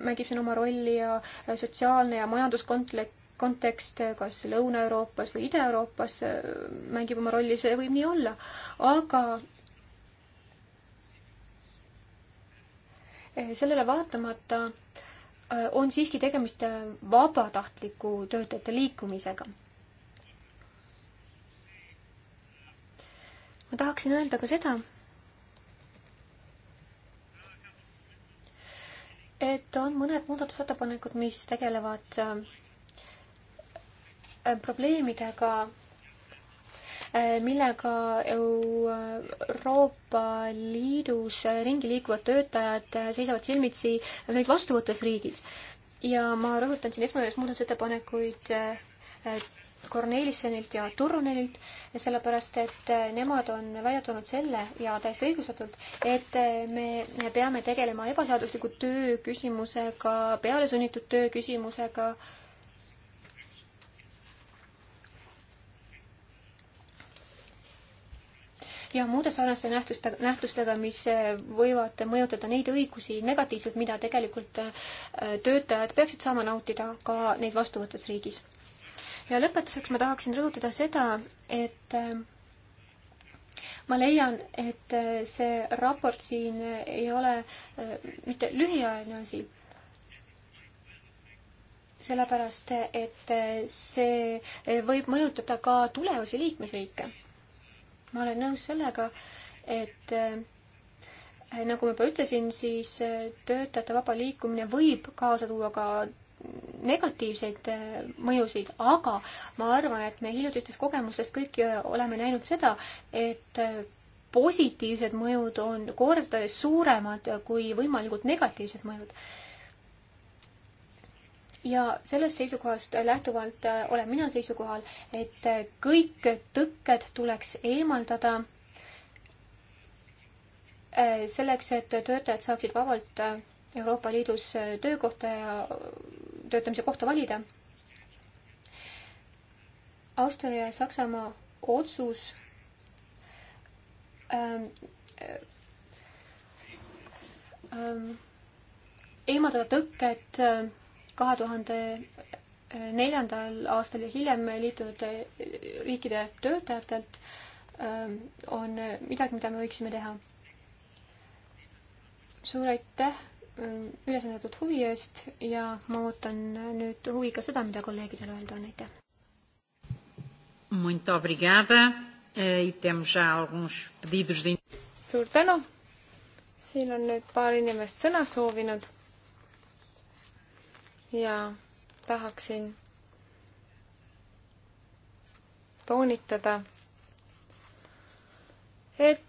mängib siin oma rolli ja sotsiaalne ja majanduskontlekt kontekst, kas Lõuna-Euroopas või Ida-Euroopas mängib oma rolli, see võib nii olla. aga Eh, sellele vaatamata eh, on siiski tegemist eh, vabatahtliku töötajate liikumisega. ma tahaksin öelda ka seda, et on mõned muudatusettepanekud, mis tegelevad probleemidega Eh, millega Euroopa Liidus ringi liikuvad töötajad eh, seisavad silmitsi neid vastuvõttes riigis. ja ma rõhutan siin esmajoones muudatusettepanekuid Kornelissonilt eh, ja Turunenilt, sellepärast et nemad on välja toonud selle ja täiesti õigustatult, et me peame tegelema ebaseadusliku töö küsimusega, pealesunnitud töö küsimusega äh, ja muude sarnaste nähtuste, nähtustega, mis äh, võivad mõjutada neid õigusi negatiivselt, mida tegelikult äh, töötajad peaksid saama nautida ka neid vastuvõttes riigis. ja lõpetuseks ma tahaksin rõhutada seda, et äh, ma leian, et see raport siin ei ole mitte lühiajaline asi sellepärast, et see võib mõjutada ka tulevasi liikmesriike ma olen nõus sellega, et äh, nagu ma juba ütlesin, siis äh, töötajate vaba liikumine võib kaasa tuua ka negatiivseid äh, mõjusid, aga ma arvan, et me hiljutistest kogemustest kõik oleme näinud seda, et positiivsed mõjud on kordades suuremad kui võimalikud negatiivsed mõjud ja sellest seisukohast lähtuvalt äh, olen mina seisukohal, et äh, kõik tõkked tuleks eemaldada äh, selleks, et töötajad saaksid vabalt Euroopa Liidus töökohta ja töötamise kohta valida. Austria ja Saksamaa otsus ähm, ähm, eemaldada tõkked äh, kahe tuhande neljandal aastal ja hiljem liitunud riikide töötajatelt ähm, on midagi, mida me võiksime teha. suur aitäh ähm, üles näidatud huvi eest ja ma ootan nüüd huviga seda, mida kolleegidel öelda on, aitäh. Muito obrigada eh, e temos já alguns pedidos de... suur tänu! siin on nüüd paar inimest sõna soovinud ja tahaksin toonitada, et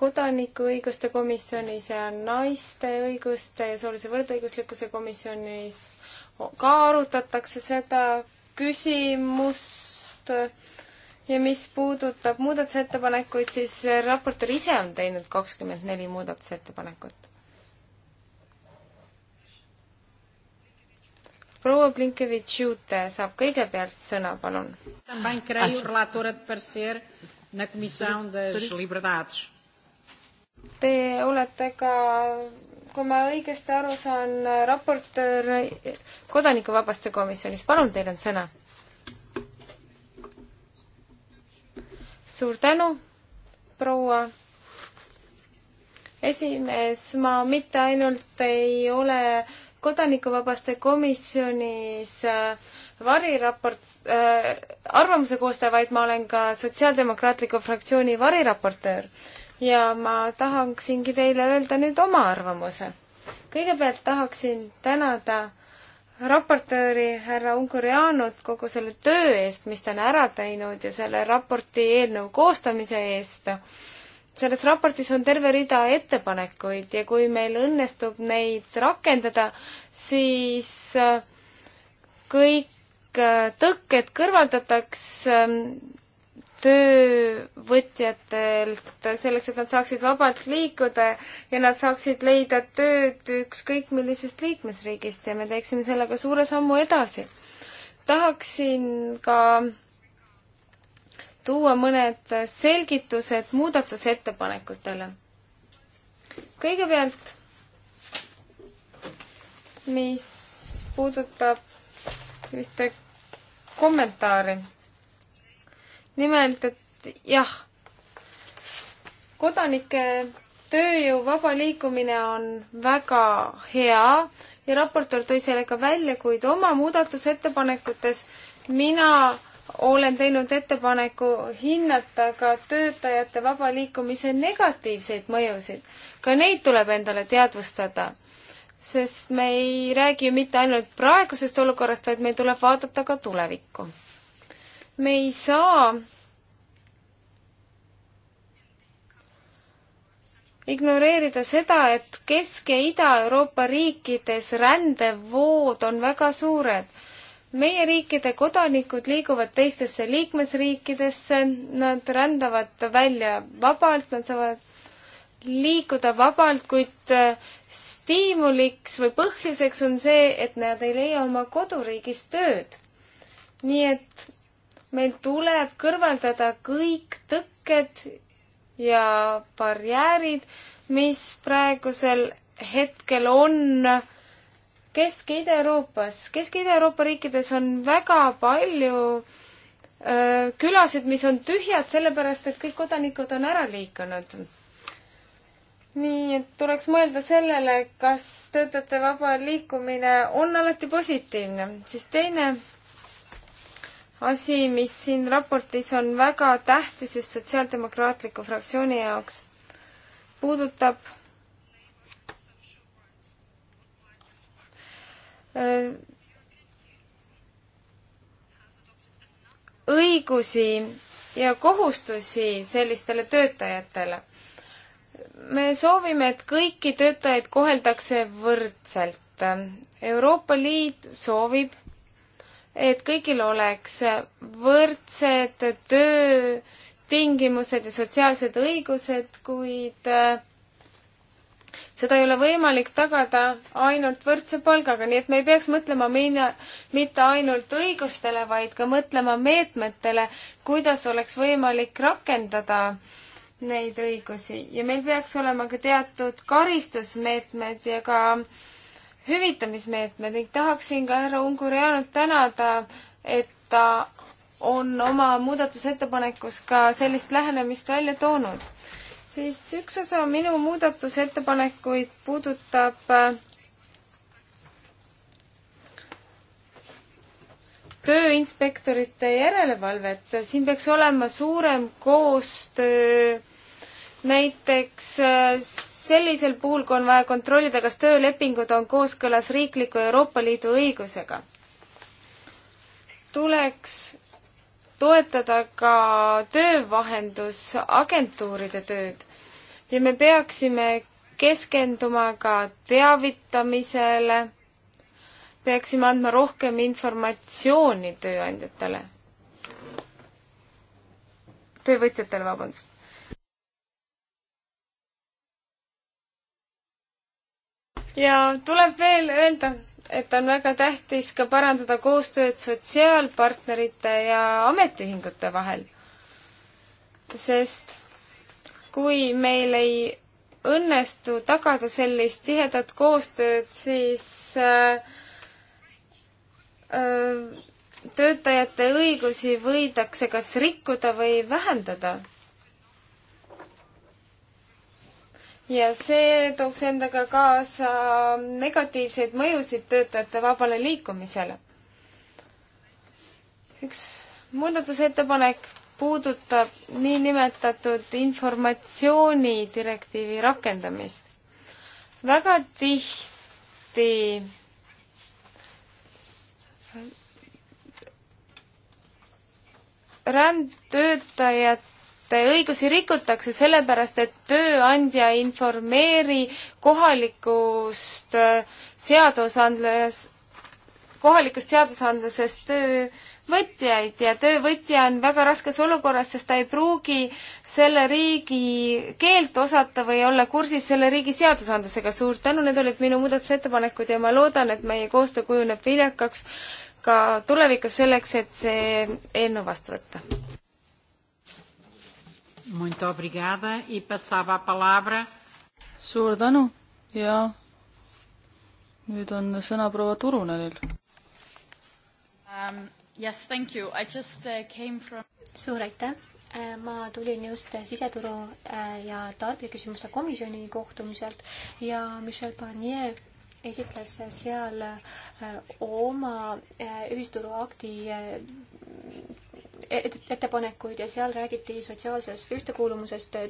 kodanikuõiguste komisjonis ja naiste õiguste ja soolise võrdõiguslikkuse komisjonis ka arutatakse seda küsimust ja mis puudutab muudatusettepanekuid, siis raportöör ise on teinud kakskümmend neli muudatusettepanekut proua Blinkevitš-Jute saab kõigepealt sõna, palun. Ah. Te olete ka, kui ma õigesti aru saan, raportöör Kodanikuvabaste komisjonis, palun, teil on sõna. suur tänu, proua esimees, ma mitte ainult ei ole äh, kodanikuvabaste komisjonis äh, variraport äh,, arvamuse koostaja, vaid ma olen ka Sotsiaaldemokraatliku fraktsiooni variraportöör. ja ma tahaksingi teile öelda nüüd oma arvamuse. kõigepealt tahaksin tänada raportööri härra Ungurianut kogu selle töö eest, mis ta on ära teinud ja selle raporti eelnõu koostamise eest äh, selles raportis on terve rida ettepanekuid ja kui meil õnnestub neid rakendada, siis äh, kõik äh, tõkked kõrvaldatakse ähm, töövõtjatelt selleks, et nad saaksid vabalt liikuda ja nad saaksid leida tööd ükskõik millisest liikmesriigist ja me teeksime sellega suure sammu edasi. tahaksin ka tuua mõned selgitused muudatusettepanekutele. kõigepealt, mis puudutab ühte kommentaari. nimelt, et jah, kodanike tööjõu vaba liikumine on väga hea ja raportöör tõi selle ka välja, kuid oma muudatusettepanekutes mina olen teinud ettepaneku hinnata ka töötajate vaba liikumise negatiivseid mõjusid. ka neid tuleb endale teadvustada, sest me ei räägi ju mitte ainult praegusest olukorrast, vaid meil tuleb vaadata ka tulevikku. me ei saa ignoreerida seda, et Kesk- ja Ida-Euroopa riikides rändevood on väga suured meie riikide kodanikud liiguvad teistesse liikmesriikidesse, nad rändavad välja vabalt, nad saavad liikuda vabalt, kuid äh, stiimuliks või põhjuseks on see, et nad ei leia oma koduriigis tööd. nii et meil tuleb kõrvaldada kõik tõkked ja barjäärid, mis praegusel hetkel on äh, Kesk- ja Ida-Euroopas. Kesk- ja Ida-Euroopa riikides on väga palju öö, külasid, mis on tühjad, sellepärast et kõik kodanikud on ära liikunud. nii et tuleks mõelda sellele, kas töötajate vaba liikumine on alati positiivne, siis teine asi, mis siin raportis on väga tähtis just sotsiaaldemokraatliku fraktsiooni jaoks, puudutab Äh, õigusi ja kohustusi sellistele töötajatele. me soovime, et kõiki töötajaid koheldakse võrdselt. Euroopa Liit soovib, et kõigil oleks võrdsed töötingimused ja sotsiaalsed õigused, kuid äh, seda ei ole võimalik tagada ainult võrdse palgaga, nii et me ei peaks mõtlema mina, mitte ainult õigustele, vaid ka mõtlema meetmetele, kuidas oleks võimalik rakendada neid õigusi ja meil peaks olema ka teatud karistusmeetmed ja ka hüvitamismeetmed ning tahaksin ka härra Ungureanut tänada, et ta on oma muudatusettepanekus ka sellist lähenemist välja toonud siis üks osa minu muudatusettepanekuid puudutab äh, tööinspektorite järelevalvet, siin peaks olema suurem koostöö näiteks äh, sellisel puhul, kui on vaja kontrollida, kas töölepingud on kooskõlas riikliku Euroopa Liidu õigusega, tuleks toetada ka töövahendusagentuuride tööd ja me peaksime keskenduma ka teavitamisele, peaksime andma rohkem informatsiooni tööandjatele, töövõtjatele, vabandust. ja tuleb veel öelda, et on väga tähtis ka parandada koostööd sotsiaalpartnerite ja ametiühingute vahel. sest kui meil ei õnnestu tagada sellist tihedat koostööd, siis äh, äh, töötajate õigusi võidakse kas rikkuda või vähendada ja see tooks endaga kaasa negatiivseid mõjusid töötajate vabale liikumisele. üks muudatusettepanek puudutab niinimetatud informatsiooni direktiivi rakendamist. väga tihti rändtöötajate õigusi rikutakse, sellepärast et tööandja informeeri kohalikust äh, seadusandluses, kohalikust seadusandlusest töövõtjaid ja töövõtja on väga raskes olukorras, sest ta ei pruugi selle riigi keelt osata või olla kursis selle riigi seadusandlusega. suur tänu, need olid minu muudatusettepanekud ja ma loodan, et meie koostöö kujuneb viljakaks ka tulevikus selleks, et see eelnõu vastu võtta. Muito obrigada e passava a palavra. suur tänu ja nüüd on sõna proua Turunenil um,. Yes, thank you, I just uh, came from. suur aitäh, äh, ma tulin just äh, siseturu äh, ja tarbijaküsimuste komisjoni kohtumiselt ja Michel Barnier esitles seal oma ühisturuakti ettepanekuid ja seal räägiti sotsiaalsest ühtekuuluvusest,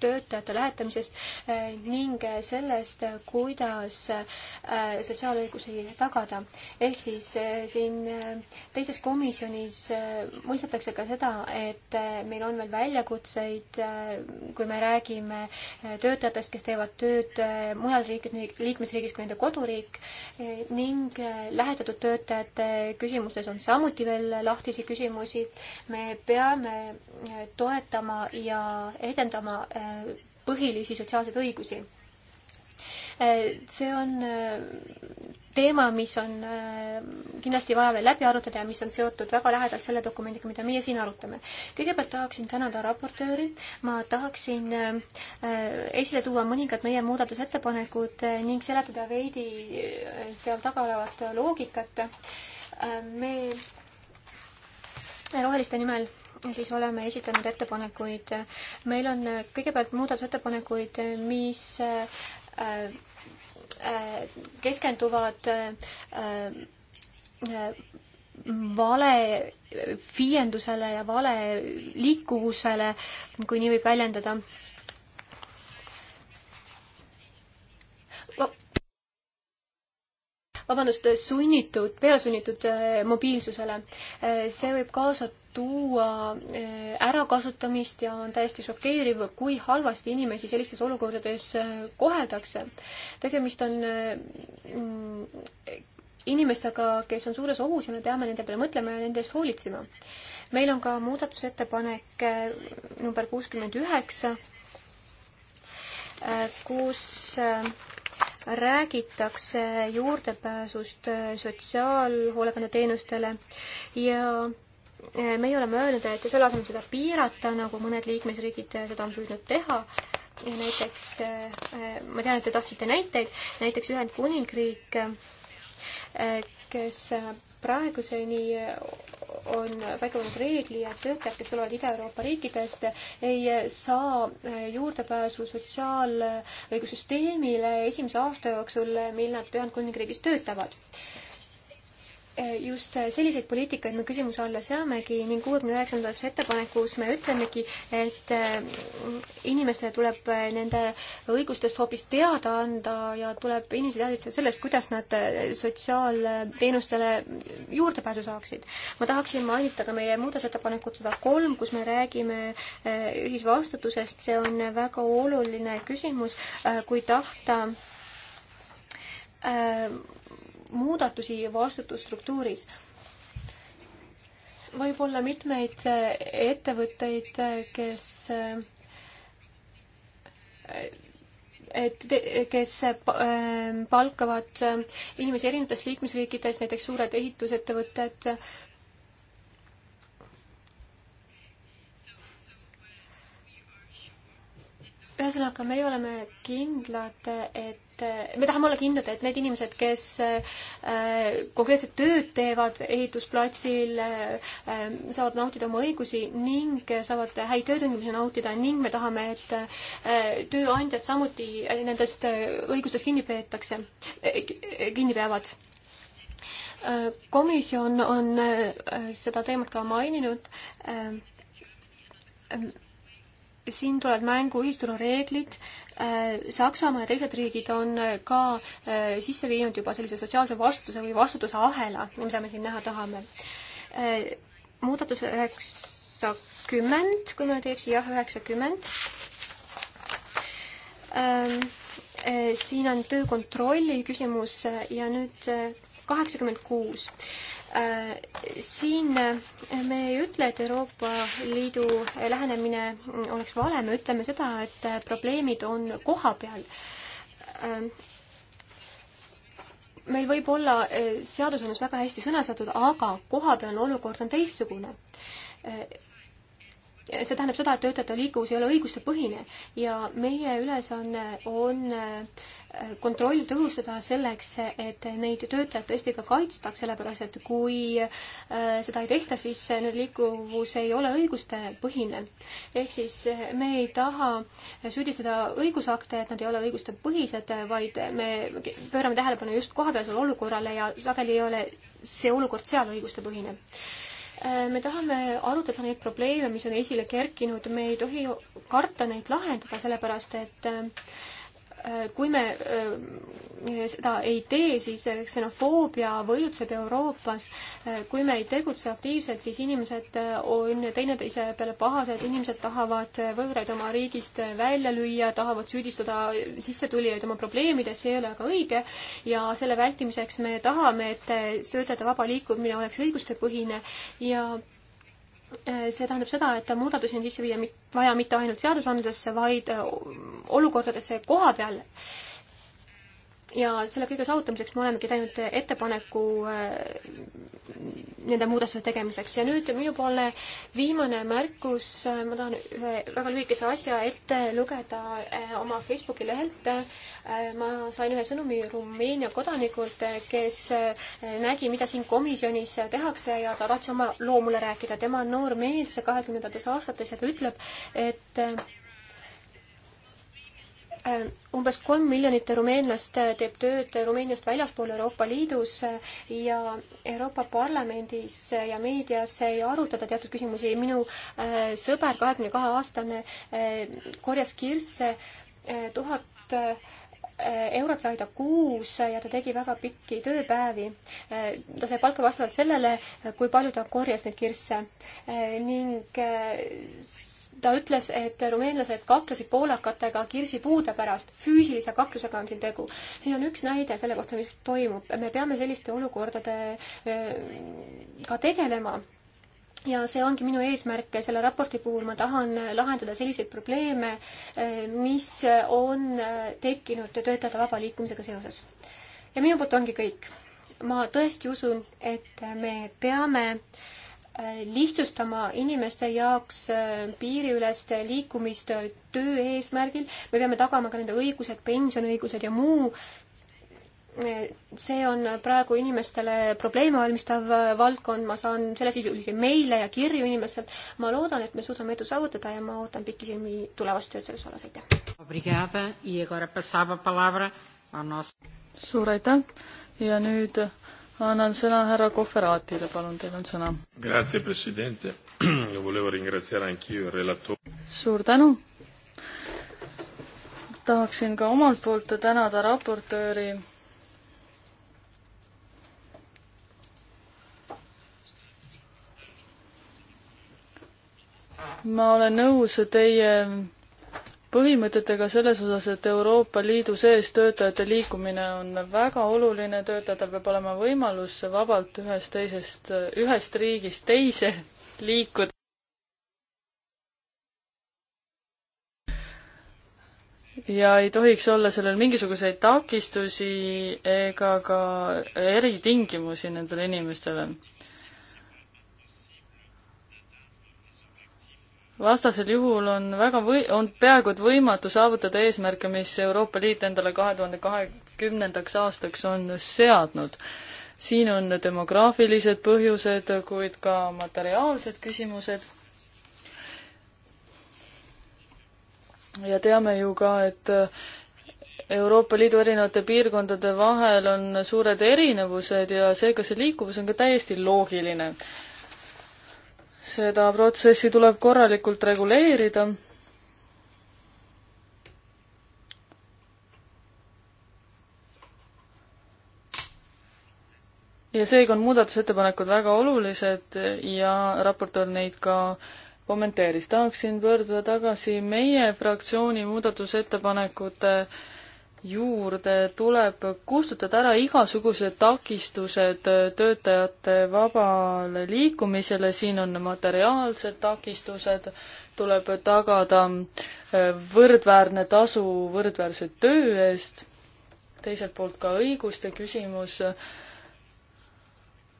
töötajate lähetamisest eh, ning eh, sellest, eh, kuidas sotsiaalõigusi tagada. ehk siis siin teises komisjonis mõistetakse ka seda, et meil on veel väljakutseid, kui me räägime töötajatest, kes teevad tööd mujal riikides, liikmesriigis kui nende koduriik ning lähetatud töötajate küsimuses on samuti veel lahtisi küsimusi. me peame toetama ja edendama põhilisi sotsiaalseid õigusi. Äh, see on äh, teema, mis on äh, kindlasti vaja veel läbi arutada ja mis on seotud väga lähedalt selle dokumendiga, mida meie siin arutame. kõigepealt tahaksin tänada raportööri, ma tahaksin esile tuua mõningad meie muudatusettepanekud ning seletada veidi seal taga olevat loogikat. me roheliste nimel siis oleme esitanud ettepanekuid. meil on äh, kõigepealt muudatusettepanekuid, mis äh, äh, keskenduvad vale viiendusele ja vale liikuvusele, kui nii võib väljendada vabandust, sunnitud, pealesunnitud äh, mobiilsusele. Äh, see võib kaasa tuua äh, ärakasutamist ja on täiesti šokeeriv, kui halvasti inimesi sellistes olukordades koheldakse. tegemist on mm, inimestega, kes on suures ohus ja me peame nende peale mõtlema ja nende eest hoolitsema. meil on ka muudatusettepanek number kuuskümmend üheksa, kus räägitakse juurdepääsust äh, sotsiaalhoolekandeteenustele ja äh, meie oleme öelnud, et selle asemel seda piirata, nagu mõned liikmesriigid äh, seda on püüdnud teha, näiteks, ma tean, et te tahtsite näiteid, näiteks Ühendkuningriik, kes praeguseni on väga olnud reegli, et töötajad, kes tulevad Ida-Euroopa riikidest, ei saa juurdepääsu sotsiaalõigussüsteemile esimese aasta jooksul, mil nad Ühendkuningriigis töötavad just selliseid poliitikaid me küsimuse alla seamegi ning kuuekümne üheksandas ettepanekus me ütlemegi, et äh, inimestele tuleb äh, nende õigustest hoopis teada anda ja tuleb inimesi teadlitada sellest, kuidas nad äh, sotsiaalteenustele juurdepääsu saaksid. ma tahaksin mainida ka meie muudatusettepanekut sada kolm, kus me räägime ühisvastutusest, see on väga oluline küsimus, kui tahta muudatusi vastutusstruktuuris. võib olla mitmeid ettevõtteid, kes et, kes palkavad inimesi erinevates liikmesriikides, näiteks suured ehitusettevõtted et, ühesõnaga, meie oleme kindlad, et me tahame olla kindlad, et need inimesed, kes äh, konkreetset tööd teevad ehitusplatsil, äh, saavad nautida oma õigusi ning saavad häid töötingimusi nautida ning me tahame, et äh, tööandjad samuti nendest õigustest kinni peetakse, kinni peavad. komisjon on seda teemat ka maininud siin tulevad mängu ühisturureeglid, äh, Saksamaa ja teised riigid on äh, ka äh, sisse viinud juba sellise sotsiaalse vastutuse või vastutuse ahela, mida me siin näha tahame. muudatus üheksakümmend, kui ma nüüd ei eksi, jah, üheksakümmend. Ähm, siin on töökontrolli küsimus ja nüüd kaheksakümmend kuus Äh, siin äh, me ei ütle, et Euroopa Liidu lähenemine oleks vale, me ütleme seda, et äh, probleemid on kohapeal. meil võib olla seadusandlus väga hästi sõnastatud, aga kohapealne olukord on teistsugune see tähendab seda, et töötajate liikuvus ei ole õiguste põhine ja meie ülesanne on, on kontrolli tõhustada selleks, et neid töötajaid tõesti ka kaitstaks, sellepärast et kui äh, seda ei tehta, siis nüüd liikuvus ei ole õigustepõhine. ehk siis äh, me ei taha süüdistada õigusakte, et nad ei ole õigustepõhised, vaid me pöörame tähelepanu just kohapealsele olukorrale ja sageli ei ole see olukord seal õigustepõhine äh, me tahame arutada neid probleeme, mis on esile kerkinud, me ei tohi karta neid lahendada, sellepärast et äh, Äh, kui me äh, seda ei tee, siis äh, ksenofoobia võidutseb Euroopas. kui me ei tegutse aktiivselt, siis inimesed on teineteise peale pahased, inimesed tahavad võõraid oma riigist välja lüüa, tahavad süüdistada sissetulijaid oma probleemides, see ei ole aga õige. ja selle vältimiseks me tahame, et töötajate vaba liikumine oleks õigustepõhine ja Eh, see tähendab seda, et muudatusi on sisse viia mit, vaja mitte ainult seadusandlusesse, vaid eh, olukordadesse koha peal ja selle kõige saavutamiseks me olemegi teinud ettepaneku äh, nende muudatuste tegemiseks ja nüüd minupoolne viimane märkus, ma tahan ühe väga lühikese asja ette lugeda äh, oma Facebooki lehelt. Äh, ma sain ühe sõnumi Rumeenia kodanikult, kes nägi, mida siin komisjonis tehakse ja ta tahtis oma loo mulle rääkida. tema on noor mees kahekümnendates aastates ja ta ütleb, et Äh, umbes kolm miljonit rumeenlast äh, teeb tööd Rumeeniast väljaspool Euroopa Liidus äh, ja Euroopa Parlamendis ja meedias ei arutata teatud küsimusi. minu sõber, kahekümne kahe aastane, korjas kirsse tuhat eurot sai ta kuus ja ta tegi väga pikki tööpäevi. ta sai palka vastavalt sellele, kui palju ta korjas neid kirsse ning ta ütles, et rumeenlased kaklesid poolakatega kirsipuude pärast. füüsilise kaklusega on siin tegu. siin on üks näide selle kohta, mis toimub. me peame selliste olukordadega tegelema ja see ongi minu eesmärk selle raporti puhul, ma tahan lahendada selliseid probleeme, mis on tekkinud töötajate vaba liikumisega seoses. ja minu poolt ongi kõik. ma tõesti usun, et me peame äh, lihtsustama inimeste jaoks äh, piiriülest liikumist äh, töö eesmärgil, me peame tagama ka nende õigused, pensioniõigused ja muu. Äh, see on praegu inimestele probleeme valmistav valdkond, ma saan sellesisulisi meile ja kirju inimestelt. ma loodan, et me suudame edu saavutada ja ma ootan pikisilmi tulevast tööd selles vallas, aitäh! E suur aitäh ja nüüd annan sõna härra Kohveraatile, palun, teil on sõna. Grazie, president. [CLEARS THROAT] Volevo ringraziare anch'io il relatore. suur tänu. tahaksin ka omalt poolt tänada raportööri ma olen nõus teie põhimõtetega selles osas, et Euroopa Liidu sees töötajate liikumine on väga oluline, töötajatel peab olema võimalus vabalt ühest teisest, ühest riigist teise liikuda. ja ei tohiks olla sellel mingisuguseid takistusi ega ka eritingimusi nendele inimestele vastasel juhul on väga või-, on peaaegu et võimatu saavutada eesmärke, mis Euroopa Liit endale kahe tuhande kahekümnendaks aastaks on seadnud. siin on demograafilised põhjused, kuid ka materiaalsed küsimused. ja teame ju ka, et Euroopa Liidu erinevate piirkondade vahel on suured erinevused ja seega see liikuvus on ka täiesti loogiline seda protsessi tuleb korralikult reguleerida. ja seega on muudatusettepanekud väga olulised ja raportöör neid ka kommenteeris. tahaksin pöörduda tagasi meie fraktsiooni muudatusettepanekute äh, juurde tuleb kustutada ära igasugused takistused töötajate vabale liikumisele, siin on materiaalsed takistused, tuleb tagada äh, võrdväärne tasu võrdväärse töö eest, teiselt poolt ka õiguste küsimus,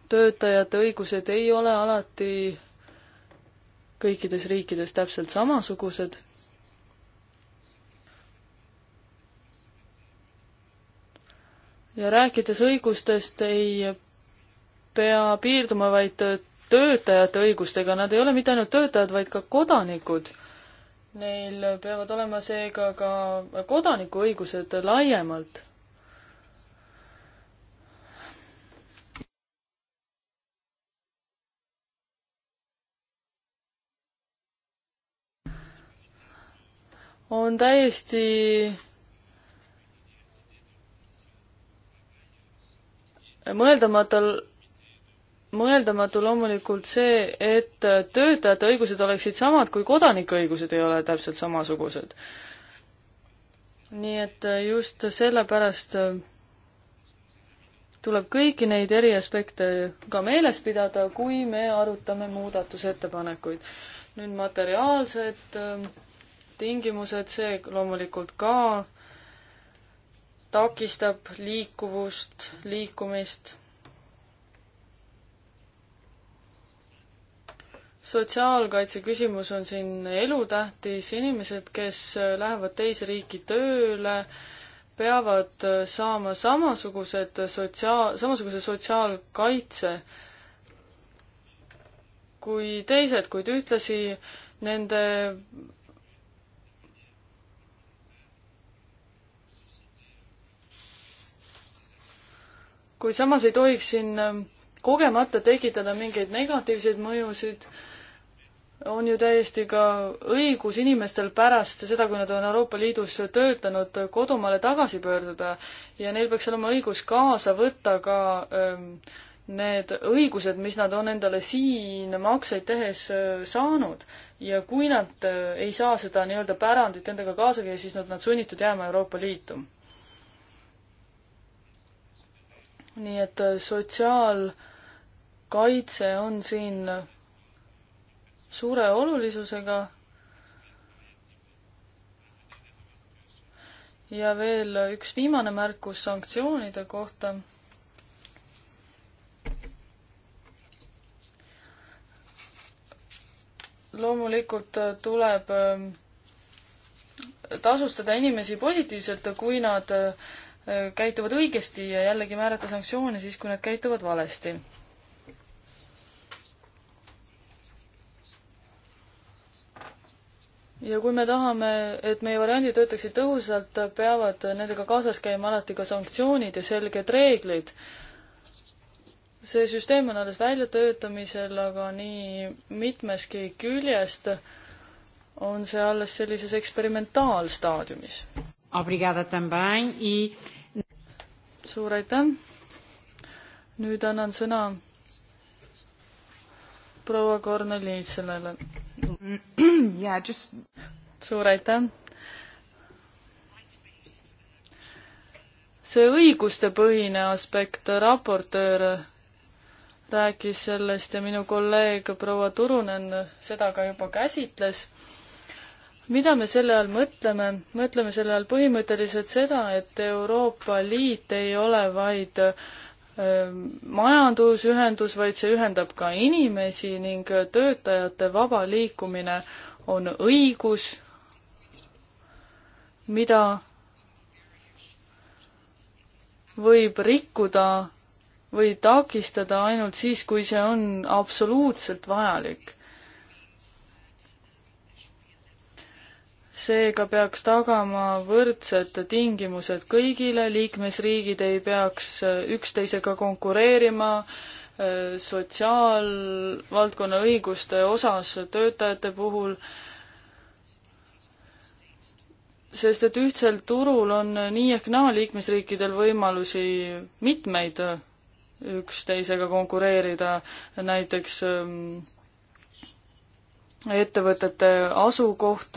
töötajate õigused ei ole alati kõikides riikides täpselt samasugused ja rääkides õigustest, ei pea piirduma vaid töötajate õigustega, nad ei ole mitte ainult töötajad, vaid ka kodanikud. Neil peavad olema seega ka kodanikuõigused laiemalt. on täiesti mõeldamatul mõeldamatu loomulikult see, et töötajate õigused oleksid samad, kui kodanike õigused ei ole täpselt samasugused. nii et just sellepärast tuleb kõiki neid eri aspekte ka meeles pidada, kui me arutame muudatusettepanekuid. nüüd materiaalsed äh, tingimused, see loomulikult ka äh, takistab liikuvust, liikumist. sotsiaalkaitse küsimus on siin elutähtis, inimesed, kes lähevad teise riiki tööle, peavad saama samasugused sotsiaal, samasuguse sotsiaalkaitse kui teised, kuid ühtlasi nende kuid samas ei tohiks siin ähm, kogemata tekitada mingeid negatiivseid mõjusid. on ju täiesti ka õigus inimestel pärast seda, kui nad on Euroopa Liidus töötanud, kodumaale tagasi pöörduda ja neil peaks olema õigus kaasa võtta ka ähm, need õigused, mis nad on endale siin makseid tehes äh, saanud ja kui nad äh, ei saa seda nii-öelda pärandit endaga kaasa käia, siis nad on sunnitud jääma Euroopa Liitu nii et äh, sotsiaalkaitse on siin suure olulisusega. ja veel üks viimane märkus sanktsioonide kohta. loomulikult äh, tuleb ähm, tasustada inimesi positiivselt, kui nad äh, käituvad õigesti ja jällegi määrata sanktsioone siis, kui nad käituvad valesti. ja kui me tahame, et meie variandid töötaksid tõhusalt, peavad nendega kaasas käima alati ka sanktsioonid ja selged reeglid. see süsteem on alles väljatöötamisel, aga nii mitmeski küljest on see alles sellises eksperimentaalstaadiumis. Obrigada também i... E suur aitäh! nüüd annan sõna proua Kornelisele. jaa, just. suur aitäh! see õigustepõhine aspekt, raportöör rääkis sellest ja minu kolleeg proua Turunen seda ka juba käsitles mida me selle all mõtleme? mõtleme selle all põhimõtteliselt seda, et Euroopa Liit ei ole vaid majandusühendus, vaid see ühendab ka inimesi ning töötajate vaba liikumine on õigus, mida võib rikkuda või takistada ainult siis, kui see on absoluutselt vajalik. seega peaks tagama võrdsed tingimused kõigile, liikmesriigid ei peaks äh, üksteisega konkureerima äh, sotsiaalvaldkonna õiguste osas töötajate puhul, sest et ühtsel turul on nii ehk naa liikmesriikidel võimalusi mitmeid äh, üksteisega konkureerida, näiteks ähm, ettevõtete asukoht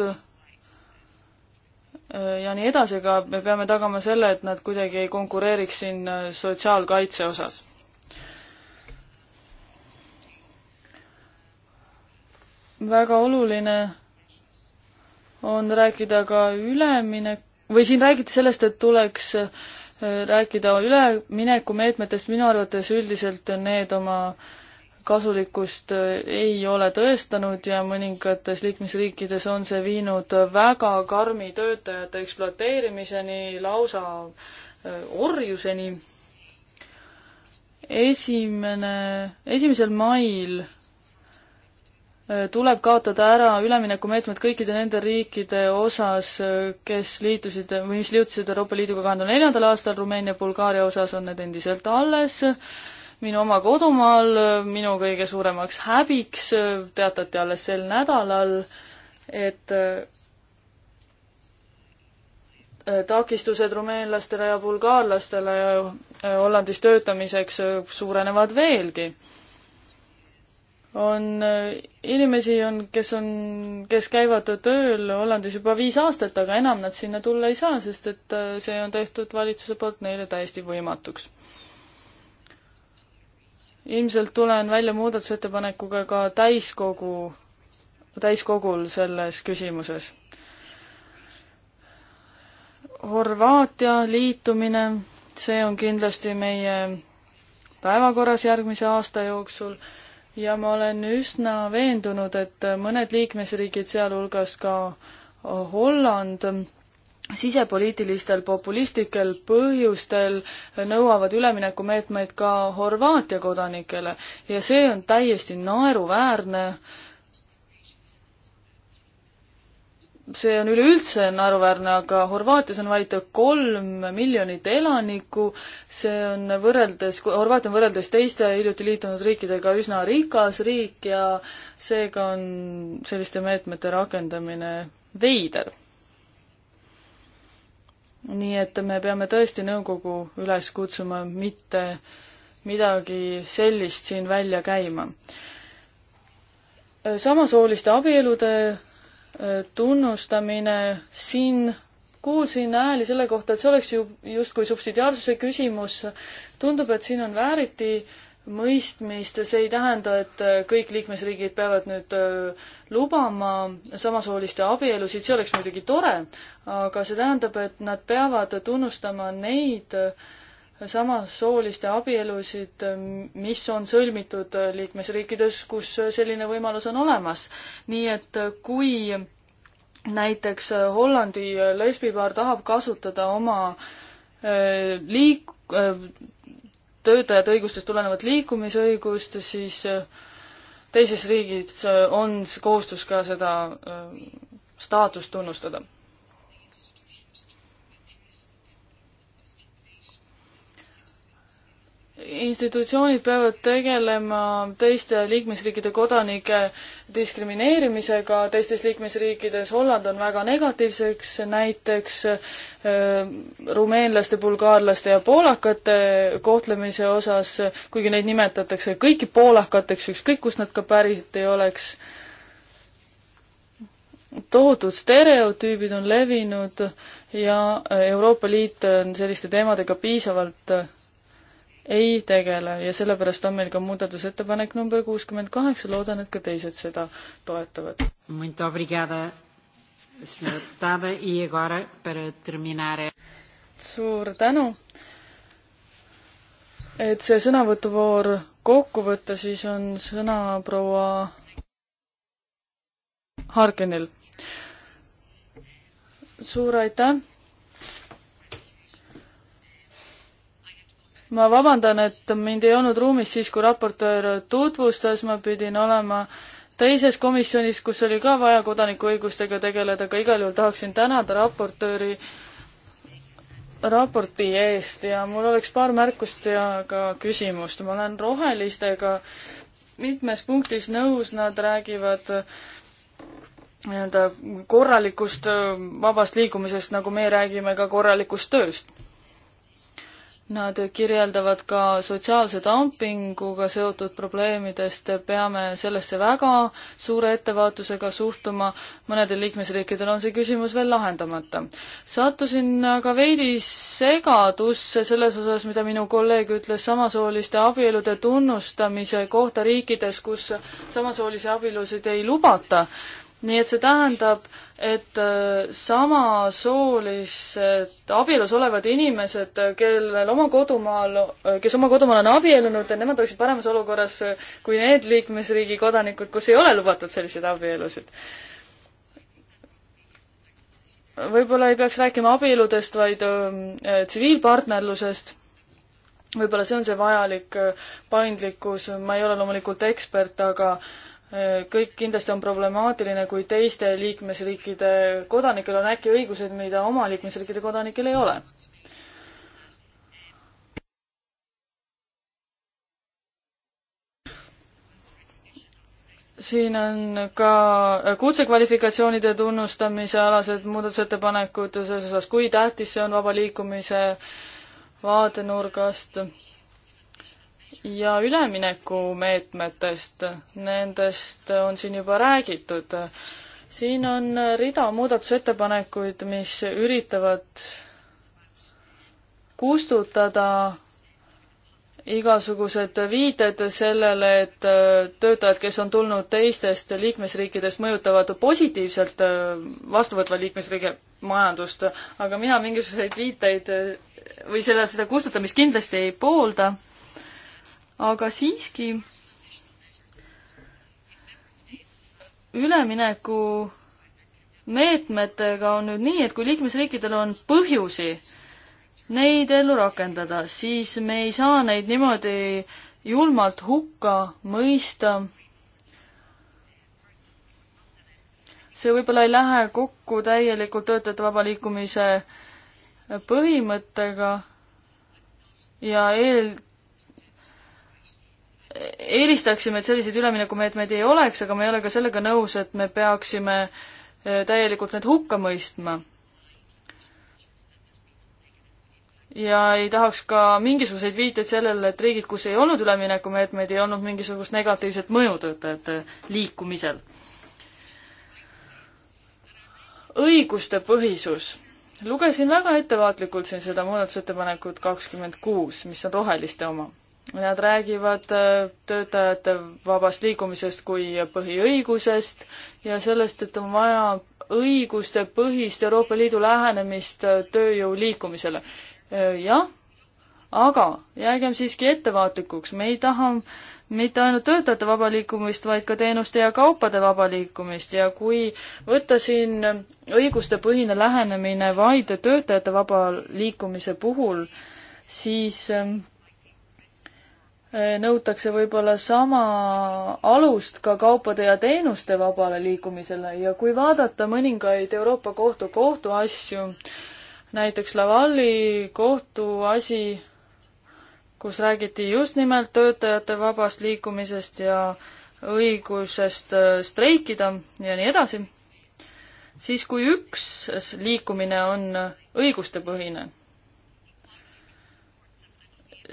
Äh, ja nii edasi, aga me peame tagama selle, et nad kuidagi ei konkureeriks siin äh, sotsiaalkaitse osas. väga oluline on rääkida ka üleminek-, või siin räägiti sellest, et tuleks äh, rääkida üleminekumeetmetest, minu arvates üldiselt need oma äh, kasulikkust äh, ei ole tõestanud ja mõningates liikmesriikides on see viinud väga karmi töötajate ekspluateerimiseni, lausa äh, orjuseni. esimene, esimesel mail äh, tuleb kaotada ära üleminekumeetmed kõikide nende riikide osas, kes liitusid või mis liitusid Euroopa Liiduga kahe tuhande neljandal aastal, Rumeenia, Bulgaaria osas on need endiselt alles minu oma kodumaal minu kõige suuremaks häbiks teatati alles sel nädalal, et äh, takistused rumeenlastele ja bulgaarlastele äh, Hollandis töötamiseks äh, suurenevad veelgi. on inimesi, on, kes on, kes käivad tööl Hollandis juba viis aastat, aga enam nad sinna tulla ei saa, sest et see on tehtud valitsuse poolt neile täiesti võimatuks ilmselt tulen välja muudatusettepanekuga ka täiskogu, täiskogul selles küsimuses. Horvaatia liitumine, see on kindlasti meie päevakorras järgmise aasta jooksul ja ma olen üsna veendunud, et mõned liikmesriigid, sealhulgas ka Holland, sisepoliitilistel populistlikel põhjustel nõuavad üleminekumeetmeid ka Horvaatia kodanikele ja see on täiesti naeruväärne. see on üleüldse naeruväärne, aga Horvaatias on vaid kolm miljonit elanikku, see on võrreldes, Horvaatia on võrreldes teiste hiljuti liitunud riikidega üsna rikas riik ja seega on selliste meetmete rakendamine veider nii et me peame tõesti nõukogu üles kutsuma mitte midagi sellist siin välja käima. samasooliste abielude äh, tunnustamine, siin kuulsin hääli selle kohta, et see oleks ju justkui subsidiaarsuse küsimus. tundub, et siin on vääriti äh, mõistmist, see ei tähenda, et äh, kõik liikmesriigid peavad nüüd äh, lubama samasooliste abielusid, see oleks muidugi tore, aga see tähendab, et nad peavad tunnustama neid äh, samasooliste abielusid, mis on sõlmitud liikmesriikides, kus selline võimalus on olemas. nii et kui näiteks Hollandi lesbipaar tahab kasutada oma liik-, töötajate õigustest tulenevat liikumisõigust, siis äh, teises riigis äh, on kohustus ka seda äh, staatust tunnustada. institutsioonid peavad tegelema teiste liikmesriikide kodanike diskrimineerimisega, teistes liikmesriikides Holland on väga negatiivseks näiteks äh, rumeenlaste, bulgaarlaste ja poolakate kohtlemise osas, kuigi neid nimetatakse kõiki poolakateks, ükskõik kust nad ka pärit ei oleks. tohutud stereotüübid on levinud ja Euroopa Liit on selliste teemadega piisavalt ei tegele ja sellepärast on meil ka muudatusettepanek number kuuskümmend kaheksa, loodan, et ka teised seda toetavad. E suur tänu! et see sõnavõtuvoor kokku võtta, siis on sõna proua Harkenil. suur aitäh! ma vabandan, et mind ei olnud ruumis siis, kui raportöör tutvustas, ma pidin olema teises komisjonis, kus oli ka vaja kodanikuõigustega tegeleda, aga igal juhul tahaksin tänada raportööri raporti eest ja mul oleks paar märkust ja ka küsimust. ma olen rohelistega mitmes punktis nõus, nad räägivad nii-öelda korralikust vabast liikumisest, nagu meie räägime ka korralikust tööst Nad kirjeldavad ka sotsiaalse dumpinguga seotud probleemidest, peame sellesse väga suure ettevaatusega suhtuma, mõnedel liikmesriikidel on see küsimus veel lahendamata. sattusin aga veidi segadusse selles osas, mida minu kolleeg ütles samasooliste abielude tunnustamise kohta riikides, kus samasoolisi abielusid ei lubata nii et see tähendab, et äh, samasoolised äh, abielus olevad inimesed, äh, kellel oma kodumaal, kes oma kodumaal on abiellunud, nemad oleksid paremas olukorras kui need liikmesriigi kodanikud, kus ei ole lubatud selliseid abielusid. võib-olla ei peaks rääkima abieludest, vaid ähm, tsiviilpartnerlusest võib-olla see on see vajalik paindlikkus, ma ei ole loomulikult ekspert, aga äh, kõik kindlasti on problemaatiline, kui teiste liikmesriikide kodanikel on äkki õigused, mida oma liikmesriikide kodanikel ei ole. siin on ka kutsekvalifikatsioonide tunnustamise alased muudatusettepanekud selles osas, kui tähtis see on vaba liikumise vaatenurgast ja üleminekumeetmetest, nendest on siin juba räägitud. siin on rida muudatusettepanekuid, mis üritavad kustutada igasugused viited sellele, et töötajad, kes on tulnud teistest liikmesriikidest, mõjutavad positiivselt vastuvõtva liikmesriigi majandust, aga mina mingisuguseid viiteid või selle, seda kustutamist kindlasti ei poolda aga siiski ülemineku meetmetega on nüüd nii, et kui liikmesriikidel on põhjusi neid ellu rakendada, siis me ei saa neid niimoodi julmalt hukka mõista. see võib-olla ei lähe kokku täielikult töötajate vaba liikumise põhimõttega ja eel-, eelistaksime, et selliseid üleminekumeetmeid ei oleks, aga ma ei ole ka sellega nõus, et me peaksime äh, täielikult need hukka mõistma. ja ei tahaks ka mingisuguseid viiteid sellele, et riigid, kus ei olnud üleminekumeetmeid, ei olnud mingisugust negatiivset mõju töötajate liikumisel. õiguste põhisus. lugesin väga ettevaatlikult siin seda muudatusettepanekut kakskümmend kuus, mis on roheliste oma Nad räägivad äh, töötajate vabast liikumisest kui põhiõigusest ja sellest, et on vaja õigustepõhist Euroopa Liidu lähenemist äh, tööjõu liikumisele. Äh, jah, aga jäägem siiski ettevaatlikuks, me ei taha mitte ainult töötajate vaba liikumist, vaid ka teenuste ja kaupade vaba liikumist ja kui võtta siin õigustepõhine lähenemine vaid töötajate vaba liikumise puhul, siis ähm, Äh, nõutakse võib-olla sama alust ka kaupade ja teenuste vabale liikumisele ja kui vaadata mõningaid Euroopa Kohtu kohtuasju, näiteks Lavalli kohtuasi, kus räägiti just nimelt töötajate vabast liikumisest ja õigusest äh, streikida ja nii edasi, siis kui üks liikumine on õigustepõhine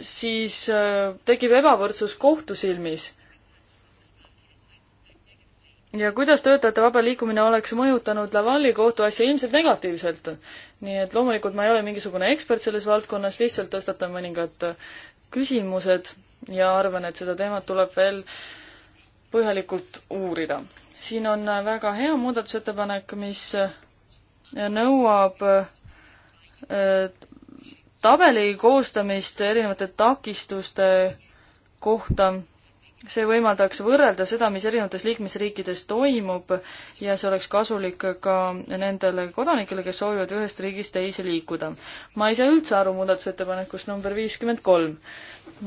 siis äh, tekib ebavõrdsus kohtu silmis. ja kuidas töötajate vaba liikumine oleks mõjutanud Lavalli kohtuasja ilmselt negatiivselt? nii et loomulikult ma ei ole mingisugune ekspert selles valdkonnas, lihtsalt tõstatan mõningad äh, küsimused ja arvan, et seda teemat tuleb veel põhjalikult uurida. siin on äh, väga hea muudatusettepanek, mis nõuab tabeli koostamist erinevate takistuste kohta. see võimaldaks võrrelda seda, mis erinevates liikmesriikides toimub ja see oleks kasulik ka nendele kodanikele, kes soovivad ühest riigist teise liikuda. ma ei saa üldse aru muudatusettepanekust number viiskümmend kolm,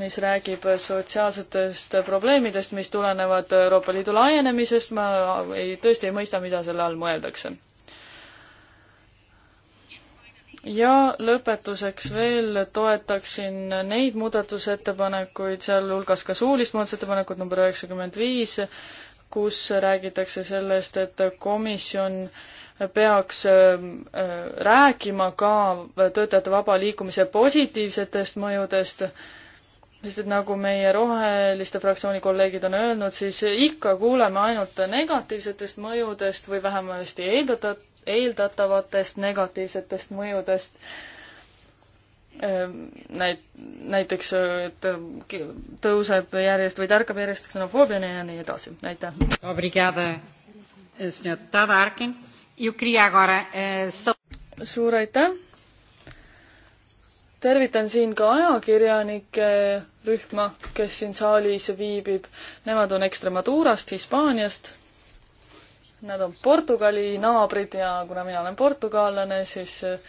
mis räägib sotsiaalsetest probleemidest, mis tulenevad Euroopa Liidu laienemisest, ma ei, tõesti ei mõista, mida selle all mõeldakse ja lõpetuseks veel toetaksin neid muudatusettepanekuid, sealhulgas ka suulist muudatusettepanekut number üheksakümmend viis, kus räägitakse sellest, et komisjon peaks äh, rääkima ka töötajate vaba liikumise positiivsetest mõjudest, sest et nagu meie Roheliste fraktsiooni kolleegid on öelnud, siis ikka kuuleme ainult negatiivsetest mõjudest või vähemasti eeldatud eeldatavatest negatiivsetest mõjudest ehm, näit-, näiteks, et tõuseb järjest või tärkab järjest ksenofoobiani ja nii edasi, aitäh. Eh, eh, suur aitäh! tervitan siin ka ajakirjanike rühma, kes siin saalis viibib. Nemad on Extremadurast, Hispaaniast Nad on Portugali naabrid ja kuna mina olen portugallane, siis eh,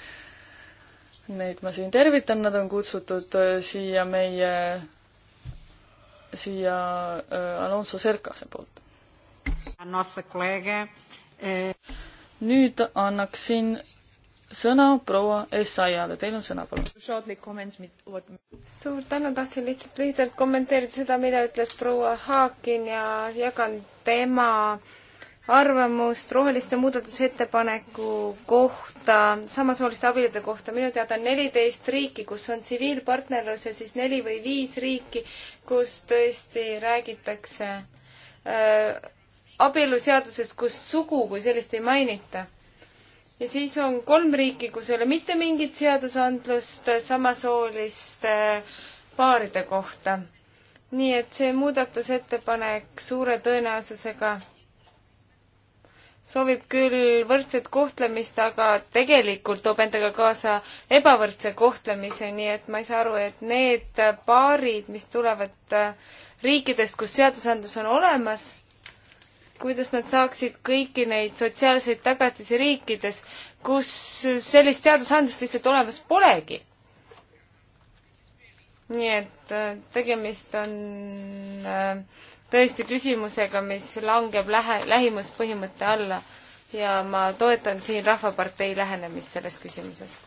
neid ma siin tervitan, nad on kutsutud eh, siia meie, siia eh, Alonso Serkase poolt. nüüd annaksin sõna proua Essayale, teil on sõna, palun. suur tänu, tahtsin lihtsalt lühidalt kommenteerida seda, mida ütles proua Haakin ja jagan tema äh, arvamust roheliste muudatusettepaneku kohta, samasooliste abielude kohta. minu teada on neliteist riiki, kus on tsiviilpartnerlus ja siis neli või viis riiki, kus tõesti räägitakse äh, abieluseadusest, kus sugu kui sellist ei mainita. ja siis on kolm riiki, kus ei ole mitte mingit seadusandlust äh, samasooliste äh, paaride kohta. nii et see muudatusettepanek suure tõenäosusega soovib küll võrdset kohtlemist, aga tegelikult toob endaga kaasa ebavõrdse kohtlemise, nii et ma ei saa aru, et need paarid, mis tulevad äh, riikidest, kus seadusandlus on olemas, kuidas nad saaksid kõiki neid sotsiaalseid tagatisi riikides, kus sellist seadusandlust lihtsalt olemas polegi. nii et äh, tegemist on äh, tõesti küsimusega, mis langeb lähe, lähimuspõhimõtte alla ja ma toetan siin Rahvapartei lähenemist selles küsimuses.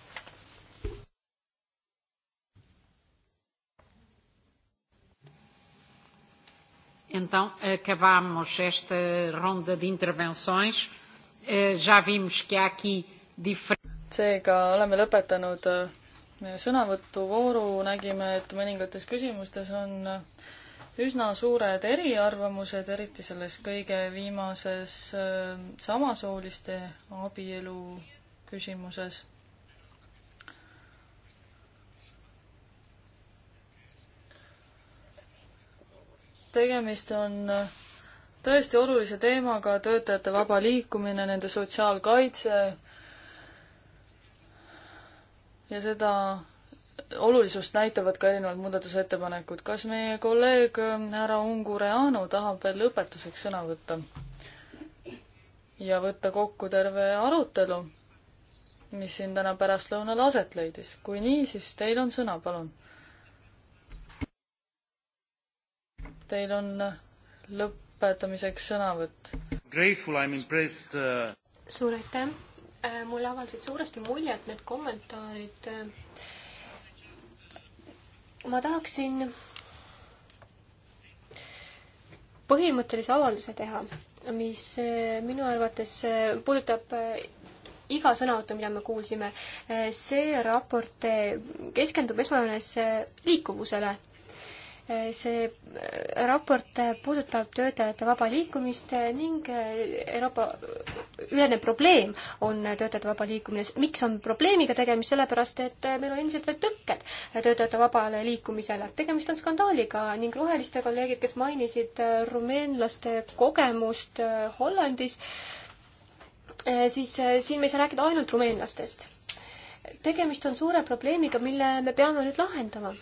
Então, acabamos esta ronda de intervenções. Eh, já vimos que há aqui diferentes. seega oleme lõpetanud eh, sõnavõtuvooru, nägime, et mõningates küsimustes on äh, üsna suured eriarvamused, eriti selles kõige viimases äh, samasooliste abielu küsimuses. tegemist on äh, tõesti olulise teemaga, töötajate vaba liikumine, nende sotsiaalkaitse ja seda olulisust näitavad ka erinevad muudatusettepanekud. kas meie kolleeg ähm, härra Ungureanu tahab veel lõpetuseks sõna võtta? ja võtta kokku terve arutelu, mis siin täna pärastlõunal aset leidis. kui nii, siis teil on sõna, palun. Teil on äh, lõpetamiseks sõnavõtt. Äh. suur aitäh! Äh, mulle avaldasid suuresti mulje, et need kommentaarid äh, ma tahaksin põhimõttelise avalduse teha, mis eh, minu arvates eh, puudutab eh, iga sõnavõttu, mida me kuulsime. see raport keskendub esmajoones liikuvusele see äh, raport puudutab töötajate vaba liikumist ning äh, Euroopa ülene probleem on töötajate vaba liikumine. miks on probleemiga tegemist? sellepärast, et äh, meil on endiselt veel tõkked töötajate vabale liikumisele. tegemist on skandaaliga ning roheliste kolleegid, kes mainisid rumeenlaste kogemust Hollandis, siis siin me ei saa rääkida ainult rumeenlastest. tegemist on suure probleemiga, mille me peame nüüd lahendama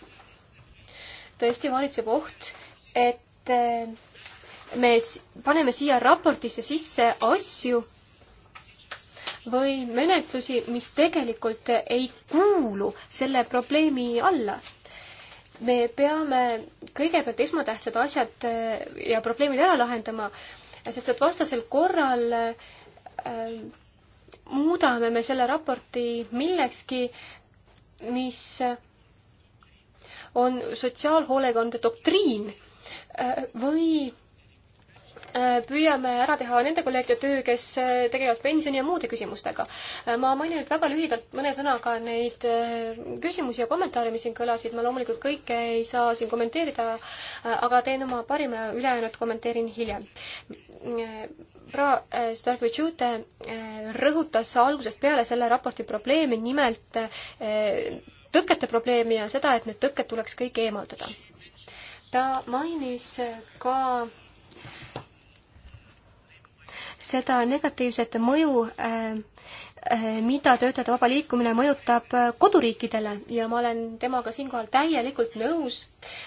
tõesti valitseb oht, et eh, me paneme siia raportisse sisse asju või menetlusi, mis tegelikult ei kuulu selle probleemi alla. me peame kõigepealt esmatähtsad asjad eh, ja probleemid ära lahendama, sest et vastasel korral äh, muudame me selle raporti millekski, mis on sotsiaalhoolekande doktriin äh, või äh, püüame ära teha nende kolleegide töö, kes äh, tegelevad pensioni ja muude küsimustega. ma mainin nüüd väga lühidalt mõne sõnaga neid küsimusi ja kommentaare, mis siin kõlasid, ma loomulikult kõike ei saa siin kommenteerida, aga teen oma parima, ülejäänud kommenteerin hiljem. Pra-, Starkvitšute rõhutas algusest peale selle raporti probleemi, nimelt tõkete probleemi ja seda, et need tõkked tuleks kõik eemaldada. ta mainis ka seda negatiivset mõju äh, äh mida töötajate vaba liikumine mõjutab koduriikidele ja ma olen temaga siinkohal täielikult nõus.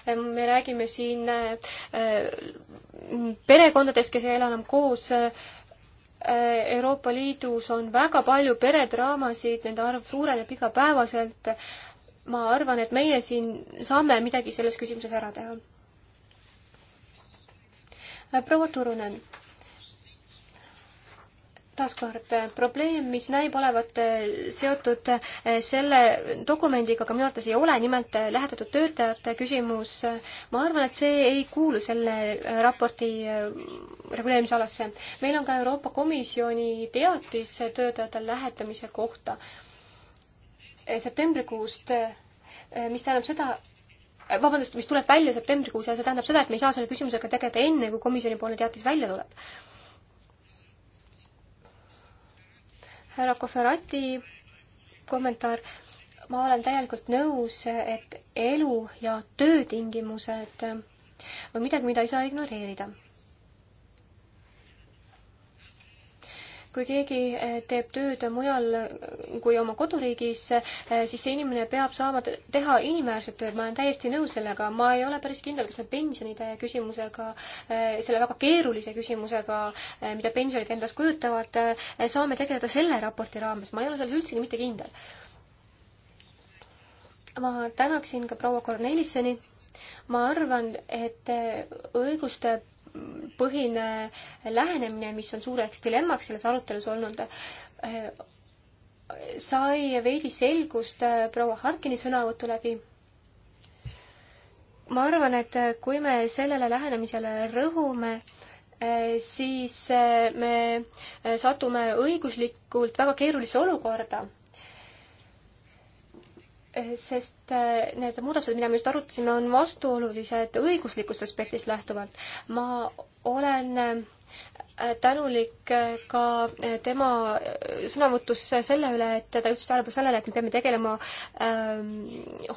Äh, me räägime siin äh, perekondadest, kes ei ela enam koos. Euroopa Liidus on väga palju peredraamasid, nende arv suureneb igapäevaselt ma arvan, et meie siin saame midagi selles küsimuses ära teha. proua Turunen. taaskord probleem, mis näib olevat eh, seotud eh, selle dokumendiga, aga minu arvates ei ole, nimelt eh, lähetatud töötajate küsimus. ma arvan, et see ei kuulu selle raporti reguleerimisalasse. meil on ka Euroopa Komisjoni teatis töötajate lähetamise kohta Eh, septembrikuust, eh, mis tähendab seda, eh, vabandust, mis tuleb välja septembrikuus ja see tähendab seda, et me ei saa selle küsimusega tegeleda enne, kui komisjonipoolne teatis välja tuleb. härra Koferati kommentaar. ma olen täielikult nõus, et elu ja töötingimused on midagi, mida ei saa ignoreerida kui keegi eh, teeb tööd mujal eh, kui oma koduriigis, eh, siis see inimene peab saama teha inimväärset tööd, ma olen täiesti nõus sellega, ma ei ole päris kindel, kas me pensionide küsimusega, selle väga keerulise küsimusega, mida pensionid endast kujutavad, saame tegeleda selle raporti raames, ma ei ole selles üldsegi mitte kindel. ma tänaksin ka proua Kornelisseni ma arvan, et õiguste põhine lähenemine, mis on suureks dilemmaks selles arutelus olnud, sai veidi selgust äh, proua Harkini sõnavõtu läbi. ma arvan, et äh, kui me sellele lähenemisele rõhume, äh, siis me satume õiguslikult väga keerulisse olukorda sest äh, need muudatused, mida me just arutasime, on vastuolulised õiguslikust aspektist lähtuvalt. ma olen äh, tänulik äh, ka tema sõnavõtus selle üle, et ta ütles tähelepanu sellele, et me peame tegelema ähm,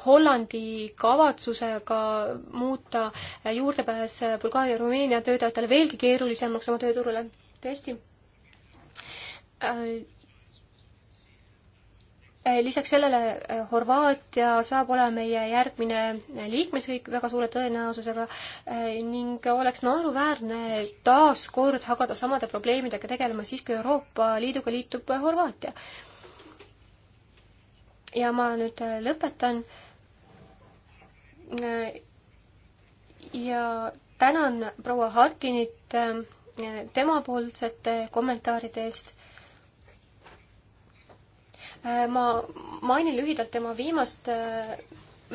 Hollandi kavatsusega muuta juurdepääs Bulgaaria ja Rumeenia töötajatele veelgi keerulisemaks oma tööturule. tõesti äh,. Eh, lisaks sellele eh, Horvaatia saab olema meie järgmine eh, liikmesriik väga suure tõenäosusega ning oleks naeruväärne taaskord hakata samade probleemidega tegelema siis, kui Euroopa Liiduga liitub Horvaatia. ja ma nüüd lõpetan. ja tänan proua Harkinit tema poolsete kommentaaride eest Äh, ma mainin lühidalt tema viimast äh,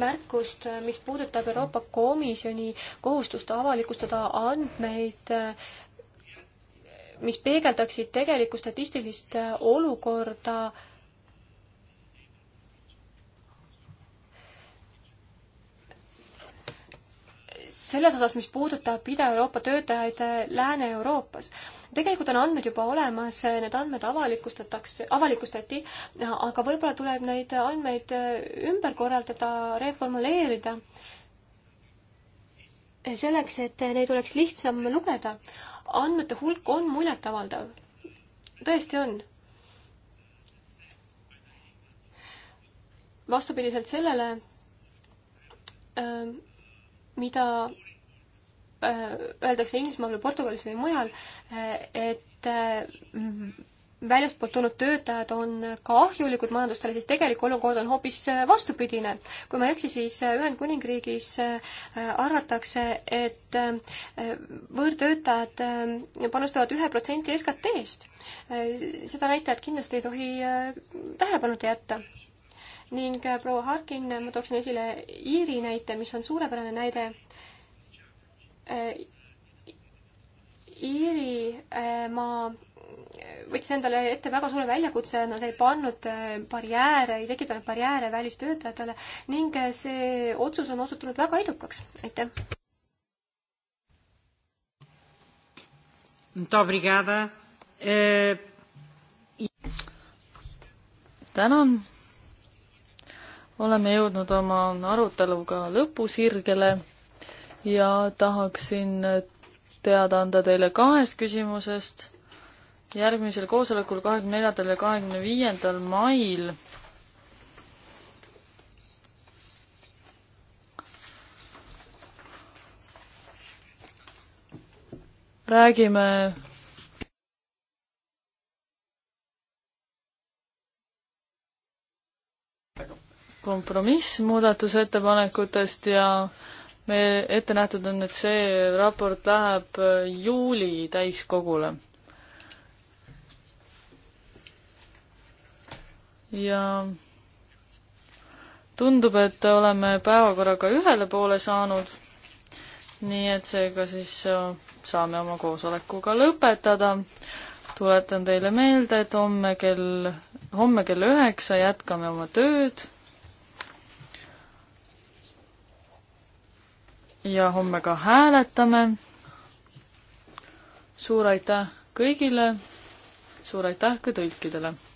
märkust, äh, mis puudutab Euroopa Komisjoni kohustust avalikustada andmeid, mis peegeldaksid tegelikku statistilist olukorda selles osas, mis puudutab Ida-Euroopa töötajaid Lääne-Euroopas tegelikult on andmed juba olemas, need andmed avalikustatakse, avalikustati, aga võib-olla tuleb neid andmeid äh, ümber korraldada, reformuleerida, selleks, et neid oleks lihtsam lugeda. andmete hulk on muljetavaldav, tõesti on vastupidiselt sellele, äh, mida Äh, öeldakse Inglismaal või Portugalis või mujal, äh, et äh, väljaspoolt tulnud töötajad on kahjulikud majandustele, siis tegelik olukord on hoopis vastupidine. kui ma ei eksi, siis Ühendkuningriigis arvatakse, et võõrtöötajad panustavad ühe protsenti SKT-st. SKT seda näitajat kindlasti ei tohi tähelepanuta jätta ning proua Harkin, ma tooksin esile Iiri näite, mis on suurepärane näide Iirimaa võttis endale ette väga suure väljakutse, nad ei pannud äh, barjääre, ei tekitanud barjääre välistöötajatele ning äh, see otsus on osutunud väga edukaks. aitäh! Eh, e- tänan! oleme jõudnud oma aruteluga lõpusirgele ja tahaksin teada anda teile kahest küsimusest. järgmisel koosolekul, kahekümne neljandal ja kahekümne viiendal mail räägime kompromissmuudatusettepanekutest ja me ette nähtud on, et see raport läheb äh, juuli täiskogule. ja tundub, et oleme päevakorraga ühele poole saanud. nii et seega siis äh, saame oma koosolekuga lõpetada. tuletan teile meelde, et homme kell, homme kell üheksa jätkame oma tööd ja homme ka hääletame. suur aitäh kõigile, suur aitäh ka tõlkidele!